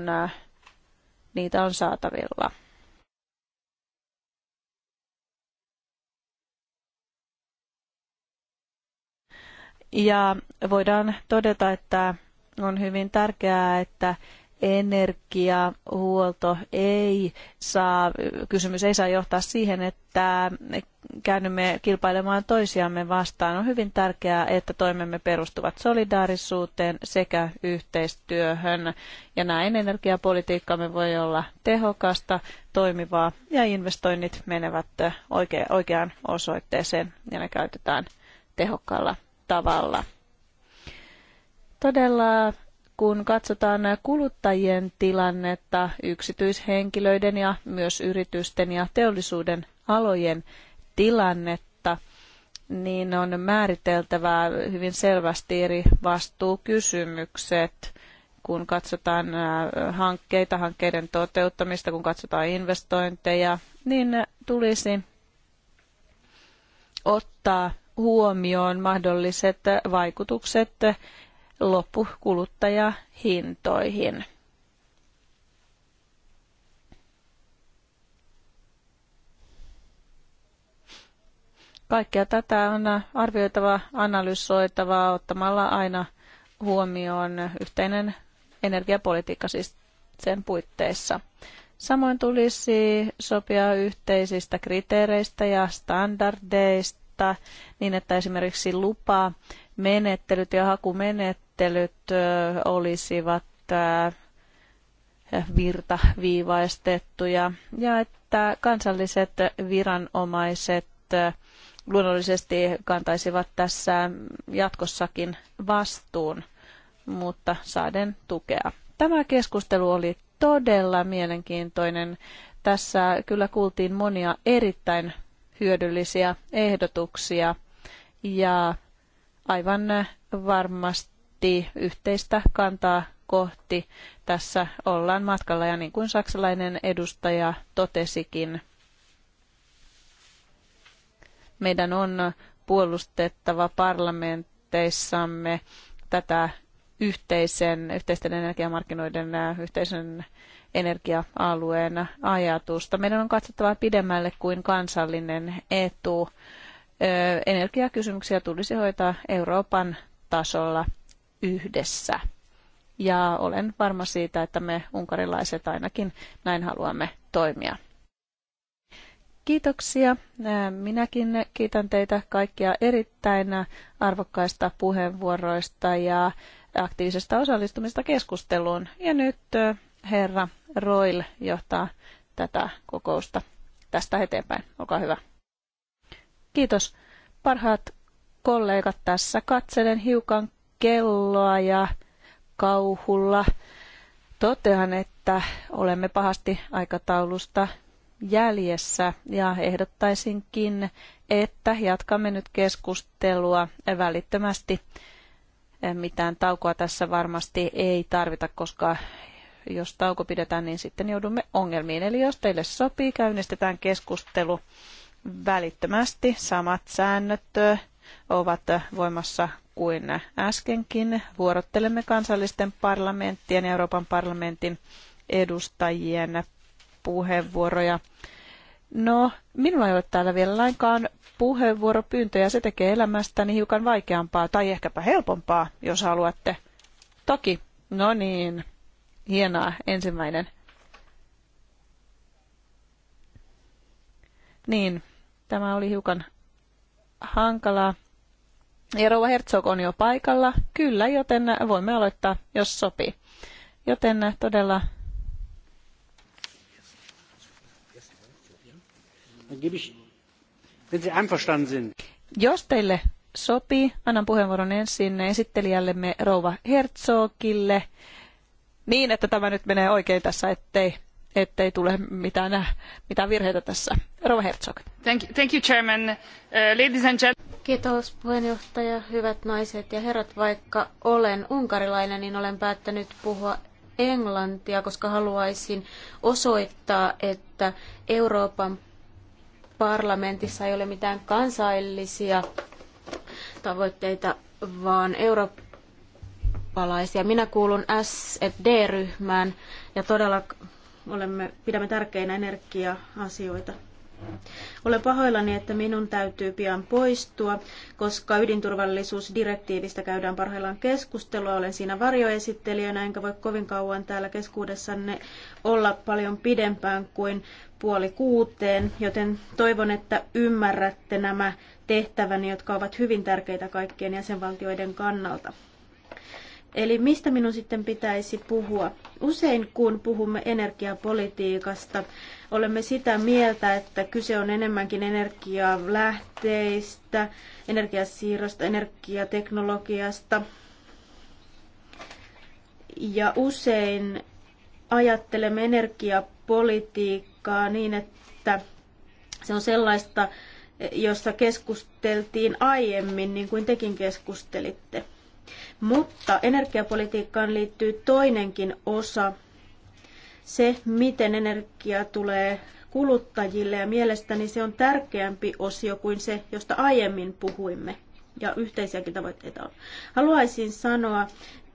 Speaker 2: niitä on saatavilla. Ja voidaan todeta, että on hyvin tärkeää, että energiahuolto ei saa, kysymys ei saa johtaa siihen, että käännymme kilpailemaan toisiamme vastaan. On hyvin tärkeää, että toimemme perustuvat solidaarisuuteen sekä yhteistyöhön. Ja näin energiapolitiikkamme voi olla tehokasta, toimivaa ja investoinnit menevät oikeaan osoitteeseen ja ne käytetään tehokkaalla tavalla. Todella kun katsotaan kuluttajien tilannetta, yksityishenkilöiden ja myös yritysten ja teollisuuden alojen tilannetta, niin on määriteltävä hyvin selvästi eri vastuukysymykset, kun katsotaan hankkeita, hankkeiden toteuttamista, kun katsotaan investointeja, niin tulisi ottaa huomioon mahdolliset vaikutukset loppukuluttajahintoihin. Kaikkea tätä on arvioitava, analysoitava ottamalla aina huomioon yhteinen energiapolitiikka siis sen puitteissa. Samoin tulisi sopia yhteisistä kriteereistä ja standardeista niin, että esimerkiksi lupa menettelyt ja hakumenettelyt käsittelyt olisivat virtaviivaistettuja ja että kansalliset viranomaiset luonnollisesti kantaisivat tässä jatkossakin vastuun, mutta saaden tukea. Tämä keskustelu oli todella mielenkiintoinen. Tässä kyllä kuultiin monia erittäin hyödyllisiä ehdotuksia ja aivan varmasti miettii yhteistä kantaa kohti. Tässä ollaan matkalla ja niin kuin saksalainen edustaja totesikin, meidän on puolustettava parlamenteissamme tätä yhteisen, yhteisten energiamarkkinoiden yhteisen energia-alueen ajatusta. Meidän on katsottava pidemmälle kuin kansallinen etu. Energiakysymyksiä tulisi hoitaa Euroopan tasolla yhdessä. Ja olen varma siitä, että me unkarilaiset ainakin näin haluamme toimia. Kiitoksia. Minäkin kiitän teitä kaikkia erittäin arvokkaista puheenvuoroista ja aktiivisesta osallistumista keskusteluun. Ja nyt herra Roil johtaa tätä kokousta tästä eteenpäin. Olkaa hyvä. Kiitos. Parhaat kollegat, tässä katselen hiukan kelloa ja kauhulla totean, että olemme pahasti aikataulusta jäljessä ja ehdottaisinkin, että jatkamme nyt keskustelua välittömästi. Mitään taukoa tässä varmasti ei tarvita, koska jos tauko pidetään, niin sitten joudumme ongelmiin. Eli jos teille sopii, käynnistetään keskustelu välittömästi. Samat säännöt ovat voimassa kuin äskenkin. Vuorottelemme kansallisten parlamenttien ja Euroopan parlamentin edustajien puheenvuoroja. No, minulla ei ole täällä vielä lainkaan puheenvuoropyyntöjä. Se tekee elämästäni hiukan vaikeampaa tai ehkäpä helpompaa, jos haluatte. Toki, no niin, hienoa ensimmäinen. Niin, tämä oli hiukan hankalaa. Ja Rouva Herzog on jo paikalla, kyllä, joten voimme aloittaa, jos sopii. Joten todella... Jos teille sopii, annan puheenvuoron ensin esittelijällemme Rouva Herzogille, niin että tämä nyt menee oikein tässä, ettei ettei tule mitään, mitään virheitä tässä. Rova Herzog. Thank,
Speaker 3: you, thank you chairman. Uh, ladies and gentlemen. Kiitos puheenjohtaja, hyvät naiset ja herrat. Vaikka olen unkarilainen, niin olen päättänyt puhua englantia, koska haluaisin osoittaa, että Euroopan parlamentissa ei ole mitään kansallisia tavoitteita, vaan eurooppalaisia. Minä kuulun SD-ryhmään ja todella olemme, pidämme tärkeinä energia-asioita. Olen pahoillani, että minun täytyy pian poistua, koska ydinturvallisuusdirektiivistä käydään parhaillaan keskustelua. Olen siinä varjoesittelijänä, enkä voi kovin kauan täällä keskuudessanne olla paljon pidempään kuin puoli kuuteen, joten toivon, että ymmärrätte nämä tehtäväni, jotka ovat hyvin tärkeitä kaikkien jäsenvaltioiden kannalta. Eli mistä minun sitten pitäisi puhua? Usein kun puhumme energiapolitiikasta, olemme sitä mieltä, että kyse on enemmänkin energialähteistä, energiasiirrosta, energiateknologiasta. Ja usein ajattelemme energiapolitiikkaa niin, että se on sellaista, jossa keskusteltiin aiemmin, niin kuin tekin keskustelitte. Mutta energiapolitiikkaan liittyy toinenkin osa, se miten energia tulee kuluttajille ja mielestäni se on tärkeämpi osio kuin se, josta aiemmin puhuimme ja yhteisiäkin tavoitteita on. Haluaisin sanoa,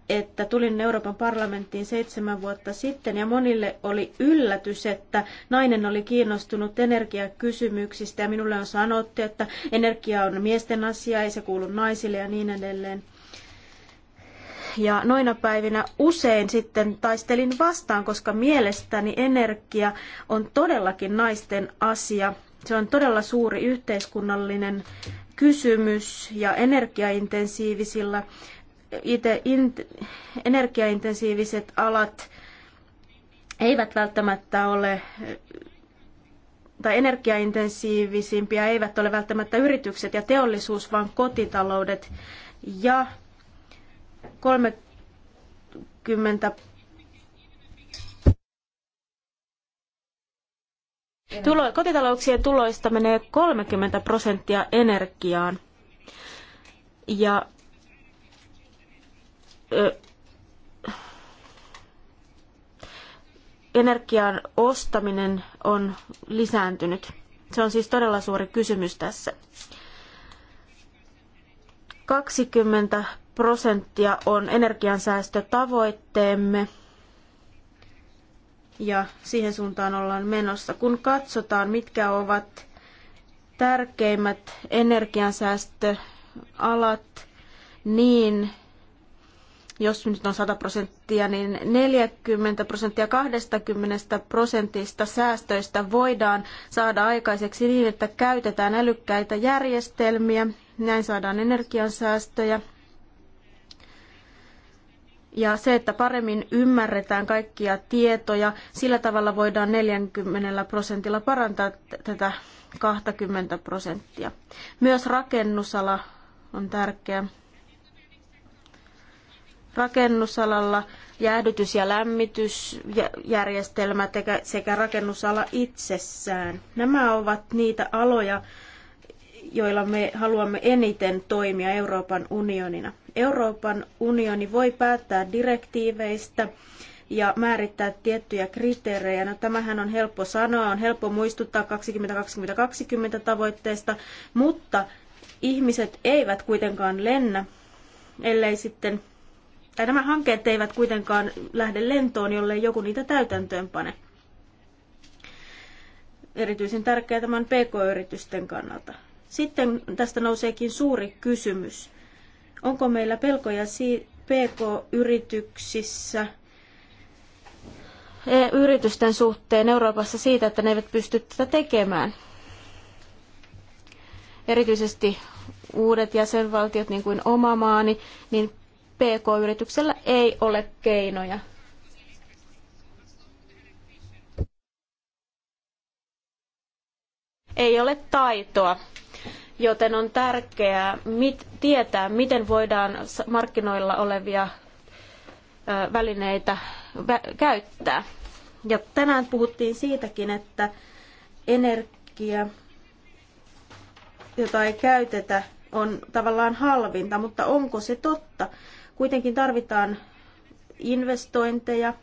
Speaker 3: että tulin Euroopan parlamenttiin seitsemän vuotta sitten ja monille oli yllätys, että nainen oli kiinnostunut energiakysymyksistä ja minulle on sanottu, että energia on miesten asia, ei se kuulu naisille ja niin edelleen. Ja noina päivinä usein sitten taistelin vastaan, koska mielestäni energia on todellakin naisten asia. Se on todella suuri yhteiskunnallinen kysymys ja energiaintensiivisillä ite, in, energiaintensiiviset alat eivät välttämättä ole tai energiaintensiivisimpiä eivät ole välttämättä yritykset ja teollisuus, vaan kotitaloudet ja 30 Tulo, kotitalouksien tuloista menee 30 prosenttia energiaan. Ja ö, energian ostaminen on lisääntynyt. Se on siis todella suuri kysymys tässä. 20 prosenttia on energiansäästötavoitteemme ja siihen suuntaan ollaan menossa. Kun katsotaan, mitkä ovat tärkeimmät energiansäästöalat, niin jos nyt on 100 prosenttia, niin 40 prosenttia 20 prosentista säästöistä voidaan saada aikaiseksi niin, että käytetään älykkäitä järjestelmiä. Näin saadaan energiansäästöjä ja se, että paremmin ymmärretään kaikkia tietoja, sillä tavalla voidaan 40 prosentilla parantaa tätä 20 prosenttia. Myös rakennusala on tärkeä. Rakennusalalla jäähdytys- ja lämmitysjärjestelmät sekä rakennusala itsessään. Nämä ovat niitä aloja, joilla me haluamme eniten toimia Euroopan unionina. Euroopan unioni voi päättää direktiiveistä ja määrittää tiettyjä kriteerejä. No, tämähän on helppo sanoa, on helppo muistuttaa 2020 20 tavoitteesta, mutta ihmiset eivät kuitenkaan lennä, ellei sitten, tai nämä hankkeet eivät kuitenkaan lähde lentoon, jollei joku niitä täytäntöön pane. Erityisen tärkeää tämän PK-yritysten kannalta. Sitten tästä nouseekin suuri kysymys. Onko meillä pelkoja PK-yrityksissä, e, yritysten suhteen Euroopassa siitä, että ne eivät pysty tätä tekemään? Erityisesti uudet jäsenvaltiot, niin kuin oma maani, niin PK-yrityksellä ei ole keinoja ei ole taitoa joten on tärkeää mit, tietää, miten voidaan markkinoilla olevia ö, välineitä vä- käyttää. Ja tänään puhuttiin siitäkin, että energia, jota ei käytetä, on tavallaan halvinta, mutta onko se totta? Kuitenkin tarvitaan investointeja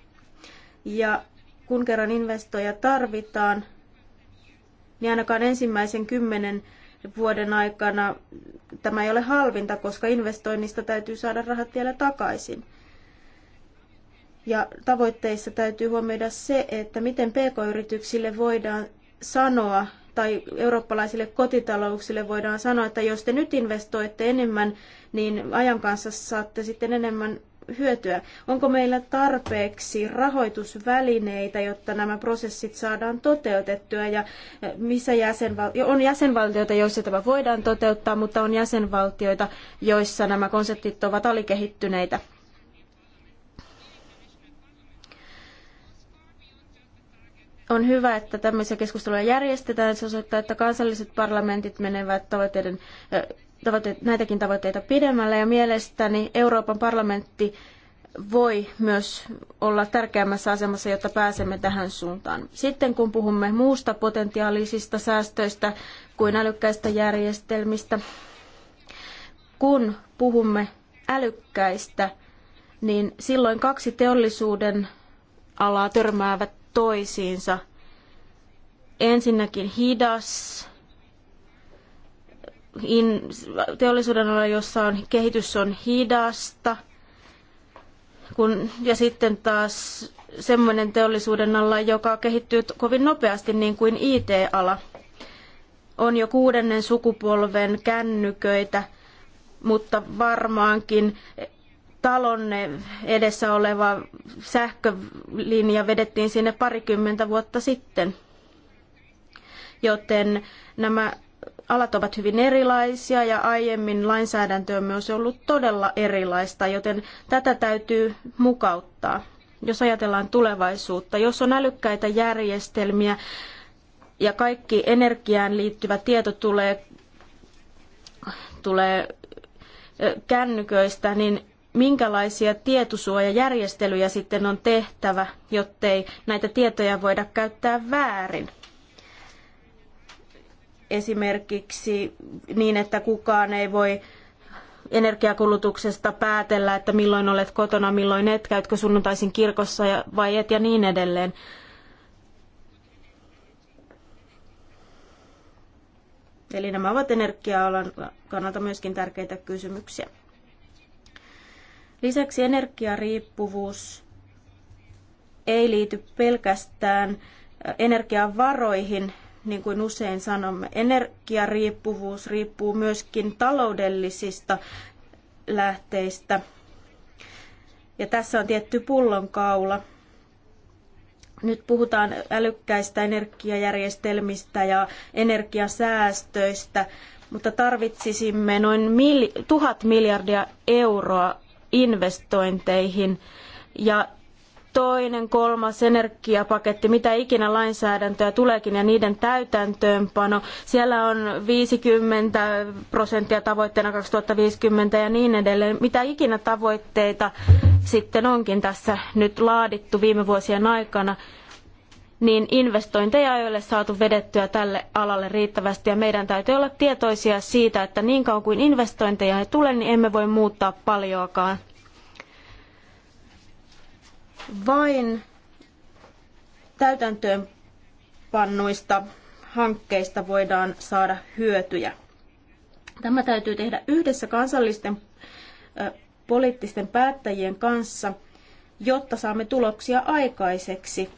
Speaker 3: ja kun kerran investoja tarvitaan, niin ainakaan ensimmäisen kymmenen vuoden aikana. Tämä ei ole halvinta, koska investoinnista täytyy saada rahat vielä takaisin. Ja tavoitteissa täytyy huomioida se, että miten pk-yrityksille voidaan sanoa tai eurooppalaisille kotitalouksille voidaan sanoa, että jos te nyt investoitte enemmän, niin ajan kanssa saatte sitten enemmän hyötyä? Onko meillä tarpeeksi rahoitusvälineitä, jotta nämä prosessit saadaan toteutettua ja eh, missä jäsenval- on jäsenvaltioita, joissa tämä voidaan toteuttaa, mutta on jäsenvaltioita, joissa nämä konseptit ovat alikehittyneitä? on hyvä, että tämmöisiä keskusteluja järjestetään. Se osoittaa, että kansalliset parlamentit menevät tavoitteiden eh, tavoite, näitäkin tavoitteita pidemmälle ja mielestäni Euroopan parlamentti voi myös olla tärkeämmässä asemassa, jotta pääsemme tähän suuntaan. Sitten kun puhumme muusta potentiaalisista säästöistä kuin älykkäistä järjestelmistä, kun puhumme älykkäistä, niin silloin kaksi teollisuuden alaa törmäävät toisiinsa. Ensinnäkin hidas in, teollisuuden ala, jossa on, kehitys on hidasta, kun, ja sitten taas semmoinen teollisuuden ala, joka kehittyy kovin nopeasti, niin kuin IT-ala. On jo kuudennen sukupolven kännyköitä, mutta varmaankin talonne edessä oleva sähkölinja vedettiin sinne parikymmentä vuotta sitten. Joten nämä alat ovat hyvin erilaisia ja aiemmin lainsäädäntö on myös ollut todella erilaista, joten tätä täytyy mukauttaa, jos ajatellaan tulevaisuutta. Jos on älykkäitä järjestelmiä ja kaikki energiaan liittyvä tieto tulee, tulee kännyköistä, niin minkälaisia tietosuojajärjestelyjä sitten on tehtävä, jottei näitä tietoja voida käyttää väärin esimerkiksi niin, että kukaan ei voi energiakulutuksesta päätellä, että milloin olet kotona, milloin et, käytkö sunnuntaisin kirkossa vai et ja niin edelleen. Eli nämä ovat energia-alan kannalta myöskin tärkeitä kysymyksiä. Lisäksi energiariippuvuus ei liity pelkästään energiavaroihin, niin kuin usein sanomme, energiariippuvuus riippuu myöskin taloudellisista lähteistä. Ja tässä on tietty pullonkaula. Nyt puhutaan älykkäistä energiajärjestelmistä ja energiasäästöistä, mutta tarvitsisimme noin mil, tuhat miljardia euroa investointeihin. Ja toinen, kolmas energiapaketti, mitä ikinä lainsäädäntöä tuleekin ja niiden täytäntöönpano. Siellä on 50 prosenttia tavoitteena 2050 ja niin edelleen. Mitä ikinä tavoitteita sitten onkin tässä nyt laadittu viime vuosien aikana, niin investointeja ei ole saatu vedettyä tälle alalle riittävästi ja meidän täytyy olla tietoisia siitä, että niin kauan kuin investointeja ei tule, niin emme voi muuttaa paljoakaan vain täytäntöönpannuista hankkeista voidaan saada hyötyjä. Tämä täytyy tehdä yhdessä kansallisten poliittisten päättäjien kanssa, jotta saamme tuloksia aikaiseksi.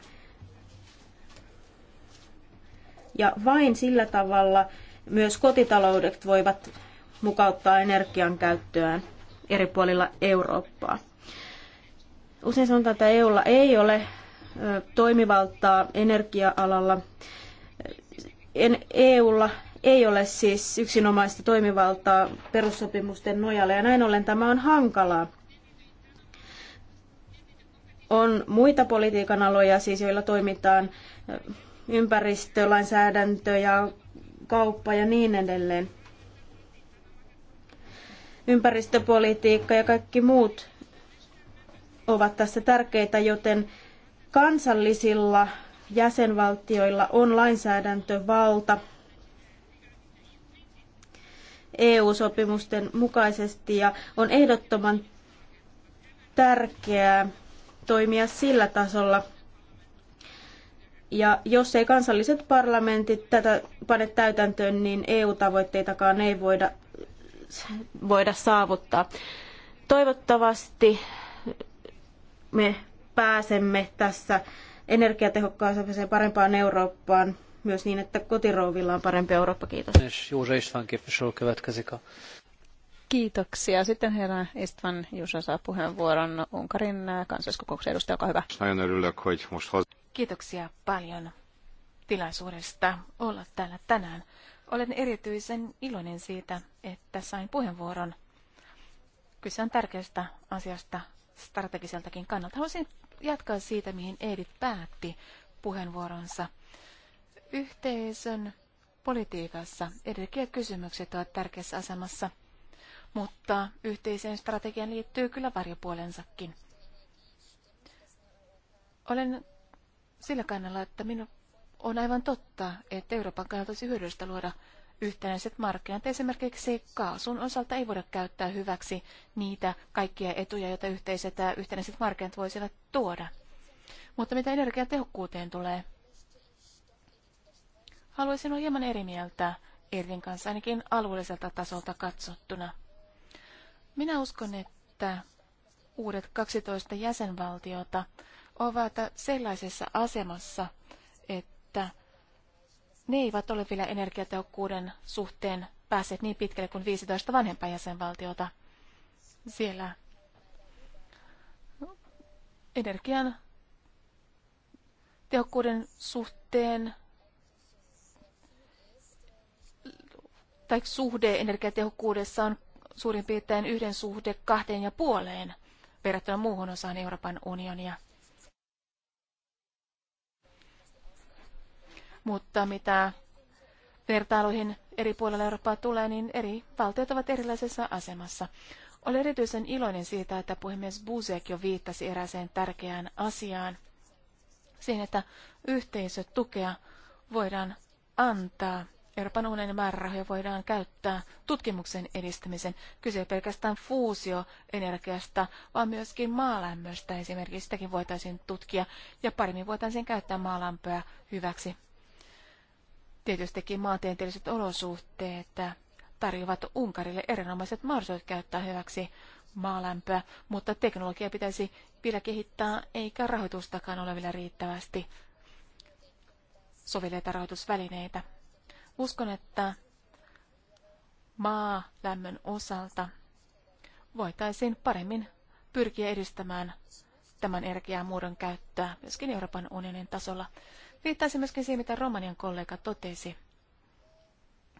Speaker 3: Ja vain sillä tavalla myös kotitaloudet voivat mukauttaa energian käyttöään eri puolilla Eurooppaa. Usein sanotaan, että EUlla ei ole toimivaltaa energia-alalla. EUlla ei ole siis yksinomaista toimivaltaa perussopimusten nojalla ja näin ollen tämä on hankalaa. On muita politiikan aloja siis, joilla toimitaan ympäristölainsäädäntö ja kauppa ja niin edelleen. Ympäristöpolitiikka ja kaikki muut ovat tässä tärkeitä, joten kansallisilla jäsenvaltioilla on lainsäädäntövalta EU-sopimusten mukaisesti ja on ehdottoman tärkeää toimia sillä tasolla. Ja jos ei kansalliset parlamentit tätä pane täytäntöön, niin EU-tavoitteitakaan ei voida, voida saavuttaa. Toivottavasti me pääsemme tässä energiatehokkaaseen parempaan Eurooppaan myös niin, että kotirouvilla on parempi Eurooppa. Kiitos.
Speaker 2: Kiitoksia. Sitten herra Istvan Jusa saa puheenvuoron Unkarin kansalliskokouksen edustaja. Olkaa hyvä.
Speaker 1: Kiitoksia paljon tilaisuudesta olla täällä tänään. Olen erityisen iloinen siitä, että sain puheenvuoron. Kyse on tärkeästä asiasta strategiseltakin kannalta. Haluaisin jatkaa siitä, mihin Edith päätti puheenvuoronsa. Yhteisön politiikassa edelleen kysymykset ovat tärkeässä asemassa, mutta yhteiseen strategiaan liittyy kyllä varjopuolensakin. Olen sillä kannalla, että minun on aivan totta, että Euroopan kannalta olisi hyödyllistä luoda yhtenäiset markkinat. Esimerkiksi kaasun osalta ei voida käyttää hyväksi niitä kaikkia etuja, joita yhteiset äh, yhtenäiset markkinat voisivat tuoda. Mutta mitä energiatehokkuuteen tulee? Haluaisin olla hieman eri mieltä Ervin kanssa, ainakin alueelliselta tasolta katsottuna. Minä uskon, että uudet 12 jäsenvaltiota ovat sellaisessa asemassa, että ne eivät ole vielä energiatehokkuuden suhteen päässeet niin pitkälle kuin 15 vanhempaa jäsenvaltiota. Siellä energian tehokkuuden suhteen tai suhde energiatehokkuudessa on suurin piirtein yhden suhde kahteen ja puoleen verrattuna muuhun osaan Euroopan unionia. mutta mitä vertailuihin eri puolilla Eurooppaa tulee, niin eri valtiot ovat erilaisessa asemassa. Olen erityisen iloinen siitä, että puhemies Buzek jo viittasi erääseen tärkeään asiaan. Siihen, että yhteisötukea voidaan antaa. Euroopan unionin määrärahoja voidaan käyttää tutkimuksen edistämisen. Kyse ei pelkästään fuusioenergiasta, vaan myöskin maalämmöstä. Esimerkiksi sitäkin voitaisiin tutkia ja paremmin voitaisiin käyttää maalämpöä hyväksi Tietystikin maantieteelliset olosuhteet tarjoavat Unkarille erinomaiset mahdollisuudet käyttää hyväksi maalämpöä, mutta teknologia pitäisi vielä kehittää, eikä rahoitustakaan ole vielä riittävästi sovelleita rahoitusvälineitä. Uskon, että maalämmön osalta voitaisiin paremmin pyrkiä edistämään tämän energiamuodon käyttöä myöskin Euroopan unionin tasolla. Viittaisin myöskin siihen, mitä Romanian kollega totesi.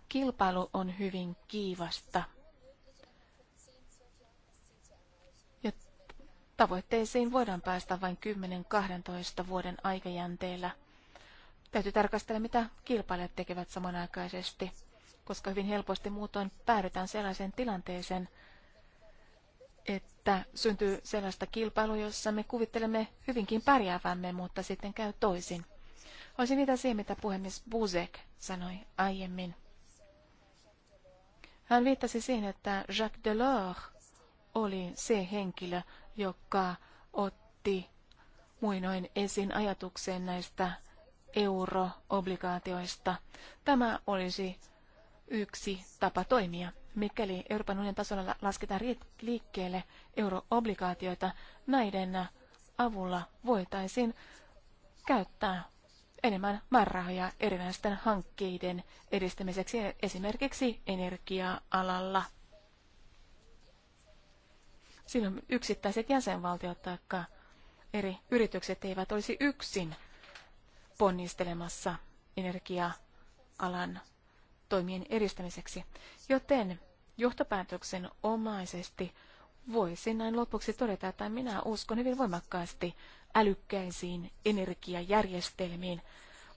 Speaker 1: Kilpailu on hyvin kiivasta. Ja tavoitteisiin voidaan päästä vain 10-12 vuoden aikajänteellä. Täytyy tarkastella, mitä kilpailijat tekevät samanaikaisesti, koska hyvin helposti muutoin päädytään sellaiseen tilanteeseen, että syntyy sellaista kilpailua, jossa me kuvittelemme hyvinkin pärjäävämme, mutta sitten käy toisin. Olisin niitä siihen, mitä puhemies Buzek sanoi aiemmin. Hän viittasi siihen, että Jacques Delors oli se henkilö, joka otti muinoin esiin ajatuksen näistä euroobligaatioista. Tämä olisi yksi tapa toimia. Mikäli Euroopan unionin tasolla lasketaan liikkeelle euroobligaatioita, näiden avulla voitaisiin käyttää enemmän määrärahoja erinäisten hankkeiden edistämiseksi esimerkiksi energia-alalla. Silloin yksittäiset jäsenvaltiot tai eri yritykset eivät olisi yksin ponnistelemassa energia-alan toimien edistämiseksi, joten johtopäätöksen omaisesti voisin näin lopuksi todeta, että minä uskon hyvin voimakkaasti älykkäisiin energiajärjestelmiin.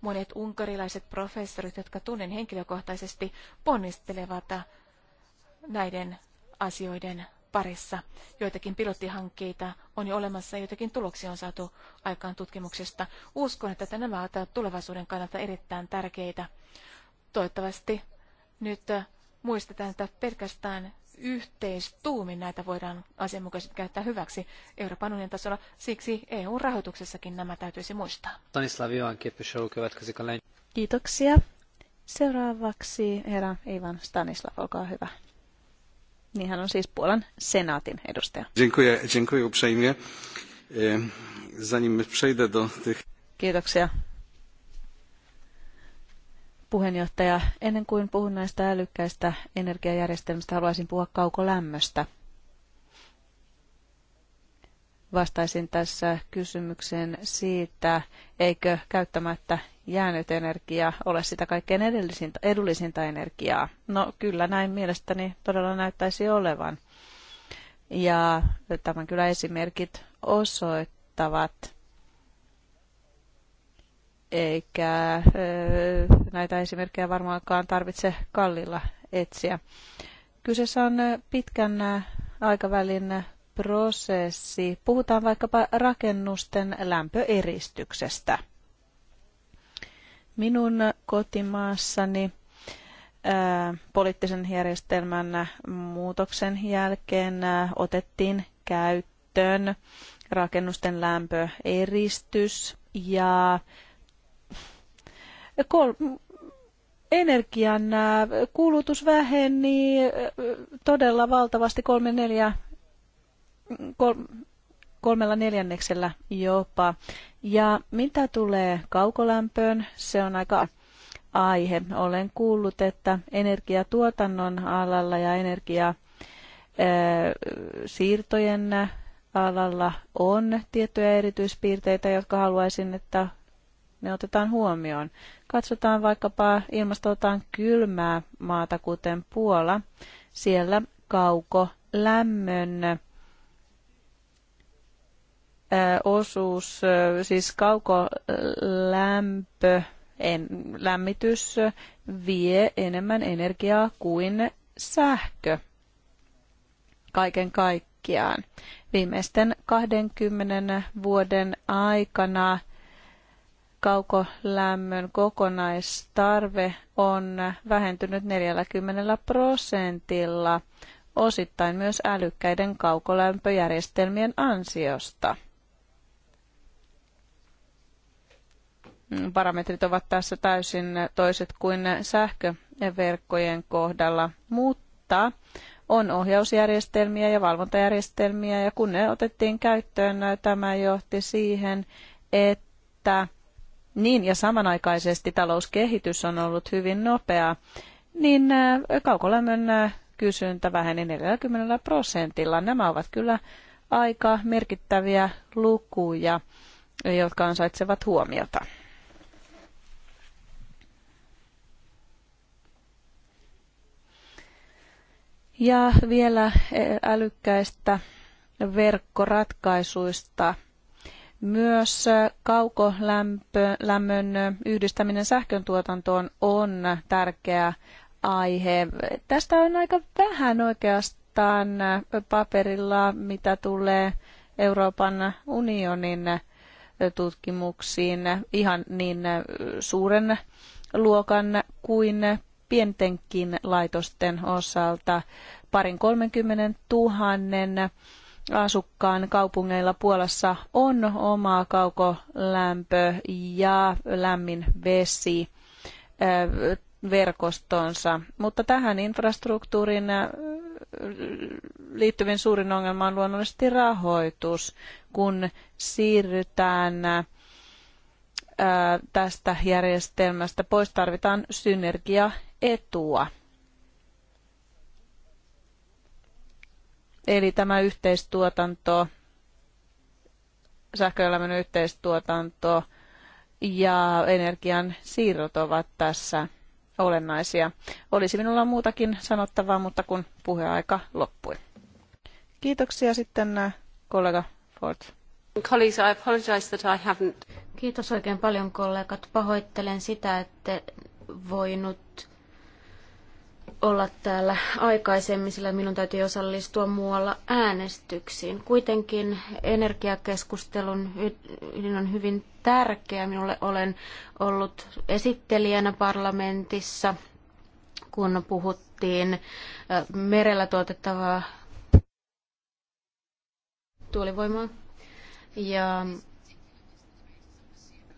Speaker 1: Monet unkarilaiset professorit, jotka tunnen henkilökohtaisesti, ponnistelevat näiden asioiden parissa. Joitakin pilottihankkeita on jo olemassa ja joitakin tuloksia on saatu aikaan tutkimuksesta. Uskon, että nämä ovat tulevaisuuden kannalta erittäin tärkeitä. Toivottavasti nyt muistetaan, että pelkästään yhteistuumin näitä voidaan asianmukaisesti käyttää hyväksi Euroopan unionin tasolla. Siksi EU-rahoituksessakin nämä täytyisi muistaa.
Speaker 4: Stanislav
Speaker 2: Kiitoksia. Seuraavaksi herra Ivan Stanislav, olkaa hyvä. Niin hän on siis Puolan senaatin edustaja.
Speaker 4: Dziękuję, dziękuję e, Zanim przejdę do tych...
Speaker 2: Kiitoksia puheenjohtaja. Ennen kuin puhun näistä älykkäistä energiajärjestelmistä, haluaisin puhua kaukolämmöstä. Vastaisin tässä kysymykseen siitä, eikö käyttämättä jäänyt energia ole sitä kaikkein edullisinta energiaa. No kyllä näin mielestäni todella näyttäisi olevan. Ja tämän kyllä esimerkit osoittavat eikä näitä esimerkkejä varmaankaan tarvitse kallilla etsiä. Kyseessä on pitkän aikavälin prosessi. Puhutaan vaikkapa rakennusten lämpöeristyksestä. Minun kotimaassani poliittisen järjestelmän muutoksen jälkeen otettiin käyttöön rakennusten lämpöeristys ja energian äh, kulutus väheni äh, todella valtavasti kolme neljä, kol, kolmella neljänneksellä jopa. Ja mitä tulee kaukolämpöön, se on aika aihe. Olen kuullut, että energiatuotannon alalla ja energia äh, siirtojen alalla on tiettyjä erityispiirteitä, jotka haluaisin, että ne otetaan huomioon. Katsotaan vaikkapa ilmastoltaan kylmää maata, kuten Puola. Siellä kauko lämmön osuus, siis kaukolämpö, en, lämmitys vie enemmän energiaa kuin sähkö kaiken kaikkiaan. Viimeisten 20 vuoden aikana kaukolämmön kokonaistarve on vähentynyt 40 prosentilla osittain myös älykkäiden kaukolämpöjärjestelmien ansiosta. Parametrit ovat tässä täysin toiset kuin sähköverkkojen kohdalla, mutta on ohjausjärjestelmiä ja valvontajärjestelmiä ja kun ne otettiin käyttöön, tämä johti siihen, että niin ja samanaikaisesti talouskehitys on ollut hyvin nopeaa, niin äh, kaukolämmön äh, kysyntä väheni 40 prosentilla. Nämä ovat kyllä aika merkittäviä lukuja, jotka ansaitsevat huomiota. Ja vielä äh, älykkäistä verkkoratkaisuista – myös kaukolämmön yhdistäminen sähköntuotantoon on tärkeä aihe. Tästä on aika vähän oikeastaan paperilla, mitä tulee Euroopan unionin tutkimuksiin ihan niin suuren luokan kuin pientenkin laitosten osalta. Parin kolmenkymmenen tuhannen asukkaan kaupungeilla Puolassa on oma kaukolämpö ja lämmin vesi verkostonsa, mutta tähän infrastruktuurin liittyvin suurin ongelma on luonnollisesti rahoitus, kun siirrytään tästä järjestelmästä pois tarvitaan synergiaetua. Eli tämä yhteistuotanto, sähköelämän yhteistuotanto ja energian siirrot ovat tässä olennaisia. Olisi minulla muutakin sanottavaa, mutta kun puheaika loppui. Kiitoksia sitten äh, kollega Ford. Colleagues, I apologize that I haven't.
Speaker 3: Kiitos oikein paljon kollegat. Pahoittelen sitä, että voinut olla täällä aikaisemmin, sillä minun täytyy osallistua muualla äänestyksiin. Kuitenkin energiakeskustelun ydin on hyvin tärkeä. Minulle olen ollut esittelijänä parlamentissa, kun puhuttiin merellä tuotettavaa tuulivoimaa. Ja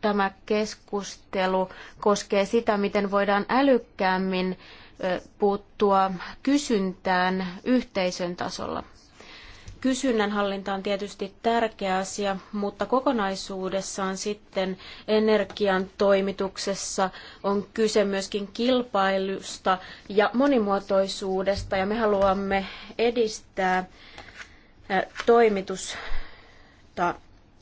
Speaker 3: tämä keskustelu koskee sitä, miten voidaan älykkäämmin puuttua kysyntään yhteisön tasolla. Kysynnän hallinta on tietysti tärkeä asia, mutta kokonaisuudessaan sitten energian toimituksessa on kyse myöskin kilpailusta ja monimuotoisuudesta ja me haluamme edistää toimitusta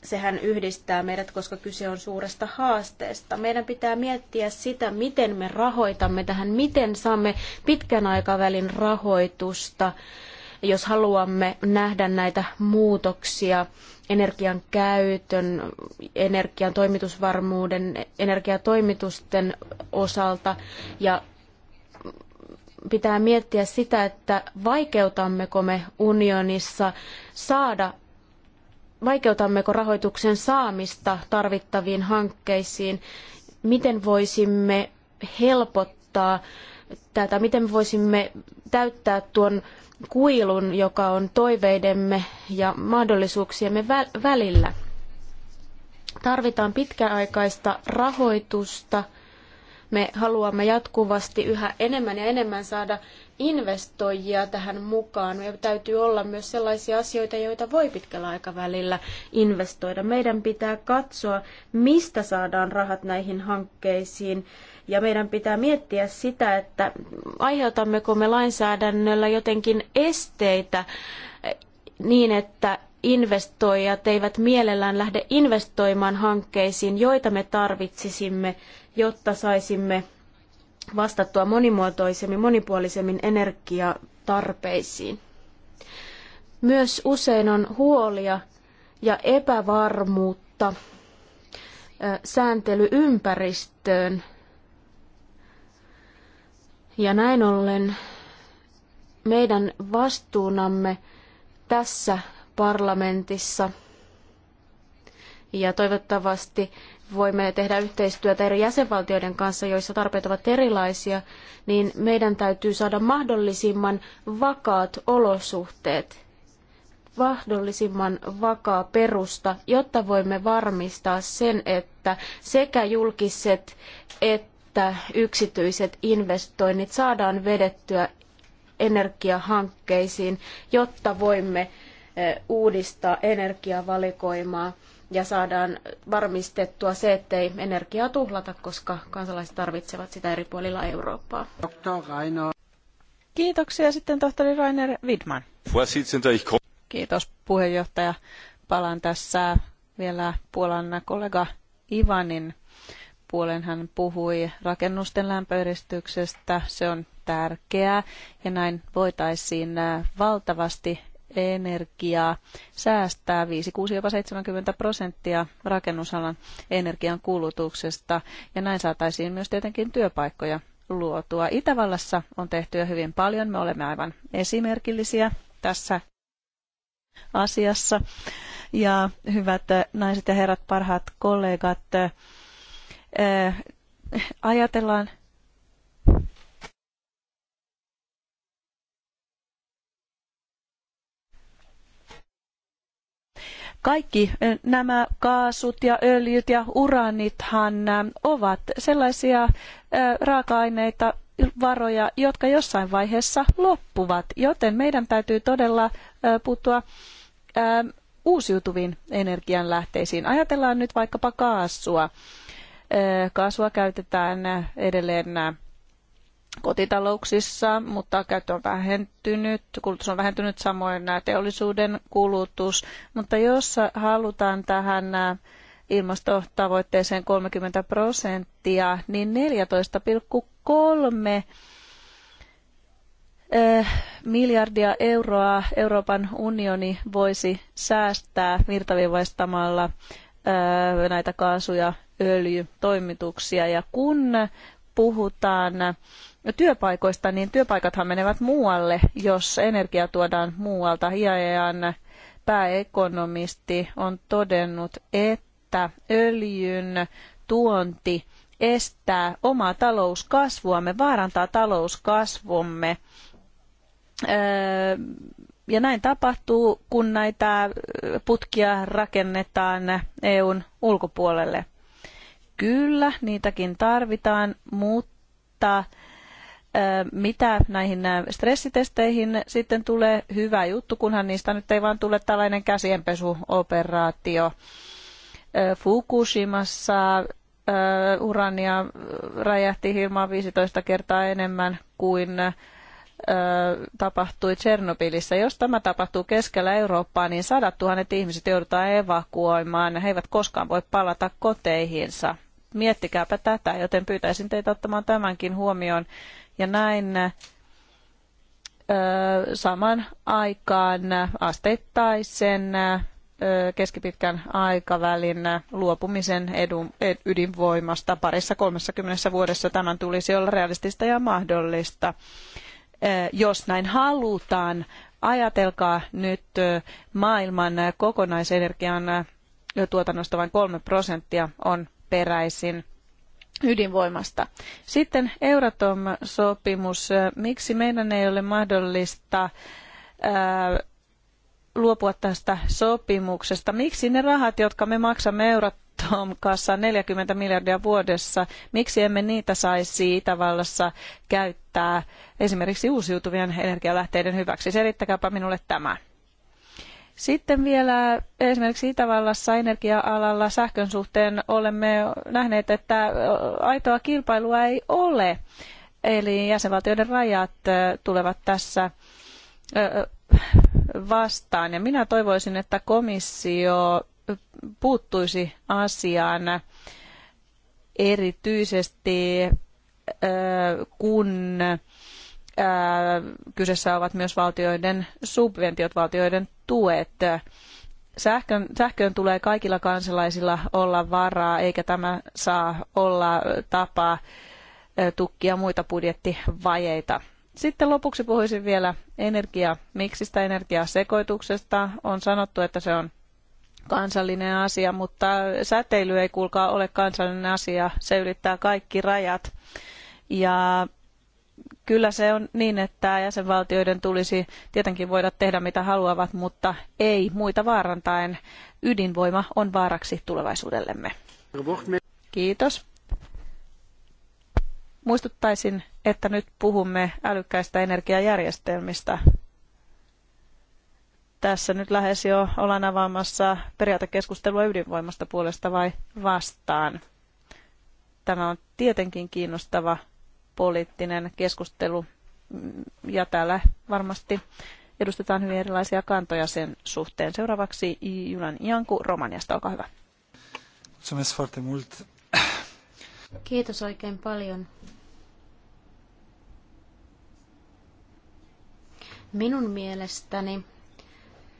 Speaker 3: sehän yhdistää meidät, koska kyse on suuresta haasteesta. Meidän pitää miettiä sitä, miten me rahoitamme tähän, miten saamme pitkän aikavälin rahoitusta, jos haluamme nähdä näitä muutoksia energian käytön, energian toimitusvarmuuden, energiatoimitusten osalta ja pitää miettiä sitä, että vaikeutammeko me unionissa saada vaikeutammeko rahoituksen saamista tarvittaviin hankkeisiin? Miten voisimme helpottaa tätä? Miten voisimme täyttää tuon kuilun, joka on toiveidemme ja mahdollisuuksiemme välillä? Tarvitaan pitkäaikaista rahoitusta. Me haluamme jatkuvasti yhä enemmän ja enemmän saada investoijia tähän mukaan. meidän täytyy olla myös sellaisia asioita, joita voi pitkällä aikavälillä investoida. Meidän pitää katsoa, mistä saadaan rahat näihin hankkeisiin. Ja meidän pitää miettiä sitä, että aiheutammeko me lainsäädännöllä jotenkin esteitä niin, että investoijat eivät mielellään lähde investoimaan hankkeisiin, joita me tarvitsisimme, jotta saisimme vastattua monimuotoisemmin, monipuolisemmin energiatarpeisiin. Myös usein on huolia ja epävarmuutta sääntelyympäristöön. Ja näin ollen meidän vastuunamme tässä parlamentissa ja toivottavasti voimme tehdä yhteistyötä eri jäsenvaltioiden kanssa, joissa tarpeet ovat erilaisia, niin meidän täytyy saada mahdollisimman vakaat olosuhteet, mahdollisimman vakaa perusta, jotta voimme varmistaa sen, että sekä julkiset että yksityiset investoinnit saadaan vedettyä energiahankkeisiin, jotta voimme eh, uudistaa energiavalikoimaa ja saadaan varmistettua se, ettei energiaa
Speaker 2: tuhlata, koska kansalaiset tarvitsevat sitä eri puolilla Eurooppaa. Kiitoksia sitten tohtori Rainer Widman. Kiitos puheenjohtaja. Palaan tässä vielä Puolan kollega Ivanin puolen. Hän puhui rakennusten lämpöeristyksestä. Se on tärkeää ja näin voitaisiin äh, valtavasti energiaa säästää 5, 6, jopa 70 prosenttia rakennusalan energian kulutuksesta ja näin saataisiin myös tietenkin työpaikkoja luotua. Itävallassa on tehty jo hyvin paljon, me olemme aivan esimerkillisiä tässä asiassa. Ja hyvät naiset ja herrat, parhaat kollegat, eh, ajatellaan Kaikki nämä kaasut ja öljyt ja uranithan ovat sellaisia raaka-aineita, varoja, jotka jossain vaiheessa loppuvat, joten meidän täytyy todella puuttua uusiutuviin energianlähteisiin. Ajatellaan nyt vaikkapa kaasua. Kaasua käytetään edelleen kotitalouksissa, mutta käyttö on vähentynyt, kulutus on vähentynyt samoin teollisuuden kulutus. Mutta jos halutaan tähän ilmastotavoitteeseen 30 prosenttia, niin 14,3 miljardia euroa Euroopan unioni voisi säästää virtaviivaistamalla näitä kaasu- ja öljytoimituksia. Ja kun puhutaan työpaikoista, niin työpaikathan menevät muualle, jos energia tuodaan muualta. IAEAn pääekonomisti on todennut, että öljyn tuonti estää omaa talouskasvuamme, vaarantaa talouskasvumme. Öö, ja näin tapahtuu, kun näitä putkia rakennetaan EUn ulkopuolelle. Kyllä, niitäkin tarvitaan, mutta mutta mitä näihin stressitesteihin sitten tulee, hyvä juttu, kunhan niistä nyt ei vaan tule tällainen käsienpesuoperaatio. Fukushimassa urania räjähti ilmaan 15 kertaa enemmän kuin tapahtui Tsernobylissä. Jos tämä tapahtuu keskellä Eurooppaa, niin sadat tuhannet ihmiset joudutaan evakuoimaan ja he eivät koskaan voi palata koteihinsa. Miettikääpä tätä, joten pyytäisin teitä ottamaan tämänkin huomioon ja näin saman aikaan asteittaisen keskipitkän aikavälin luopumisen edun, e, ydinvoimasta parissa 30 vuodessa tämän tulisi olla realistista ja mahdollista. Jos näin halutaan, ajatelkaa nyt maailman kokonaisenergian tuotannosta vain kolme prosenttia on peräisin ydinvoimasta. Sitten Euratom-sopimus. Miksi meidän ei ole mahdollista ää, luopua tästä sopimuksesta? Miksi ne rahat, jotka me maksamme Euratom kassaan 40 miljardia vuodessa, miksi emme niitä saisi Itävallassa käyttää esimerkiksi uusiutuvien energialähteiden hyväksi? Selittäkääpä minulle tämä. Sitten vielä esimerkiksi Itävallassa energia-alalla sähkön suhteen olemme nähneet, että aitoa kilpailua ei ole. Eli jäsenvaltioiden rajat tulevat tässä vastaan. Ja minä toivoisin, että komissio puuttuisi asiaan erityisesti kun kyseessä ovat myös valtioiden subventiot, valtioiden tuet. Sähkön, sähköön tulee kaikilla kansalaisilla olla varaa, eikä tämä saa olla tapa tukkia muita budjettivajeita. Sitten lopuksi puhuisin vielä energiamiksistä, energiasekoituksesta. On sanottu, että se on kansallinen asia, mutta säteily ei kuulkaa ole kansallinen asia. Se ylittää kaikki rajat. Ja Kyllä se on niin, että jäsenvaltioiden tulisi tietenkin voida tehdä mitä haluavat, mutta ei muita vaarantaen. Ydinvoima on vaaraksi tulevaisuudellemme. Kiitos. Muistuttaisin, että nyt puhumme älykkäistä energiajärjestelmistä. Tässä nyt lähes jo ollaan avaamassa periaatekeskustelua ydinvoimasta puolesta vai vastaan. Tämä on tietenkin kiinnostava poliittinen keskustelu mm, ja täällä varmasti edustetaan hyvin erilaisia kantoja sen suhteen. Seuraavaksi Julian Janku Romaniasta, olkaa hyvä. Kiitos oikein paljon.
Speaker 3: Minun mielestäni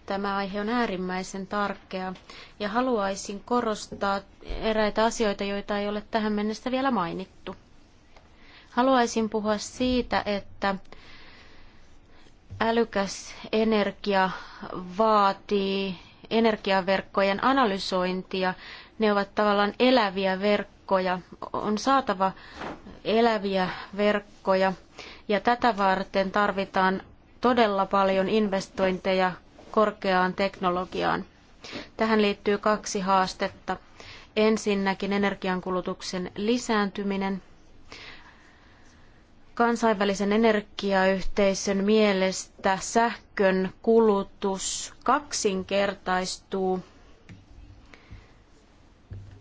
Speaker 3: tämä aihe on äärimmäisen tärkeä ja haluaisin korostaa eräitä asioita, joita ei ole tähän mennessä vielä mainittu. Haluaisin puhua siitä, että älykäs energia vaatii energiaverkkojen analysointia. Ne ovat tavallaan eläviä verkkoja. On saatava eläviä verkkoja ja tätä varten tarvitaan todella paljon investointeja korkeaan teknologiaan. Tähän liittyy kaksi haastetta. Ensinnäkin energiankulutuksen lisääntyminen – Kansainvälisen energiayhteisön mielestä sähkön kulutus kaksinkertaistuu,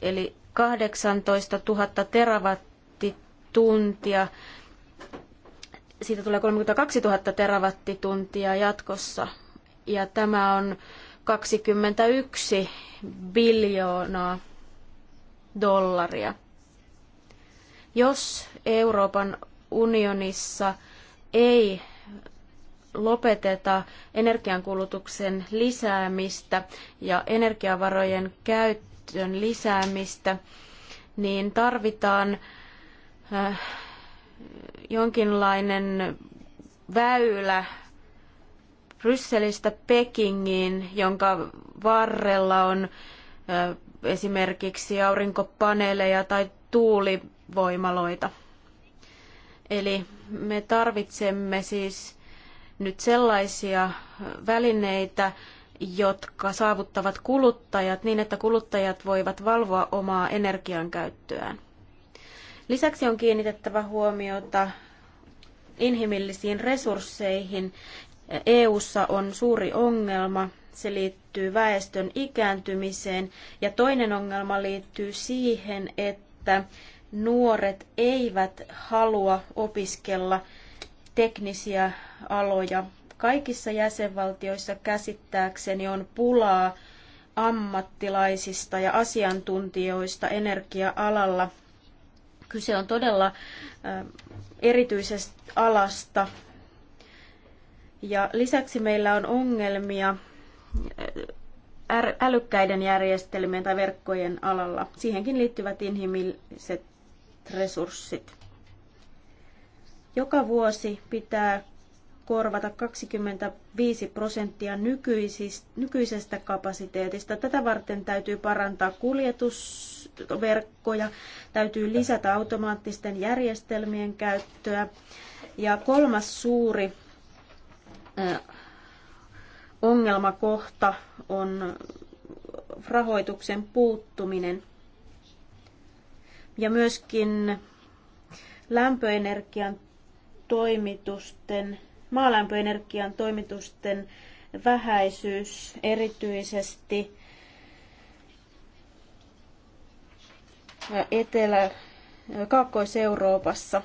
Speaker 3: eli 18 000 terawattituntia. Siitä tulee 32 000 terawattituntia jatkossa, ja tämä on 21 biljoonaa dollaria. Jos Euroopan unionissa ei lopeteta energiankulutuksen lisäämistä ja energiavarojen käytön lisäämistä, niin tarvitaan äh, jonkinlainen väylä Brysselistä Pekingiin, jonka varrella on äh, esimerkiksi aurinkopaneeleja tai tuulivoimaloita. Eli me tarvitsemme siis nyt sellaisia välineitä, jotka saavuttavat kuluttajat niin, että kuluttajat voivat valvoa omaa energiankäyttöään. Lisäksi on kiinnitettävä huomiota inhimillisiin resursseihin. EU:ssa on suuri ongelma, se liittyy väestön ikääntymiseen ja toinen ongelma liittyy siihen, että nuoret eivät halua opiskella teknisiä aloja. Kaikissa jäsenvaltioissa käsittääkseni on pulaa ammattilaisista ja asiantuntijoista energia-alalla. Kyse on todella erityisestä alasta. Ja lisäksi meillä on ongelmia älykkäiden järjestelmien tai verkkojen alalla. Siihenkin liittyvät inhimilliset resurssit. Joka vuosi pitää korvata 25 prosenttia nykyisestä kapasiteetista. Tätä varten täytyy parantaa kuljetusverkkoja, täytyy lisätä automaattisten järjestelmien käyttöä. Ja kolmas suuri ongelmakohta on rahoituksen puuttuminen – ja myöskin lämpöenergian toimitusten, maalämpöenergian toimitusten vähäisyys erityisesti Etelä- Kaakkois-Euroopassa.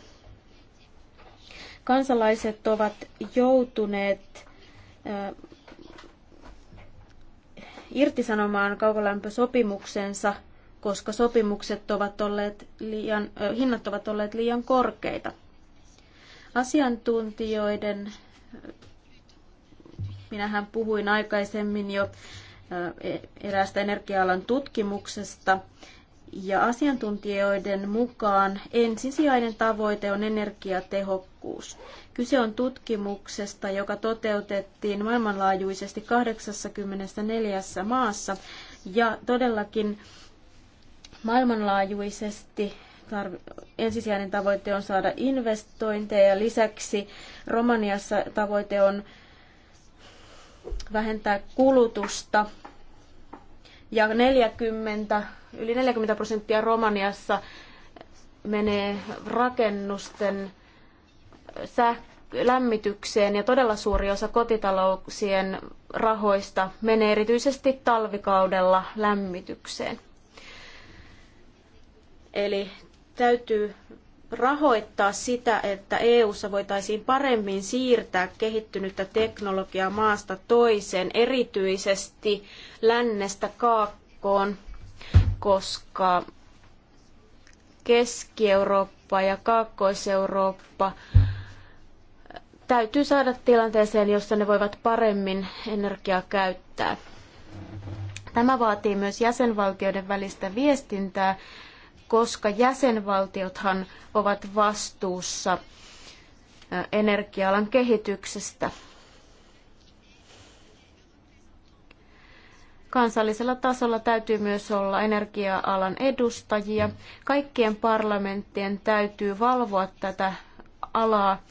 Speaker 3: Kansalaiset ovat joutuneet eh, irtisanomaan kaukolämpösopimuksensa – koska sopimukset ovat olleet liian, äh, hinnat ovat olleet liian korkeita. Asiantuntijoiden, minähän puhuin aikaisemmin jo e, eräästä energia tutkimuksesta, ja asiantuntijoiden mukaan ensisijainen tavoite on energiatehokkuus. Kyse on tutkimuksesta, joka toteutettiin maailmanlaajuisesti 84 maassa ja todellakin Maailmanlaajuisesti ensisijainen tavoite on saada investointeja ja lisäksi Romaniassa tavoite on vähentää kulutusta ja 40, yli 40 prosenttia Romaniassa menee rakennusten säh- lämmitykseen ja todella suuri osa kotitalouksien rahoista menee erityisesti talvikaudella lämmitykseen. Eli täytyy rahoittaa sitä, että EU:ssa voitaisiin paremmin siirtää kehittynyttä teknologiaa maasta toiseen, erityisesti lännestä kaakkoon, koska Keski-Eurooppa ja Kaakkois-Eurooppa täytyy saada tilanteeseen, jossa ne voivat paremmin energiaa käyttää. Tämä vaatii myös jäsenvaltioiden välistä viestintää koska jäsenvaltiothan ovat vastuussa energialan kehityksestä. Kansallisella tasolla täytyy myös olla energia-alan edustajia. Kaikkien parlamenttien täytyy valvoa tätä alaa.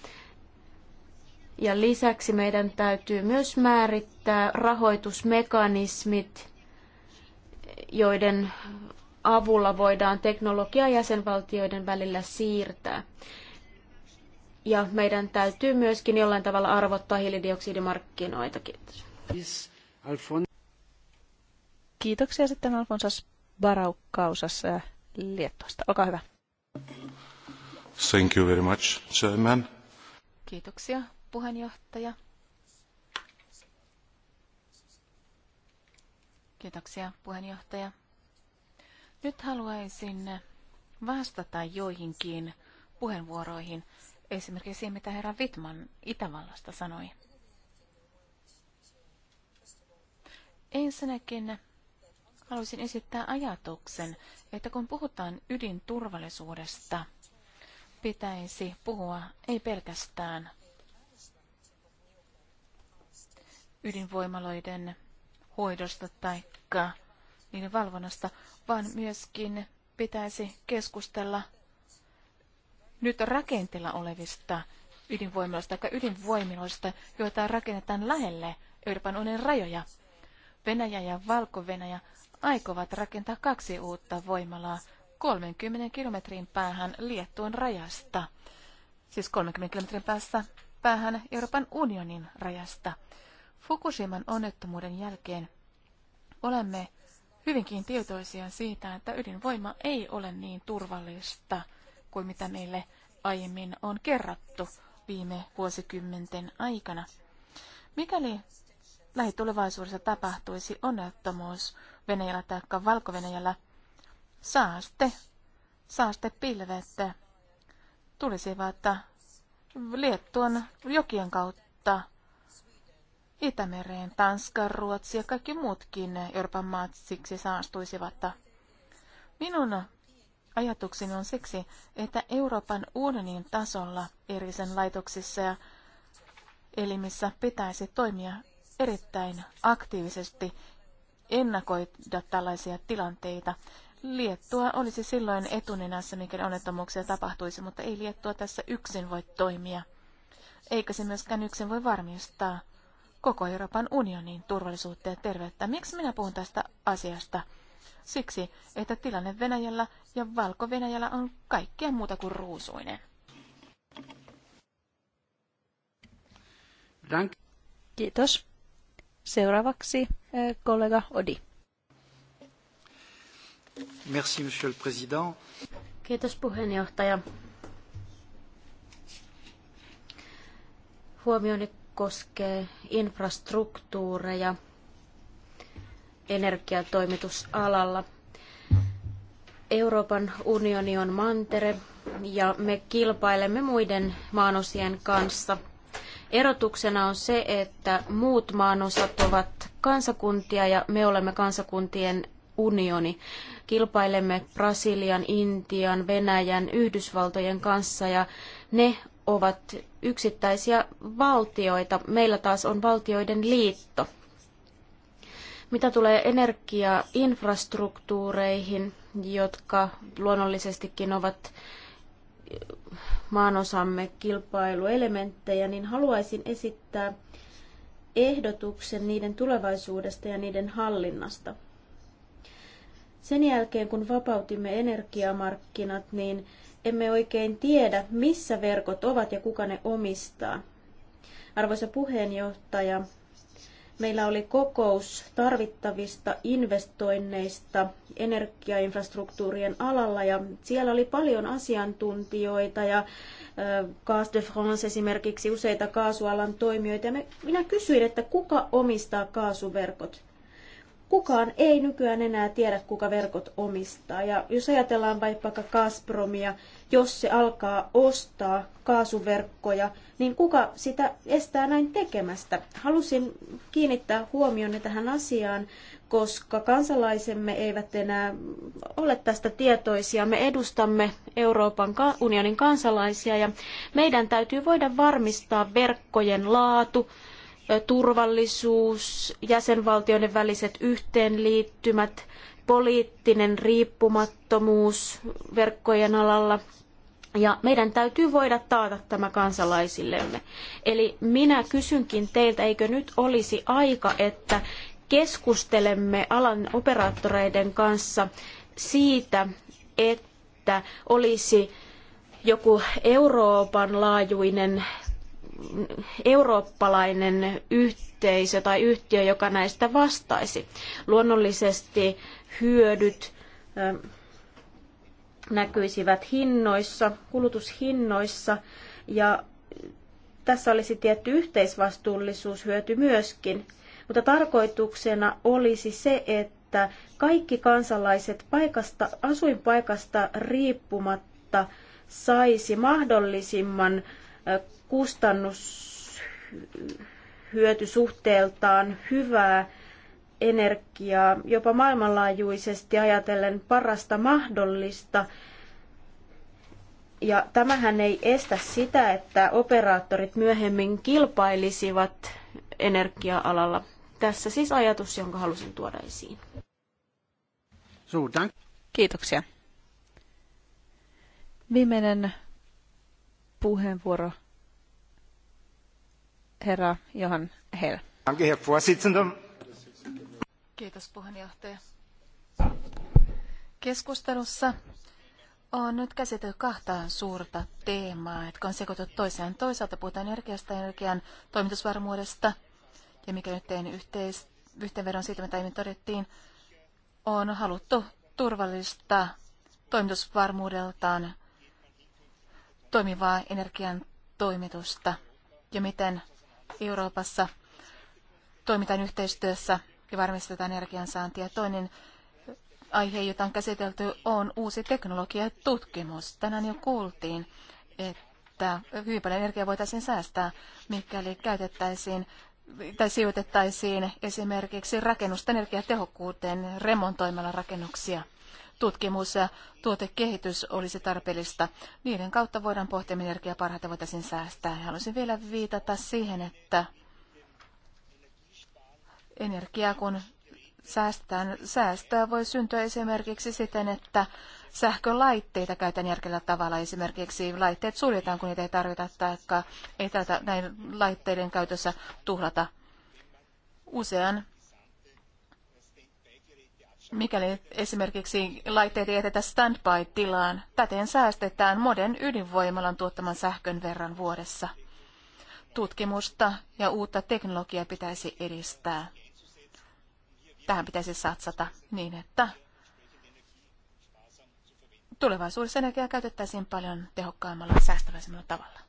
Speaker 3: Ja lisäksi meidän täytyy myös määrittää rahoitusmekanismit, joiden avulla voidaan teknologiaa jäsenvaltioiden välillä siirtää. Ja meidän täytyy myöskin jollain tavalla
Speaker 2: arvottaa hiilidioksidimarkkinoita. Kiitos. Kiitoksia sitten Alfonsas Baraukkausas äh, Liettuasta. Olkaa hyvä.
Speaker 4: Thank you very much, Chairman.
Speaker 1: Kiitoksia, puheenjohtaja. Kiitoksia, puheenjohtaja. Nyt haluaisin vastata joihinkin puheenvuoroihin, esimerkiksi siihen, mitä herra Wittman Itävallasta sanoi. Ensinnäkin haluaisin esittää ajatuksen, että kun puhutaan ydinturvallisuudesta, pitäisi puhua ei pelkästään ydinvoimaloiden hoidosta tai niiden valvonnasta, vaan myöskin pitäisi keskustella nyt rakenteilla olevista ydinvoimiloista tai ydinvoimiloista, joita rakennetaan lähelle Euroopan unionin rajoja. Venäjä ja Valko-Venäjä aikovat rakentaa kaksi uutta voimalaa 30 kilometrin päähän Liettuan rajasta, siis 30 kilometrin päässä päähän Euroopan unionin rajasta. Fukushiman onnettomuuden jälkeen olemme hyvinkin tietoisia siitä, että ydinvoima ei ole niin turvallista kuin mitä meille aiemmin on kerrottu viime vuosikymmenten aikana. Mikäli lähitulevaisuudessa tapahtuisi onnettomuus Venäjällä tai valko -Venäjällä, saaste, saastepilvet tulisivat Liettuan jokien kautta Itämereen. Tanska, Ruotsi ja kaikki muutkin Euroopan maat siksi saastuisivat. Minun ajatukseni on siksi, että Euroopan unionin tasolla eri sen laitoksissa ja elimissä pitäisi toimia erittäin aktiivisesti ennakoida tällaisia tilanteita. Liettua olisi silloin etunenässä, mikäli onnettomuuksia tapahtuisi, mutta ei Liettua tässä yksin voi toimia. Eikä se myöskään yksin voi varmistaa koko Euroopan unionin turvallisuutta ja terveyttä. Miksi minä puhun tästä asiasta? Siksi, että tilanne Venäjällä ja Valko-Venäjällä on kaikkea
Speaker 2: muuta kuin ruusuinen. Dank. Kiitos. Seuraavaksi eh, kollega Odi.
Speaker 4: Merci, monsieur le président.
Speaker 3: Kiitos puheenjohtaja. Huomioni koskee infrastruktuureja energiatoimitusalalla. Euroopan unioni on mantere ja me kilpailemme muiden maanosien kanssa. Erotuksena on se, että muut maanosat ovat kansakuntia ja me olemme kansakuntien unioni. Kilpailemme Brasilian, Intian, Venäjän, Yhdysvaltojen kanssa ja ne ovat yksittäisiä valtioita. Meillä taas on valtioiden liitto. Mitä tulee energiainfrastruktuureihin, jotka luonnollisestikin ovat maanosamme kilpailuelementtejä, niin haluaisin esittää ehdotuksen niiden tulevaisuudesta ja niiden hallinnasta. Sen jälkeen, kun vapautimme energiamarkkinat, niin emme oikein tiedä, missä verkot ovat ja kuka ne omistaa. Arvoisa puheenjohtaja, meillä oli kokous tarvittavista investoinneista energiainfrastruktuurien alalla ja siellä oli paljon asiantuntijoita ja Gaz de France esimerkiksi useita kaasualan toimijoita. Ja minä kysyin, että kuka omistaa kaasuverkot? kukaan ei nykyään enää tiedä, kuka verkot omistaa. Ja jos ajatellaan vaikka Gazpromia, jos se alkaa ostaa kaasuverkkoja, niin kuka sitä estää näin tekemästä? Halusin kiinnittää huomionne tähän asiaan, koska kansalaisemme eivät enää ole tästä tietoisia. Me edustamme Euroopan unionin kansalaisia ja meidän täytyy voida varmistaa verkkojen laatu, turvallisuus, jäsenvaltioiden väliset yhteenliittymät, poliittinen riippumattomuus verkkojen alalla. Ja meidän täytyy voida taata tämä kansalaisillemme. Eli minä kysynkin teiltä, eikö nyt olisi aika, että keskustelemme alan operaattoreiden kanssa siitä, että olisi joku Euroopan laajuinen eurooppalainen yhteisö tai yhtiö, joka näistä vastaisi. Luonnollisesti hyödyt näkyisivät hinnoissa, kulutushinnoissa ja tässä olisi tietty yhteisvastuullisuushyöty myöskin, mutta tarkoituksena olisi se, että kaikki kansalaiset paikasta, asuinpaikasta riippumatta saisi mahdollisimman kustannushyötysuhteeltaan hyvää energiaa, jopa maailmanlaajuisesti ajatellen parasta mahdollista. Ja tämähän ei estä sitä, että operaattorit myöhemmin kilpailisivat energia-alalla. Tässä siis ajatus, jonka halusin tuoda esiin.
Speaker 2: Kiitoksia. Viimeinen puheenvuoro herra Johan Hel. Kiitos
Speaker 1: puheenjohtaja. Keskustelussa on nyt käsitelty kahta suurta teemaa, jotka on sekoitu toiseen. Toisaalta puhutaan energiasta, energian toimitusvarmuudesta ja mikä nyt tein yhteis, yhteenvedon siitä, mitä aiemmin todettiin, on haluttu turvallista toimitusvarmuudeltaan toimivaa energian toimitusta ja miten Euroopassa toimitaan yhteistyössä ja varmistetaan energiansaantia. Toinen aihe, jota on käsitelty, on uusi teknologia tutkimus. Tänään jo kuultiin, että hyvin paljon energiaa voitaisiin säästää, mikäli käytettäisiin tai sijoitettaisiin esimerkiksi rakennusten energiatehokkuuteen remontoimalla rakennuksia tutkimus ja tuotekehitys olisi tarpeellista. Niiden kautta voidaan pohtia, energiaa parhaiten voitaisiin säästää. Haluaisin vielä viitata siihen, että energiaa kun säästään, säästöä voi syntyä esimerkiksi siten, että sähkölaitteita käytetään järkellä tavalla. Esimerkiksi laitteet suljetaan, kun niitä ei tarvita, tai ei tätä näin laitteiden käytössä tuhlata. Usean Mikäli esimerkiksi laitteet jätetään standby-tilaan, täten säästetään moden ydinvoimalan tuottaman sähkön verran vuodessa. Tutkimusta ja uutta teknologiaa pitäisi edistää. Tähän pitäisi satsata niin, että tulevaisuudessa energiaa käytettäisiin
Speaker 2: paljon tehokkaammalla ja säästäväisemmällä tavalla.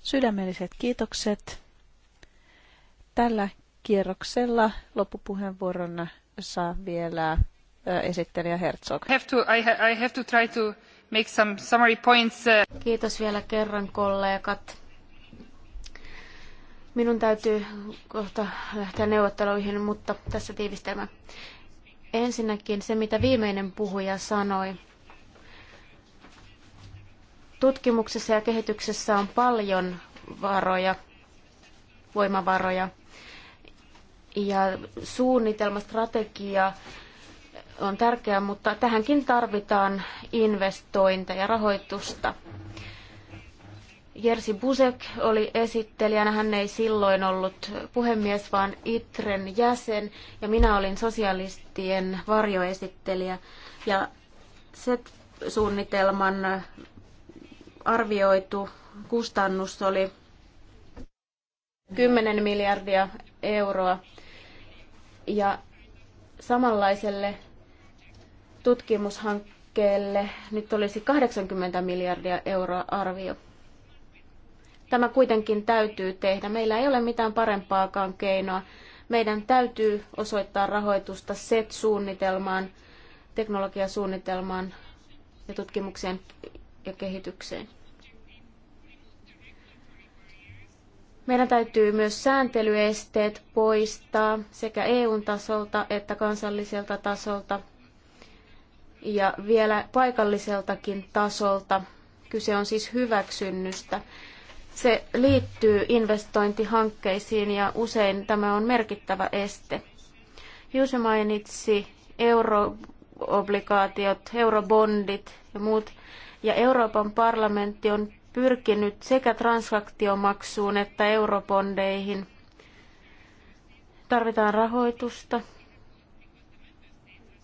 Speaker 2: Sydämelliset kiitokset. Tällä kierroksella loppupuheenvuorona saa vielä esittelijä Herzog. Have to, I, ha, I have to try to make some summary points. Uh, Kiitos vielä kerran kollegat.
Speaker 3: Minun täytyy kohta lähteä neuvotteluihin, mutta tässä tiivistelmä. Ensinnäkin se, mitä viimeinen puhuja sanoi. Tutkimuksessa ja kehityksessä on paljon varoja, voimavaroja ja suunnitelma, strategia on tärkeää, mutta tähänkin tarvitaan investointeja, rahoitusta. Jersi Busek oli esittelijänä, hän ei silloin ollut puhemies, vaan ITREN jäsen, ja minä olin sosialistien varjoesittelijä. Ja se suunnitelman arvioitu kustannus oli 10 miljardia euroa ja samanlaiselle tutkimushankkeelle nyt olisi 80 miljardia euroa arvio. Tämä kuitenkin täytyy tehdä. Meillä ei ole mitään parempaakaan keinoa. Meidän täytyy osoittaa rahoitusta SET-suunnitelmaan, teknologiasuunnitelmaan ja tutkimukseen ja kehitykseen. Meidän täytyy myös sääntelyesteet poistaa sekä EU-tasolta että kansalliselta tasolta ja vielä paikalliseltakin tasolta. Kyse on siis hyväksynnystä. Se liittyy investointihankkeisiin ja usein tämä on merkittävä este. Juuse mainitsi euroobligaatiot, eurobondit ja muut. Ja Euroopan parlamentti on pyrkinyt sekä transaktiomaksuun että eurobondeihin. Tarvitaan rahoitusta,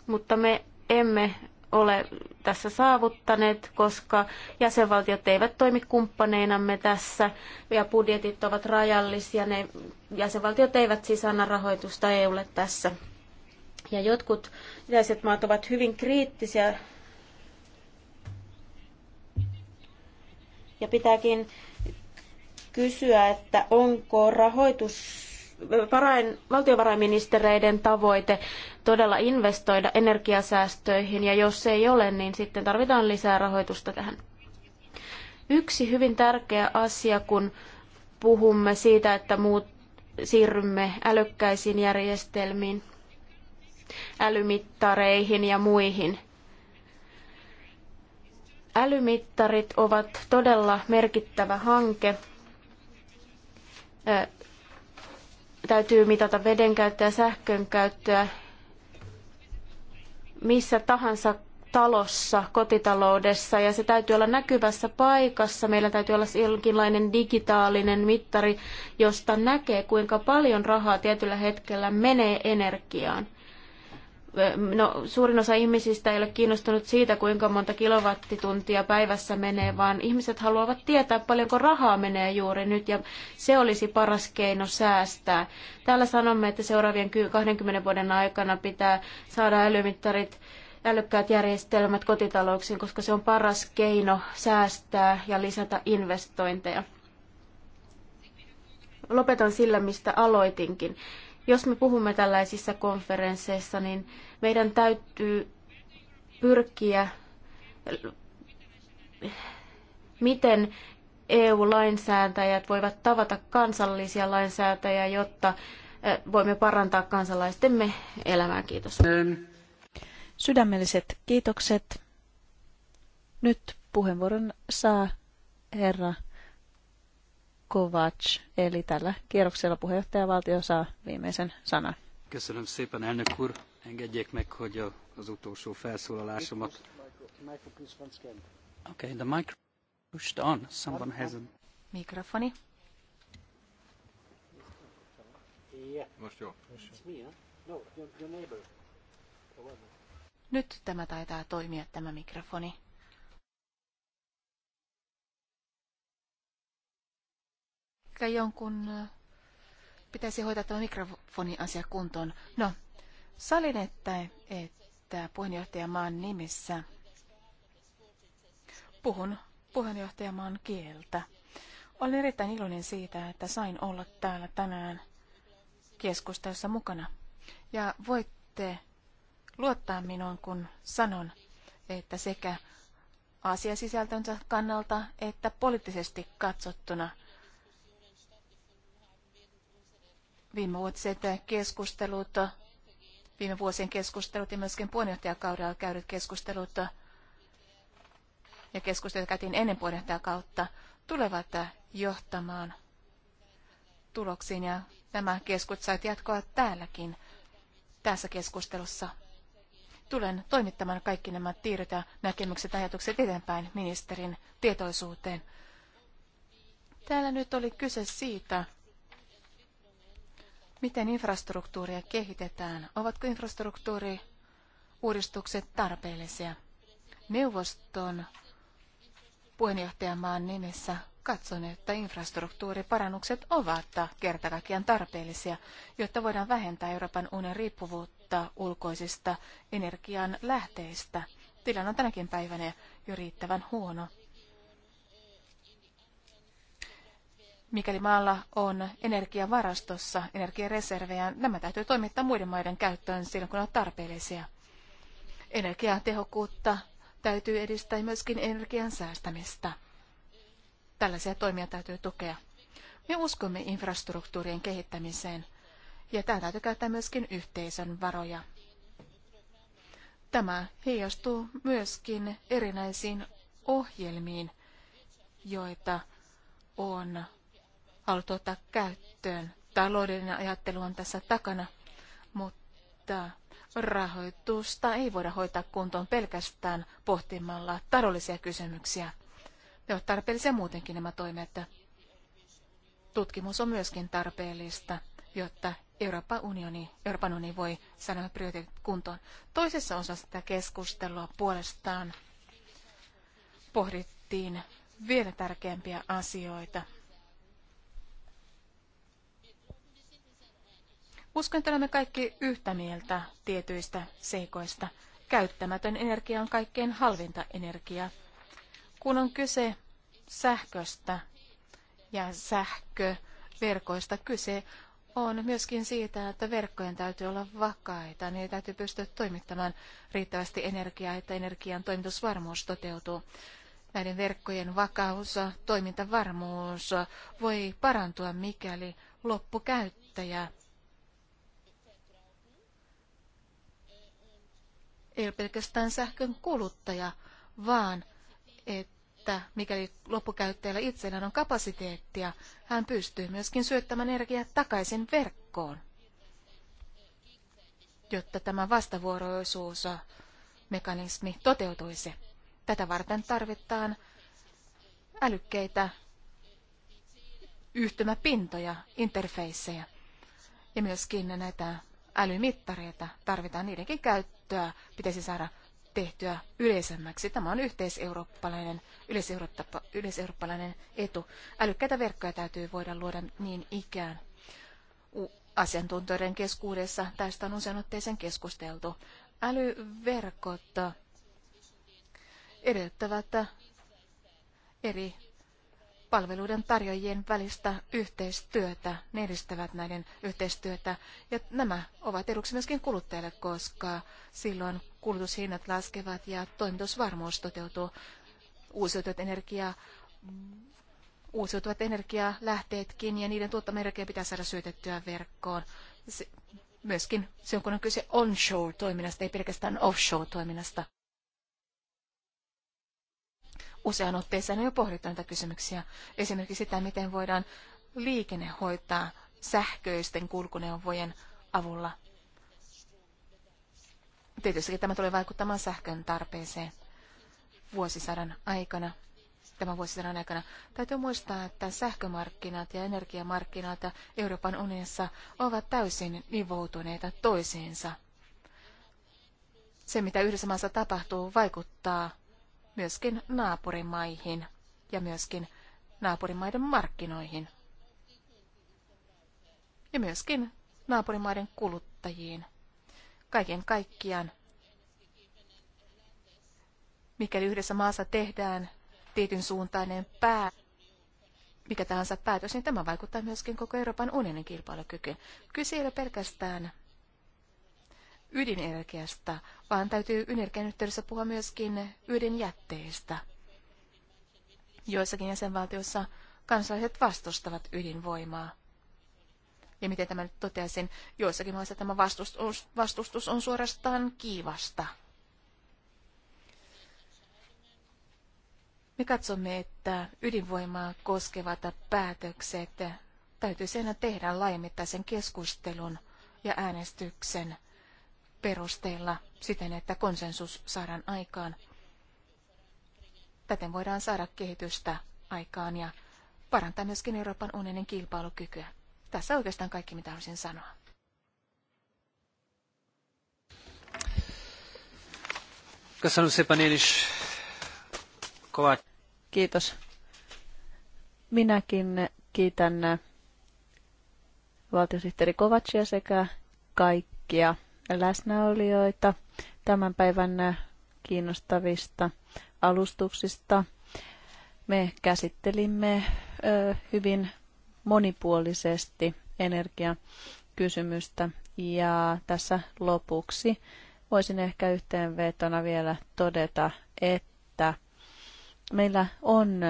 Speaker 3: mutta me emme ole tässä saavuttaneet, koska jäsenvaltiot eivät toimi kumppaneinamme tässä ja budjetit ovat rajallisia. Ne jäsenvaltiot eivät siis anna rahoitusta EUlle tässä. Ja jotkut jäsenmaat maat ovat hyvin kriittisiä Ja pitääkin kysyä, että onko rahoitus varain, valtiovarainministereiden tavoite todella investoida energiasäästöihin, ja jos se ei ole, niin sitten tarvitaan lisää rahoitusta tähän. Yksi hyvin tärkeä asia, kun puhumme siitä, että muut siirrymme älykkäisiin järjestelmiin, älymittareihin ja muihin – Älymittarit ovat todella merkittävä hanke. täytyy mitata vedenkäyttöä, sähkönkäyttöä missä tahansa talossa, kotitaloudessa ja se täytyy olla näkyvässä paikassa. Meillä täytyy olla jonkinlainen digitaalinen mittari, josta näkee, kuinka paljon rahaa tietyllä hetkellä menee energiaan. No, suurin osa ihmisistä ei ole kiinnostunut siitä, kuinka monta kilowattituntia päivässä menee, vaan ihmiset haluavat tietää, paljonko rahaa menee juuri nyt, ja se olisi paras keino säästää. Täällä sanomme, että seuraavien 20 vuoden aikana pitää saada älymittarit älykkäät järjestelmät kotitalouksiin, koska se on paras keino säästää ja lisätä investointeja. Lopetan sillä, mistä aloitinkin. Jos me puhumme tällaisissa konferensseissa, niin meidän täytyy pyrkiä, miten EU-lainsäätäjät voivat tavata kansallisia lainsäätäjiä, jotta voimme parantaa kansalaistemme elämää. Kiitos.
Speaker 2: Sydämelliset kiitokset. Nyt puheenvuoron saa herra Kovac, eli tällä kierroksella puheenjohtajavaltio saa viimeisen sanan.
Speaker 4: Köszönöm szépen, elnök úr. Engedjék meg, hogy az utolsó felszólalásomat... Okay, the micro pushed on. Someone has a...
Speaker 1: Mikrofoni. Nyt tämä taitaa toimia, tämä mikrofoni. ehkä jonkun pitäisi hoitaa tämä mikrofonin asia kuntoon. No, salin, että, että puheenjohtajamaan nimissä puhun puheenjohtajamaan kieltä. Olen erittäin iloinen siitä, että sain olla täällä tänään keskustelussa mukana. Ja voitte luottaa minuun, kun sanon, että sekä asiasisältönsä kannalta että poliittisesti katsottuna – viime vuotiset keskustelut, viime vuosien keskustelut ja myöskin puheenjohtajakaudella käydyt keskustelut ja keskustelut käytiin ennen puheenjohtajakautta tulevat johtamaan tuloksiin ja nämä keskustelut sait jatkoa täälläkin tässä keskustelussa. Tulen toimittamaan kaikki nämä tiedot ja näkemykset ja ajatukset eteenpäin ministerin tietoisuuteen. Täällä nyt oli kyse siitä, Miten infrastruktuuria kehitetään? Ovatko infrastruktuuriuudistukset tarpeellisia? Neuvoston puheenjohtajamaan nimessä katson, että infrastruktuuriparannukset ovat kertakaikkiaan tarpeellisia, jotta voidaan vähentää Euroopan unionin riippuvuutta ulkoisista energian lähteistä. Tilanne on tänäkin päivänä jo riittävän huono. mikäli maalla on energiavarastossa energiareservejä, nämä täytyy toimittaa muiden maiden käyttöön silloin, kun ne ovat tarpeellisia. Energiatehokkuutta täytyy edistää myöskin energian säästämistä. Tällaisia toimia täytyy tukea. Me uskomme infrastruktuurien kehittämiseen, ja tämä täytyy käyttää myöskin yhteisön varoja. Tämä heijastuu myöskin erinäisiin ohjelmiin, joita on haluttu ottaa käyttöön. Taloudellinen ajattelu on tässä takana, mutta rahoitusta ei voida hoitaa kuntoon pelkästään pohtimalla taloudellisia kysymyksiä. Ne ovat tarpeellisia muutenkin nämä toimet. Tutkimus on myöskin tarpeellista, jotta Euroopan unioni, Euroopan unioni voi sanoa prioriteetit kuntoon. Toisessa osassa tätä keskustelua puolestaan pohdittiin vielä tärkeämpiä asioita, Uskon, että olemme kaikki yhtä mieltä tietyistä seikoista. Käyttämätön energia on kaikkein halvinta energiaa. Kun on kyse sähköstä ja sähköverkoista, kyse on myöskin siitä, että verkkojen täytyy olla vakaita. Niitä täytyy pystyä toimittamaan riittävästi energiaa, että energian toimitusvarmuus toteutuu. Näiden verkkojen vakaus, toimintavarmuus voi parantua, mikäli loppukäyttäjä ei ole pelkästään sähkön kuluttaja, vaan että mikäli loppukäyttäjällä itsellään on kapasiteettia, hän pystyy myöskin syöttämään energiaa takaisin verkkoon, jotta tämä vastavuoroisuusmekanismi toteutuisi. Tätä varten tarvitaan älykkeitä yhtymäpintoja, interfeissejä ja myöskin näitä älymittareita tarvitaan, niidenkin käyttöä pitäisi saada tehtyä yleisemmäksi. Tämä on yhteiseurooppalainen, yleiseurooppalainen, etu. Älykkäitä verkkoja täytyy voida luoda niin ikään. Asiantuntijoiden keskuudessa tästä on usein otteeseen keskusteltu. Älyverkot edellyttävät eri palveluiden tarjoajien välistä yhteistyötä. Ne edistävät näiden yhteistyötä ja nämä ovat eduksi myöskin kuluttajille, koska silloin kulutushinnat laskevat ja toimitusvarmuus toteutuu. Uusiutuvat energia, uusiutuvat energialähteetkin ja niiden tuottama energia pitää saada syötettyä verkkoon. myöskin se on kun on kyse onshore-toiminnasta, ei pelkästään offshore-toiminnasta usean otteeseen on jo pohdittu näitä kysymyksiä. Esimerkiksi sitä, miten voidaan liikenne hoitaa sähköisten kulkuneuvojen avulla. Tietysti tämä tulee vaikuttamaan sähkön tarpeeseen vuosisadan aikana. Tämän vuosisadan aikana täytyy muistaa, että sähkömarkkinat ja energiamarkkinat Euroopan unionissa ovat täysin nivoutuneita toisiinsa. Se, mitä yhdessä maassa tapahtuu, vaikuttaa myöskin naapurimaihin ja myöskin naapurimaiden markkinoihin ja myöskin naapurimaiden kuluttajiin. Kaiken kaikkiaan, mikäli yhdessä maassa tehdään tietyn suuntainen pää, mikä tahansa päätös, niin tämä vaikuttaa myöskin koko Euroopan unionin kilpailukykyyn. Kyse ei ole pelkästään ydinenergiasta, vaan täytyy energian yhteydessä puhua myöskin ydinjätteistä. Joissakin jäsenvaltioissa kansalaiset vastustavat ydinvoimaa. Ja miten tämä nyt toteaisin, joissakin maissa tämä vastustus, vastustus on suorastaan kiivasta. Me katsomme, että ydinvoimaa koskevat päätökset täytyy sen tehdä laajemmittaisen keskustelun ja äänestyksen perusteella siten, että konsensus saadaan aikaan. Täten voidaan saada kehitystä aikaan ja parantaa myöskin Euroopan unionin kilpailukykyä. Tässä oikeastaan kaikki, mitä haluaisin sanoa.
Speaker 2: Kiitos. Minäkin kiitän valtiosihteeri Kovacia sekä kaikkia läsnäolijoita tämän päivän kiinnostavista alustuksista. Me käsittelimme hyvin monipuolisesti energiakysymystä ja tässä lopuksi voisin ehkä yhteenvetona vielä todeta, että meillä on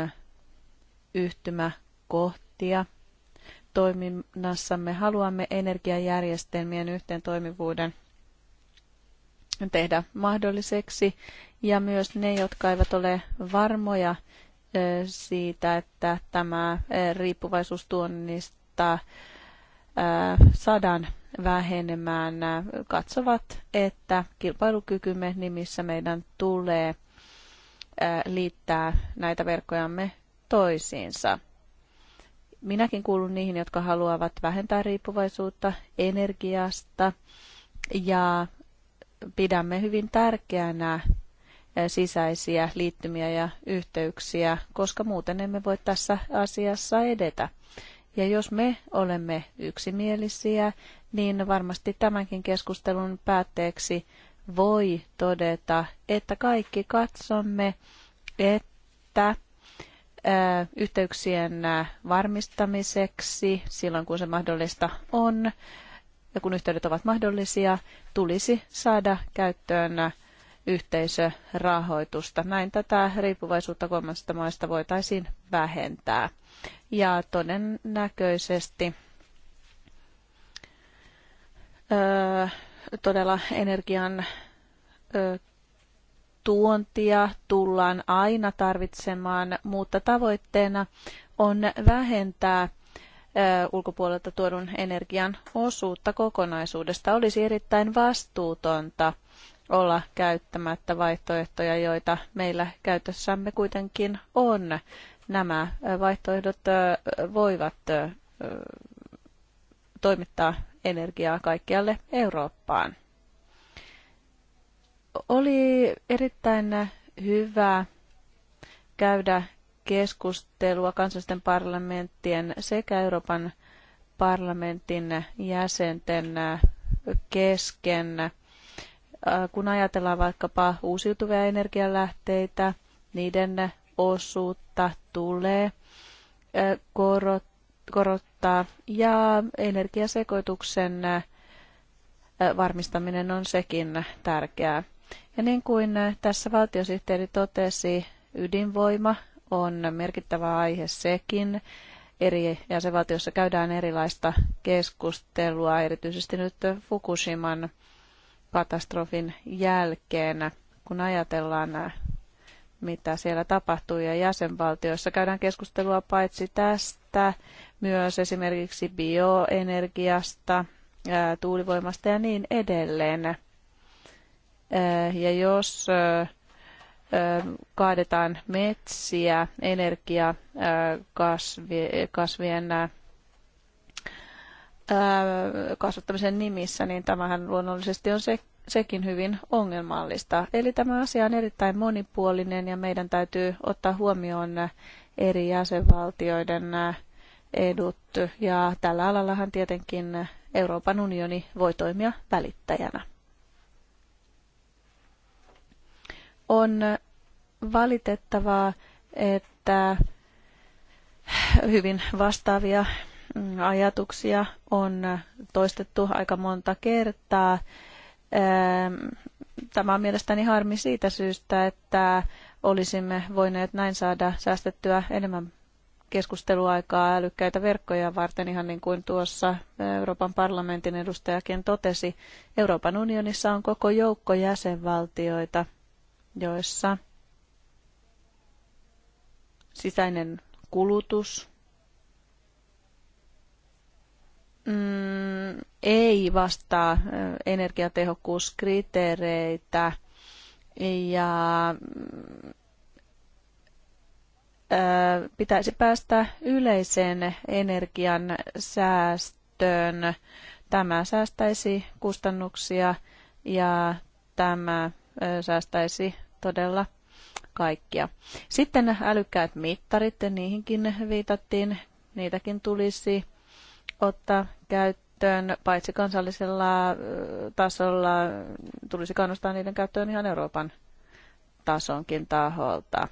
Speaker 2: yhtymäkohtia toiminnassamme. Haluamme energiajärjestelmien yhteen toimivuuden tehdä mahdolliseksi ja myös ne, jotka eivät ole varmoja siitä, että tämä riippuvaisuus tuonnista sadan vähenemään, katsovat, että kilpailukykymme nimissä meidän tulee liittää näitä verkkojamme toisiinsa. Minäkin kuulun niihin, jotka haluavat vähentää riippuvaisuutta energiasta ja pidämme hyvin tärkeänä sisäisiä liittymiä ja yhteyksiä, koska muuten emme voi tässä asiassa edetä. Ja jos me olemme yksimielisiä, niin varmasti tämänkin keskustelun päätteeksi voi todeta, että kaikki katsomme, että yhteyksien varmistamiseksi silloin, kun se mahdollista on, ja kun yhteydet ovat mahdollisia, tulisi saada käyttöön yhteisörahoitusta. Näin tätä riippuvaisuutta kolmansista maista voitaisiin vähentää. Ja todennäköisesti ö, todella energian ö, tuontia tullaan aina tarvitsemaan, mutta tavoitteena on vähentää ulkopuolelta tuodun energian osuutta kokonaisuudesta. Olisi erittäin vastuutonta olla käyttämättä vaihtoehtoja, joita meillä käytössämme kuitenkin on. Nämä vaihtoehdot voivat toimittaa energiaa kaikkialle Eurooppaan. Oli erittäin hyvä käydä keskustelua kansallisten parlamenttien sekä Euroopan parlamentin jäsenten äh, kesken. Äh, kun ajatellaan vaikkapa uusiutuvia energialähteitä, niiden osuutta tulee äh, korottaa ja energiasekoituksen varmistaminen on sekin tärkeää. Ja niin kuin tässä valtiosihteeri totesi, ydinvoima on merkittävä aihe sekin. Eri jäsenvaltioissa käydään erilaista keskustelua, erityisesti nyt Fukushiman katastrofin jälkeen, kun ajatellaan, mitä siellä tapahtuu. Ja jäsenvaltioissa käydään keskustelua paitsi tästä, myös esimerkiksi bioenergiasta, tuulivoimasta ja niin edelleen. Ja jos kaadetaan metsiä, energiakasvien kasvattamisen nimissä, niin tämähän luonnollisesti on se, sekin hyvin ongelmallista. Eli tämä asia on erittäin monipuolinen ja meidän täytyy ottaa huomioon eri jäsenvaltioiden edut. Ja tällä alallahan tietenkin Euroopan unioni voi toimia välittäjänä. On valitettavaa, että hyvin vastaavia mm, ajatuksia on toistettu aika monta kertaa. Ehm, tämä on mielestäni harmi siitä syystä, että olisimme voineet näin saada säästettyä enemmän keskusteluaikaa älykkäitä verkkoja varten, ihan niin kuin tuossa Euroopan parlamentin edustajakin totesi. Euroopan unionissa on koko joukko jäsenvaltioita, joissa sisäinen kulutus mm, ei vastaa energiatehokkuuskriteereitä ja pitäisi päästä yleiseen energian säästöön. Tämä säästäisi kustannuksia ja tämä säästäisi todella kaikkia. Sitten älykkäät mittarit, niihinkin viitattiin, niitäkin tulisi ottaa käyttöön, paitsi kansallisella tasolla, tulisi kannustaa niiden käyttöön ihan Euroopan tasonkin taholta.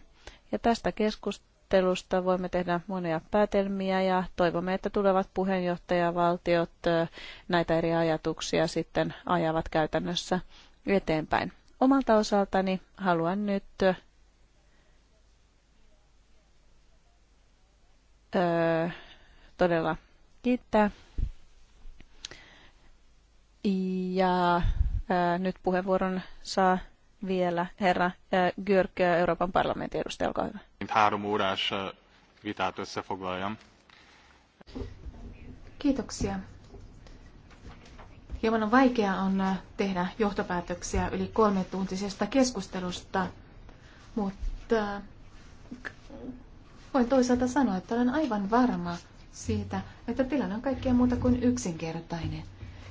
Speaker 2: Ja tästä keskustelusta voimme tehdä monia päätelmiä ja toivomme, että tulevat puheenjohtajavaltiot näitä eri ajatuksia sitten ajavat käytännössä eteenpäin. Omalta osaltani haluan nyt öö, todella kiittää. Ja öö, nyt puheenvuoron saa vielä herra öö, Gyrkö, Euroopan parlamentin edustaja, olkaa hyvä. Kiitoksia
Speaker 1: Hieman vaikea on äh, tehdä johtopäätöksiä yli kolme tuntisesta keskustelusta, mutta äh, voin toisaalta sanoa, että olen aivan varma siitä, että tilanne on kaikkea muuta kuin yksinkertainen.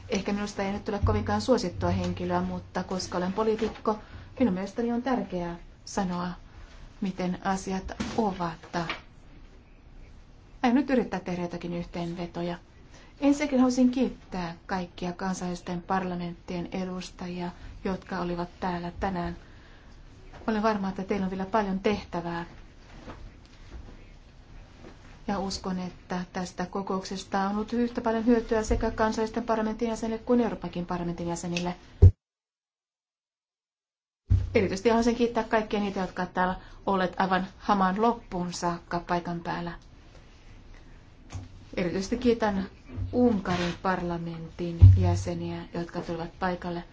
Speaker 1: Ehkä minusta ei nyt ole kovinkaan suosittua henkilöä, mutta koska olen poliitikko, minun mielestäni on tärkeää sanoa, miten asiat ovat. Aion nyt yrittää tehdä jotakin yhteenvetoja. Ensinnäkin haluaisin kiittää kaikkia kansallisten parlamenttien edustajia, jotka olivat täällä tänään. Olen varma, että teillä on vielä paljon tehtävää. Ja uskon, että tästä kokouksesta on ollut yhtä paljon hyötyä sekä kansallisten parlamentin jäsenille kuin Euroopankin parlamentin jäsenille. Erityisesti haluaisin kiittää kaikkia niitä, jotka täällä olet aivan haman loppuun saakka paikan päällä. Erityisesti kiitän Unkarin parlamentin jäseniä, jotka tulivat paikalle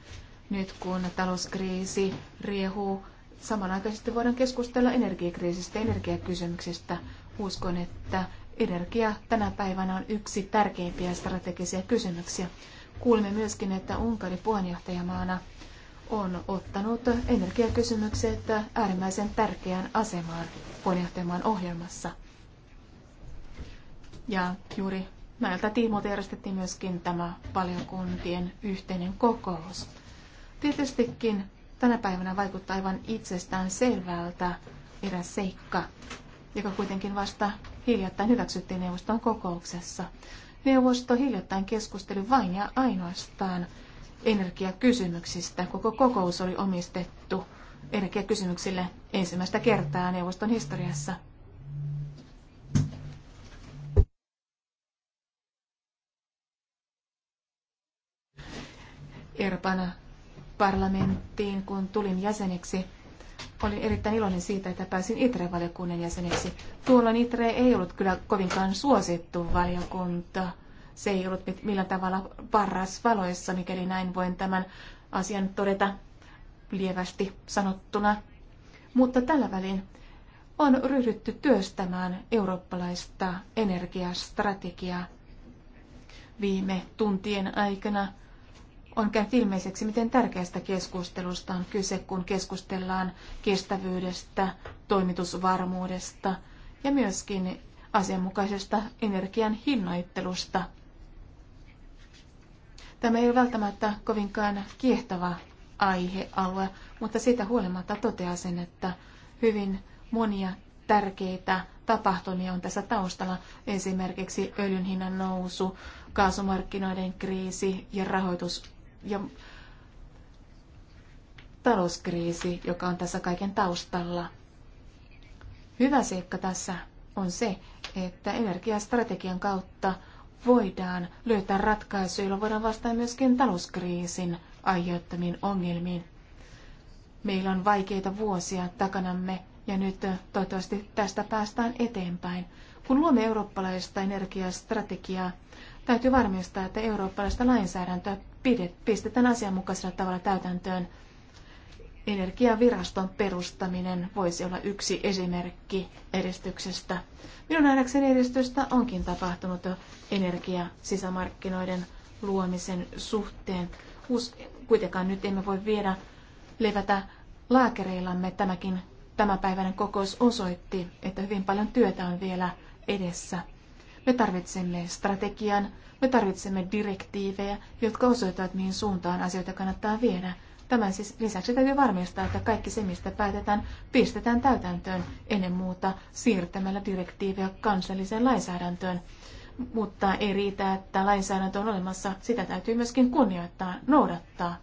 Speaker 1: nyt, kun talouskriisi riehuu. Samanaikaisesti voidaan keskustella energiakriisistä, energiakysymyksistä. Uskon, että energia tänä päivänä on yksi tärkeimpiä strategisia kysymyksiä. Kuulimme myöskin, että Unkari puheenjohtajamaana on ottanut energiakysymykset äärimmäisen tärkeään asemaan puheenjohtajamaan ohjelmassa. Ja juuri Näiltä tiimot järjestettiin myöskin tämä valiokuntien yhteinen kokous. Tietystikin tänä päivänä vaikuttaa aivan itsestään selvältä eräs seikka, joka kuitenkin vasta hiljattain hyväksyttiin neuvoston kokouksessa. Neuvosto hiljattain keskusteli vain ja ainoastaan energiakysymyksistä. Koko kokous oli omistettu energiakysymyksille ensimmäistä kertaa neuvoston historiassa. Erpana parlamenttiin, kun tulin jäseneksi. Olin erittäin iloinen siitä, että pääsin ITRE-valiokunnan jäseneksi. Tuolloin ITRE ei ollut kyllä kovinkaan suosittu valiokunta. Se ei ollut millään tavalla paras valoissa, mikäli näin voin tämän asian todeta lievästi sanottuna. Mutta tällä välin on ryhdytty työstämään eurooppalaista energiastrategiaa. Viime tuntien aikana on käynyt ilmeiseksi, miten tärkeästä keskustelusta on kyse, kun keskustellaan kestävyydestä, toimitusvarmuudesta ja myöskin asianmukaisesta energian hinnoittelusta. Tämä ei ole välttämättä kovinkaan kiehtova aihealue, mutta siitä huolimatta sen, että hyvin monia tärkeitä tapahtumia on tässä taustalla. Esimerkiksi öljyn hinnan nousu, kaasumarkkinoiden kriisi ja rahoitus ja talouskriisi, joka on tässä kaiken taustalla. Hyvä seikka tässä on se, että energiastrategian kautta voidaan löytää ratkaisuja, joilla voidaan vastata myöskin talouskriisin aiheuttamiin ongelmiin. Meillä on vaikeita vuosia takanamme ja nyt toivottavasti tästä päästään eteenpäin. Kun luomme eurooppalaista energiastrategiaa, täytyy varmistaa, että eurooppalaista lainsäädäntöä pistetään asianmukaisella tavalla täytäntöön. Energiaviraston perustaminen voisi olla yksi esimerkki edistyksestä. Minun nähdäkseni edistystä onkin tapahtunut energia sisämarkkinoiden luomisen suhteen. kuitenkaan nyt emme voi viedä levätä laakereillamme. Tämäkin tämänpäiväinen kokous osoitti, että hyvin paljon työtä on vielä edessä. Me tarvitsemme strategian, me tarvitsemme direktiivejä, jotka osoittavat, mihin suuntaan asioita kannattaa viedä. Tämän siis lisäksi täytyy varmistaa, että kaikki se, mistä päätetään, pistetään täytäntöön ennen muuta siirtämällä direktiivejä kansalliseen lainsäädäntöön. Mutta ei riitä, että lainsäädäntö on olemassa, sitä täytyy myöskin kunnioittaa, noudattaa.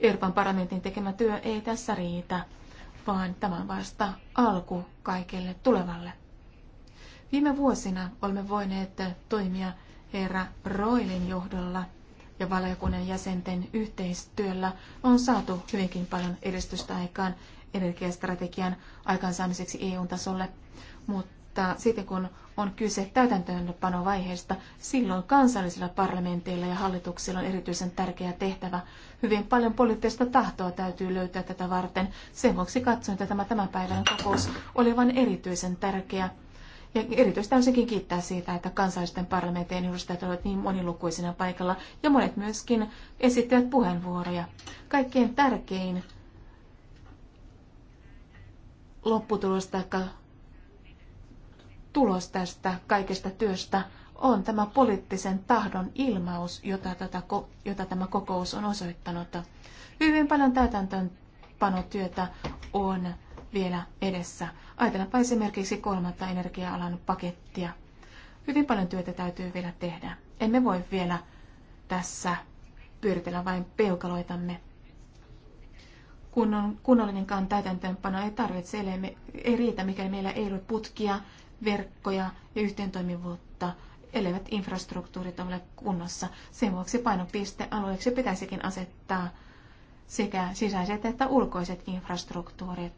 Speaker 1: Euroopan parlamentin tekemä työ ei tässä riitä, vaan tämä on vasta alku kaikelle tulevalle. Viime vuosina olemme voineet toimia herra Roilin johdolla ja valiokunnan jäsenten yhteistyöllä on saatu hyvinkin paljon edistystä aikaan energiastrategian aikaansaamiseksi EU-tasolle. Mutta sitten kun on kyse täytäntöönpanovaiheesta, silloin kansallisilla parlamenteilla ja hallituksilla on erityisen tärkeä tehtävä. Hyvin paljon poliittista tahtoa täytyy löytää tätä varten. Sen vuoksi katsoin, että tämä päivän kokous oli vain erityisen tärkeä ja erityisesti sekin kiittää siitä, että kansallisten parlamenttien edustajat ovat niin monilukuisina paikalla ja monet myöskin esittävät puheenvuoroja. Kaikkein tärkein lopputulos tai tulos tästä kaikesta työstä on tämä poliittisen tahdon ilmaus, jota, tätä, tota jota tämä kokous on osoittanut. Hyvin paljon täytäntöönpanotyötä on vielä edessä. Ajatellaanpa esimerkiksi kolmatta energia-alan pakettia. Hyvin paljon työtä täytyy vielä tehdä. Emme voi vielä tässä pyöritellä vain peukaloitamme. Kunnon, kunnollinenkaan täytäntöönpano ei tarvitse, ellei me, ei riitä, mikäli meillä ei ole putkia, verkkoja ja yhteentoimivuutta, elevät infrastruktuurit ole kunnossa. Sen vuoksi painopistealueeksi pitäisikin asettaa sekä sisäiset että ulkoiset infrastruktuurit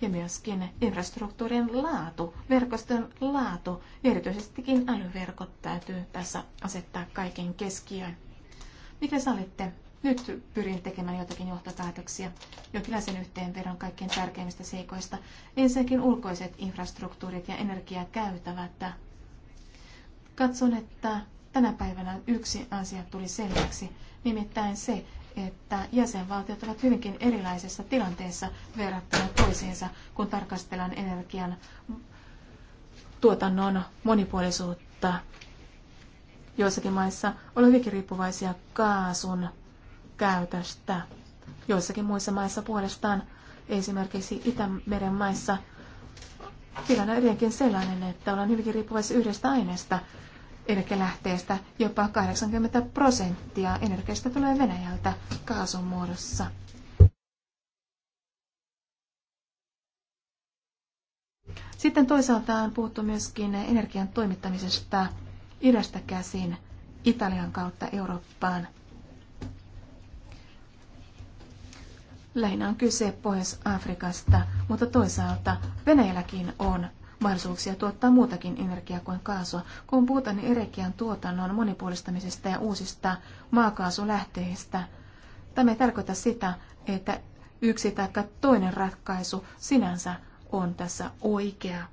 Speaker 1: ja myöskin infrastruktuurin laatu, verkoston laatu, erityisestikin älyverkot täytyy tässä asettaa kaiken keskiöön. Mikä sallitte? Nyt pyrin tekemään jotakin johtopäätöksiä, jonkinlaisen yhteenvedon kaikkein tärkeimmistä seikoista. Ensinnäkin ulkoiset infrastruktuurit ja energiakäytävät. Katson, että tänä päivänä yksi asia tuli selväksi, nimittäin se, että jäsenvaltiot ovat hyvinkin erilaisessa tilanteessa verrattuna toisiinsa, kun tarkastellaan energian tuotannon monipuolisuutta. Joissakin maissa on hyvinkin riippuvaisia kaasun käytöstä. Joissakin muissa maissa puolestaan, esimerkiksi Itämeren maissa, tilanne on edelleenkin sellainen, että ollaan hyvinkin riippuvaisia yhdestä aineesta, energialähteestä. Jopa 80 prosenttia energiasta tulee Venäjältä kaasun muodossa. Sitten toisaalta on puhuttu myöskin energian toimittamisesta idästä käsin Italian kautta Eurooppaan. Lähinnä on kyse Pohjois-Afrikasta, mutta toisaalta Venäjälläkin on mahdollisuuksia tuottaa muutakin energiaa kuin kaasua. Kun puhutaan niin energian tuotannon monipuolistamisesta ja uusista maakaasulähteistä, tämä ei tarkoita sitä, että yksi tai toinen ratkaisu sinänsä on tässä oikea,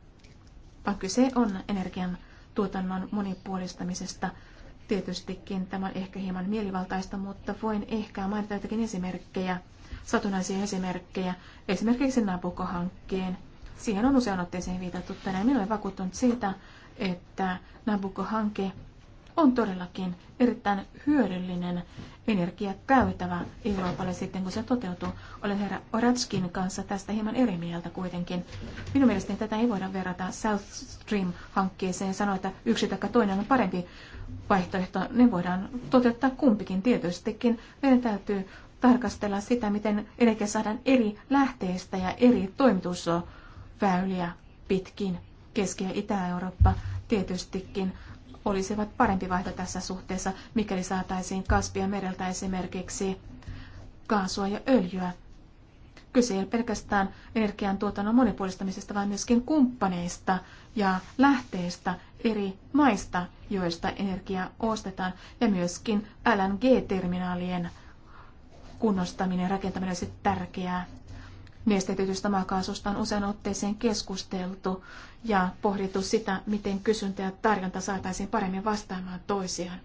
Speaker 1: vaan kyse on energian tuotannon monipuolistamisesta. Tietystikin tämä on ehkä hieman mielivaltaista, mutta voin ehkä mainita jotakin esimerkkejä, satunnaisia esimerkkejä, esimerkiksi Nabucco-hankkeen Siihen on usein otteeseen viitattu tänään. Minä olen vakuuttunut siitä, että Nabucco-hanke on todellakin erittäin hyödyllinen energiakäytävä Euroopalle sitten, kun se toteutuu. Olen herra Oratskin kanssa tästä hieman eri mieltä kuitenkin. Minun mielestäni tätä ei voida verrata South Stream-hankkeeseen ja sanoa, että yksi tai toinen on parempi vaihtoehto. Ne voidaan toteuttaa kumpikin tietystikin. Meidän täytyy tarkastella sitä, miten energia saadaan eri lähteistä ja eri toimitusolosuhteista väyliä pitkin. Keski- ja Itä-Eurooppa tietystikin olisivat parempi vaihto tässä suhteessa, mikäli saataisiin Kaspia mereltä esimerkiksi kaasua ja öljyä. Kyse ei ole pelkästään energiantuotannon monipuolistamisesta, vaan myöskin kumppaneista ja lähteistä eri maista, joista energiaa ostetaan, ja myöskin LNG-terminaalien kunnostaminen ja rakentaminen olisi tärkeää nestetytystä maakaasusta on usein otteeseen keskusteltu ja pohdittu sitä, miten kysyntä ja tarjonta saataisiin paremmin vastaamaan toisiaan.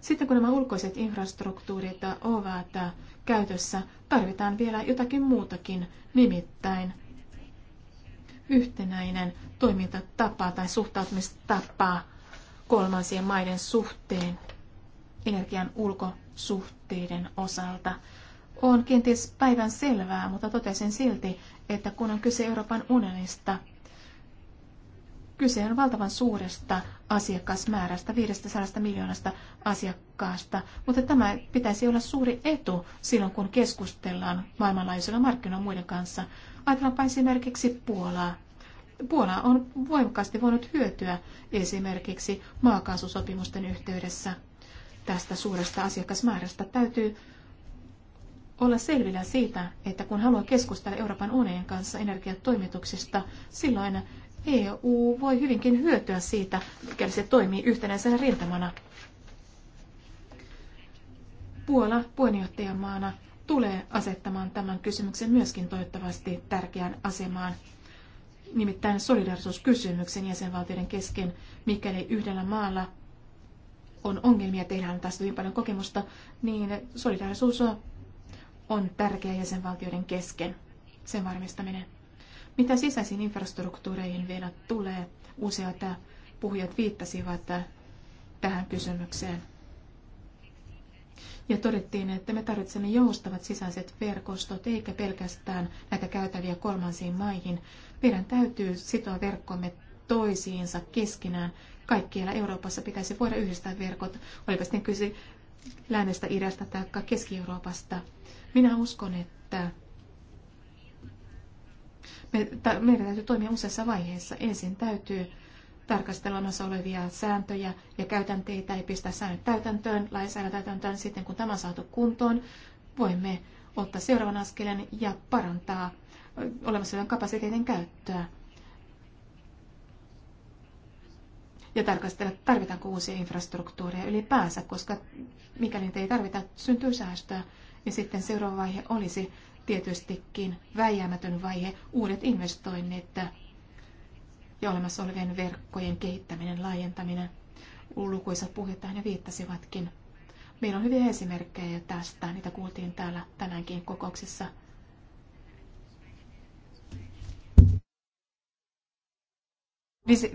Speaker 1: Sitten kun nämä ulkoiset infrastruktuurit ovat käytössä, tarvitaan vielä jotakin muutakin, nimittäin yhtenäinen toimintatapa tai suhtautumistapa kolmansien maiden suhteen energian ulkosuhteiden osalta on kenties päivän selvää, mutta totesin silti, että kun on kyse Euroopan unionista, kyse on valtavan suuresta asiakasmäärästä, 500 miljoonasta asiakkaasta, mutta tämä pitäisi olla suuri etu silloin, kun keskustellaan maailmanlaajuisilla markkinoilla muiden kanssa. Ajatellaanpa esimerkiksi Puolaa. Puola on voimakkaasti voinut hyötyä esimerkiksi maakaasusopimusten yhteydessä. Tästä suuresta asiakasmäärästä täytyy olla selvillä siitä, että kun haluaa keskustella Euroopan unionin kanssa energiatoimituksista, silloin EU voi hyvinkin hyötyä siitä, mikäli se toimii yhtenäisenä rintamana. Puola puheenjohtajamaana tulee asettamaan tämän kysymyksen myöskin toivottavasti tärkeään asemaan, nimittäin solidarisuuskysymyksen jäsenvaltioiden kesken, mikäli yhdellä maalla on ongelmia, tehdään tästä hyvin paljon kokemusta, niin solidaarisuus on tärkeä jäsenvaltioiden kesken, sen varmistaminen. Mitä sisäisiin infrastruktuureihin vielä tulee, useat puhujat viittasivat tähän kysymykseen. Ja todettiin, että me tarvitsemme joustavat sisäiset verkostot, eikä pelkästään näitä käytäviä kolmansiin maihin. Meidän täytyy sitoa verkkomme toisiinsa keskenään. Kaikkialla Euroopassa pitäisi voida yhdistää verkot, olipa sitten kyse lännestä, idästä tai Keski-Euroopasta – minä uskon, että me, ta, meidän täytyy toimia useassa vaiheessa. Ensin täytyy tarkastella olemassa olevia sääntöjä ja käytänteitä ja pistää säännöt täytäntöön, lainsäädäntö täytäntöön. Sitten kun tämä on saatu kuntoon, voimme ottaa seuraavan askeleen ja parantaa olemassa olevan kapasiteetin käyttöä. Ja tarkastella, tarvitaanko uusia infrastruktuureja ylipäänsä, koska mikäli niitä ei tarvita, syntyy säästöä. Ja sitten seuraava vaihe olisi tietystikin väijämätön vaihe, uudet investoinnit ja olemassa olevien verkkojen kehittäminen, laajentaminen. Lukuisat puhujat ja viittasivatkin. Meillä on hyviä esimerkkejä tästä, niitä kuultiin täällä tänäänkin kokouksessa.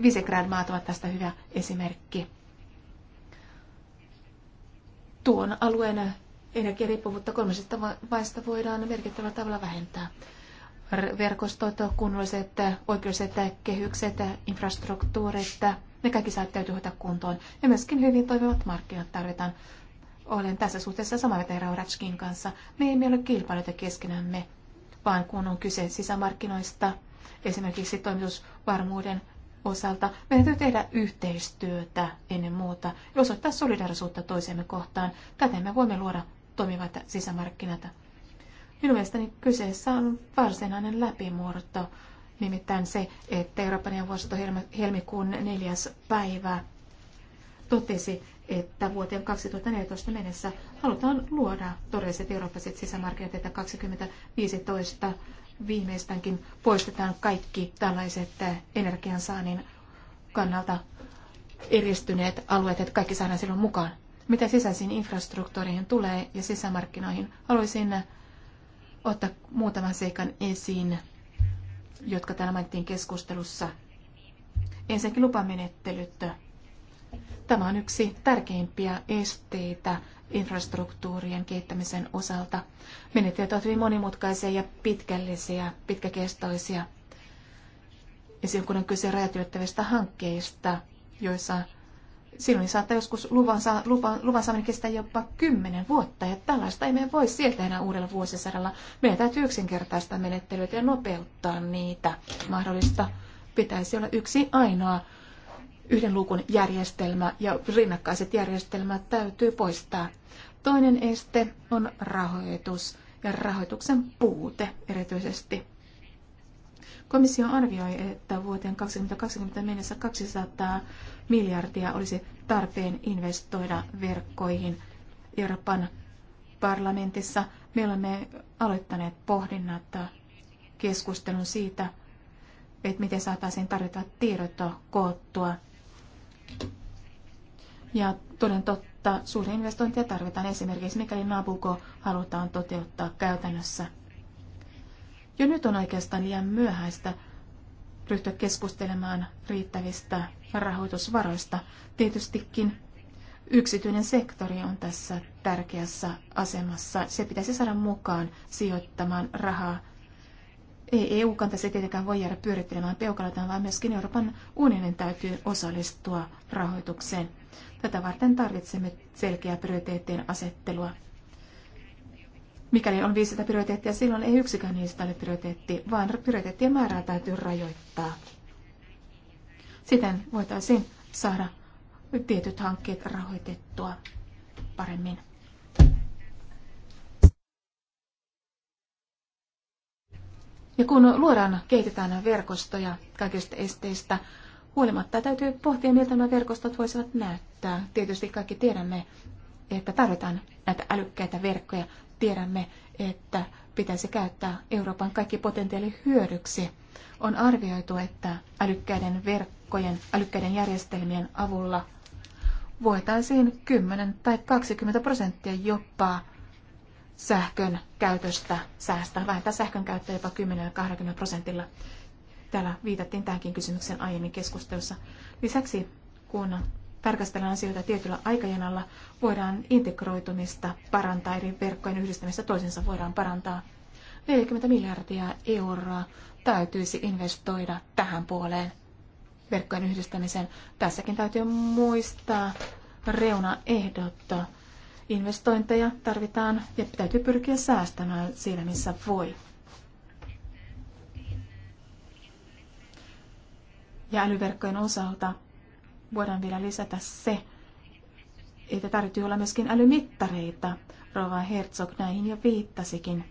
Speaker 1: Visegrad-maat ovat tästä hyvä esimerkki. Tuon alueen energiariippuvuutta kolmesta vaiheesta voidaan merkittävällä tavalla vähentää. Verkostot, kunnolliset oikeuset, kehykset, infrastruktuurit, ne kaikki saat täytyy hoitaa kuntoon. Ja myöskin hyvin toimivat markkinat tarvitaan. Olen tässä suhteessa samaa mieltä Rauratskin kanssa. Me emme ole kilpailijoita keskenämme, vaan kun on kyse sisämarkkinoista, esimerkiksi toimitusvarmuuden osalta meidän täytyy tehdä yhteistyötä ennen muuta ja osoittaa solidarisuutta toisemme kohtaan. Täten me voimme luoda toimivat sisämarkkinat. Minun mielestäni kyseessä on varsinainen läpimurto, nimittäin se, että Euroopan neuvosto helmikuun neljäs päivä totesi, että vuoteen 2014 mennessä halutaan luoda todelliset eurooppalaiset sisämarkkinat, että 2015 viimeistäänkin poistetaan kaikki tällaiset energiansaannin kannalta eristyneet alueet, että kaikki saadaan silloin mukaan. Mitä sisäisiin infrastruktuuriin tulee ja sisämarkkinoihin, haluaisin ottaa muutaman seikan esiin, jotka täällä mainittiin keskustelussa. Ensinnäkin lupamenettelyt. Tämä on yksi tärkeimpiä esteitä infrastruktuurien kehittämisen osalta. Menettelyt ovat hyvin monimutkaisia ja pitkällisiä, pitkäkestoisia. Ja kun on kyse rajat hankkeista, joissa silloin saattaa joskus luvan, saa, lupa, luvan saaminen kestää jopa kymmenen vuotta, ja tällaista ei me voi sieltä enää uudella vuosisadalla. Meidän täytyy yksinkertaistaa menettelyitä ja nopeuttaa niitä. Mahdollista pitäisi olla yksi ainoa yhden luukun järjestelmä, ja rinnakkaiset järjestelmät täytyy poistaa. Toinen este on rahoitus, ja rahoituksen puute erityisesti. Komissio arvioi, että vuoteen 2020 mennessä 200 miljardia olisi tarpeen investoida verkkoihin. Euroopan parlamentissa me olemme aloittaneet pohdinnat keskustelun siitä, että miten saataisiin tarjota tiedot koottua. Ja toden totta, suuria investointeja tarvitaan esimerkiksi, mikäli Nabuko halutaan toteuttaa käytännössä. Jo nyt on oikeastaan liian myöhäistä ryhtyä keskustelemaan riittävistä rahoitusvaroista. Tietystikin yksityinen sektori on tässä tärkeässä asemassa. Se pitäisi saada mukaan sijoittamaan rahaa. Ei EU se tietenkään voi jäädä pyörittelemään peukalotaan, vaan myöskin Euroopan unionin täytyy osallistua rahoitukseen. Tätä varten tarvitsemme selkeää prioriteettien asettelua. Mikäli on 500 prioriteettia, silloin ei yksikään niistä ole prioriteetti, vaan prioriteettien määrää täytyy rajoittaa. Siten voitaisiin saada tietyt hankkeet rahoitettua paremmin. Ja kun luodaan, kehitetään verkostoja kaikista esteistä, huolimatta täytyy pohtia, miltä nämä verkostot voisivat näyttää. Tietysti kaikki tiedämme, että tarvitaan näitä älykkäitä verkkoja, Tiedämme, että pitäisi käyttää Euroopan kaikki potentiaali hyödyksi. On arvioitu, että älykkäiden verkkojen, älykkäiden järjestelmien avulla voitaisiin 10 tai 20 prosenttia jopa sähkön käytöstä säästää, vähentää sähkön käyttöä jopa 10-20 prosentilla. Täällä viitattiin tähänkin kysymykseen aiemmin keskustelussa. Lisäksi kun tarkastellaan asioita tietyllä aikajanalla, voidaan integroitumista parantaa, eri verkkojen yhdistämistä toisensa voidaan parantaa. 40 miljardia euroa täytyisi investoida tähän puoleen verkkojen yhdistämiseen. Tässäkin täytyy muistaa reunaehdot. Investointeja tarvitaan ja täytyy pyrkiä säästämään siinä missä voi. Ja älyverkkojen osalta voidaan vielä lisätä se, että tarvitsee olla myöskin älymittareita. Rova Herzog näihin jo viittasikin.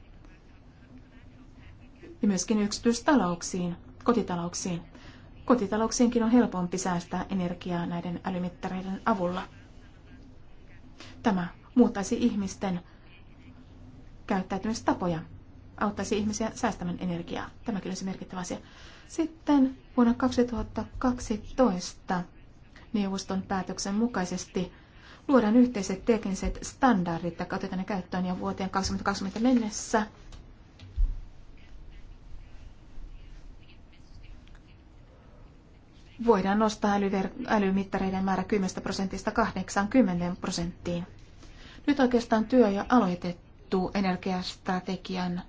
Speaker 1: Ja myöskin yksityistalouksiin, kotitalouksiin. Kotitalouksiinkin on helpompi säästää energiaa näiden älymittareiden avulla. Tämä muuttaisi ihmisten käyttäytymistapoja, auttaisi ihmisiä säästämään energiaa. Tämäkin olisi merkittävä asia. Sitten vuonna 2012 neuvoston päätöksen mukaisesti luodaan yhteiset tekniset standardit, jotka otetaan käyttöön ja vuoteen 2020 mennessä voidaan nostaa älymittareiden määrä 10 prosentista 80 prosenttiin. Nyt oikeastaan työ jo aloitettu energiastrategian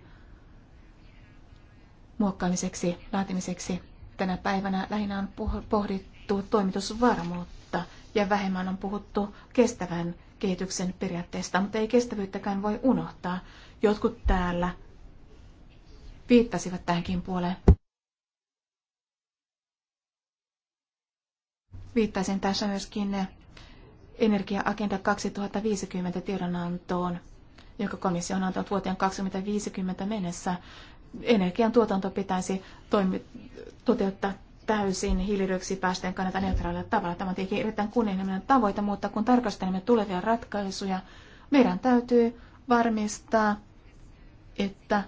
Speaker 1: muokkaamiseksi, laatimiseksi. Tänä päivänä lähinnä on pohdittu puhuttu toimitusvarmuutta ja vähemmän on puhuttu kestävän kehityksen periaatteesta, mutta ei kestävyyttäkään voi unohtaa. Jotkut täällä viittasivat tähänkin puoleen. Viittaisin tässä myöskin Energia-agenda 2050 tiedonantoon, jonka komissio on antanut vuoteen 2050 mennessä. Energian tuotanto pitäisi toimi, toteuttaa täysin hiilidioksidipäästöjen kannalta neutraalilla tavalla. Tämä on tietenkin erittäin kunnianhimoinen tavoite, mutta kun tarkastelemme tulevia ratkaisuja, meidän täytyy varmistaa, että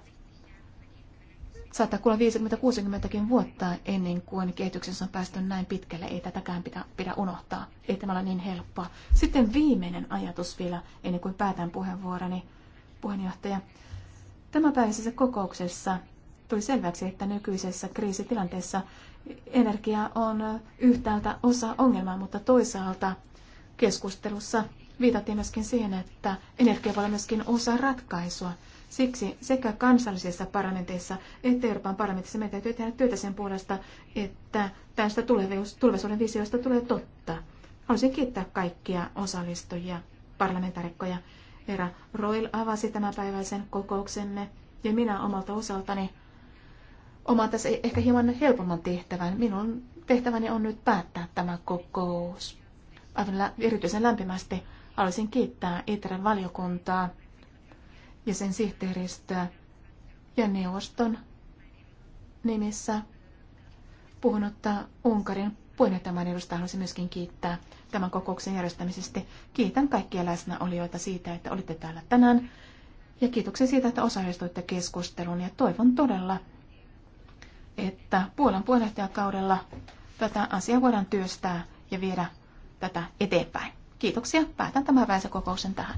Speaker 1: saattaa kuulla 50 60 vuotta ennen kuin kehityksessä on päästy näin pitkälle. Ei tätäkään pidä, pidä unohtaa. Ei tämä ole niin helppoa. Sitten viimeinen ajatus vielä, ennen kuin päätän puheenvuoroni, puheenjohtaja. Tämänpäiväisessä kokouksessa tuli selväksi, että nykyisessä kriisitilanteessa Energia on yhtäältä osa ongelmaa, mutta toisaalta keskustelussa viitattiin myöskin siihen, että energia voi olla myöskin osa ratkaisua. Siksi sekä kansallisissa parlamenteissa että Euroopan parlamentissa meidän täytyy tehdä työtä sen puolesta, että tästä tulevaisuuden visioista tulee totta. Haluaisin kiittää kaikkia osallistujia, parlamentaarikkoja. Herra Roil avasi tämänpäiväisen kokouksenne ja minä omalta osaltani omaan tässä e- ehkä hieman helpomman tehtävän. Minun tehtäväni on nyt päättää tämä kokous. Aivan lä- erityisen lämpimästi haluaisin kiittää Itären valiokuntaa ja sen sihteeristöä ja neuvoston nimissä puhunutta Unkarin puheenjohtajan edustajaa haluaisin myöskin kiittää tämän kokouksen järjestämisestä. Kiitän kaikkia läsnäolijoita siitä, että olitte täällä tänään ja kiitoksia siitä, että osallistuitte keskusteluun ja toivon todella, että Puolan puheenjohtajakaudella tätä asiaa voidaan työstää ja viedä tätä eteenpäin. Kiitoksia. Päätän tämän väisäkokouksen tähän.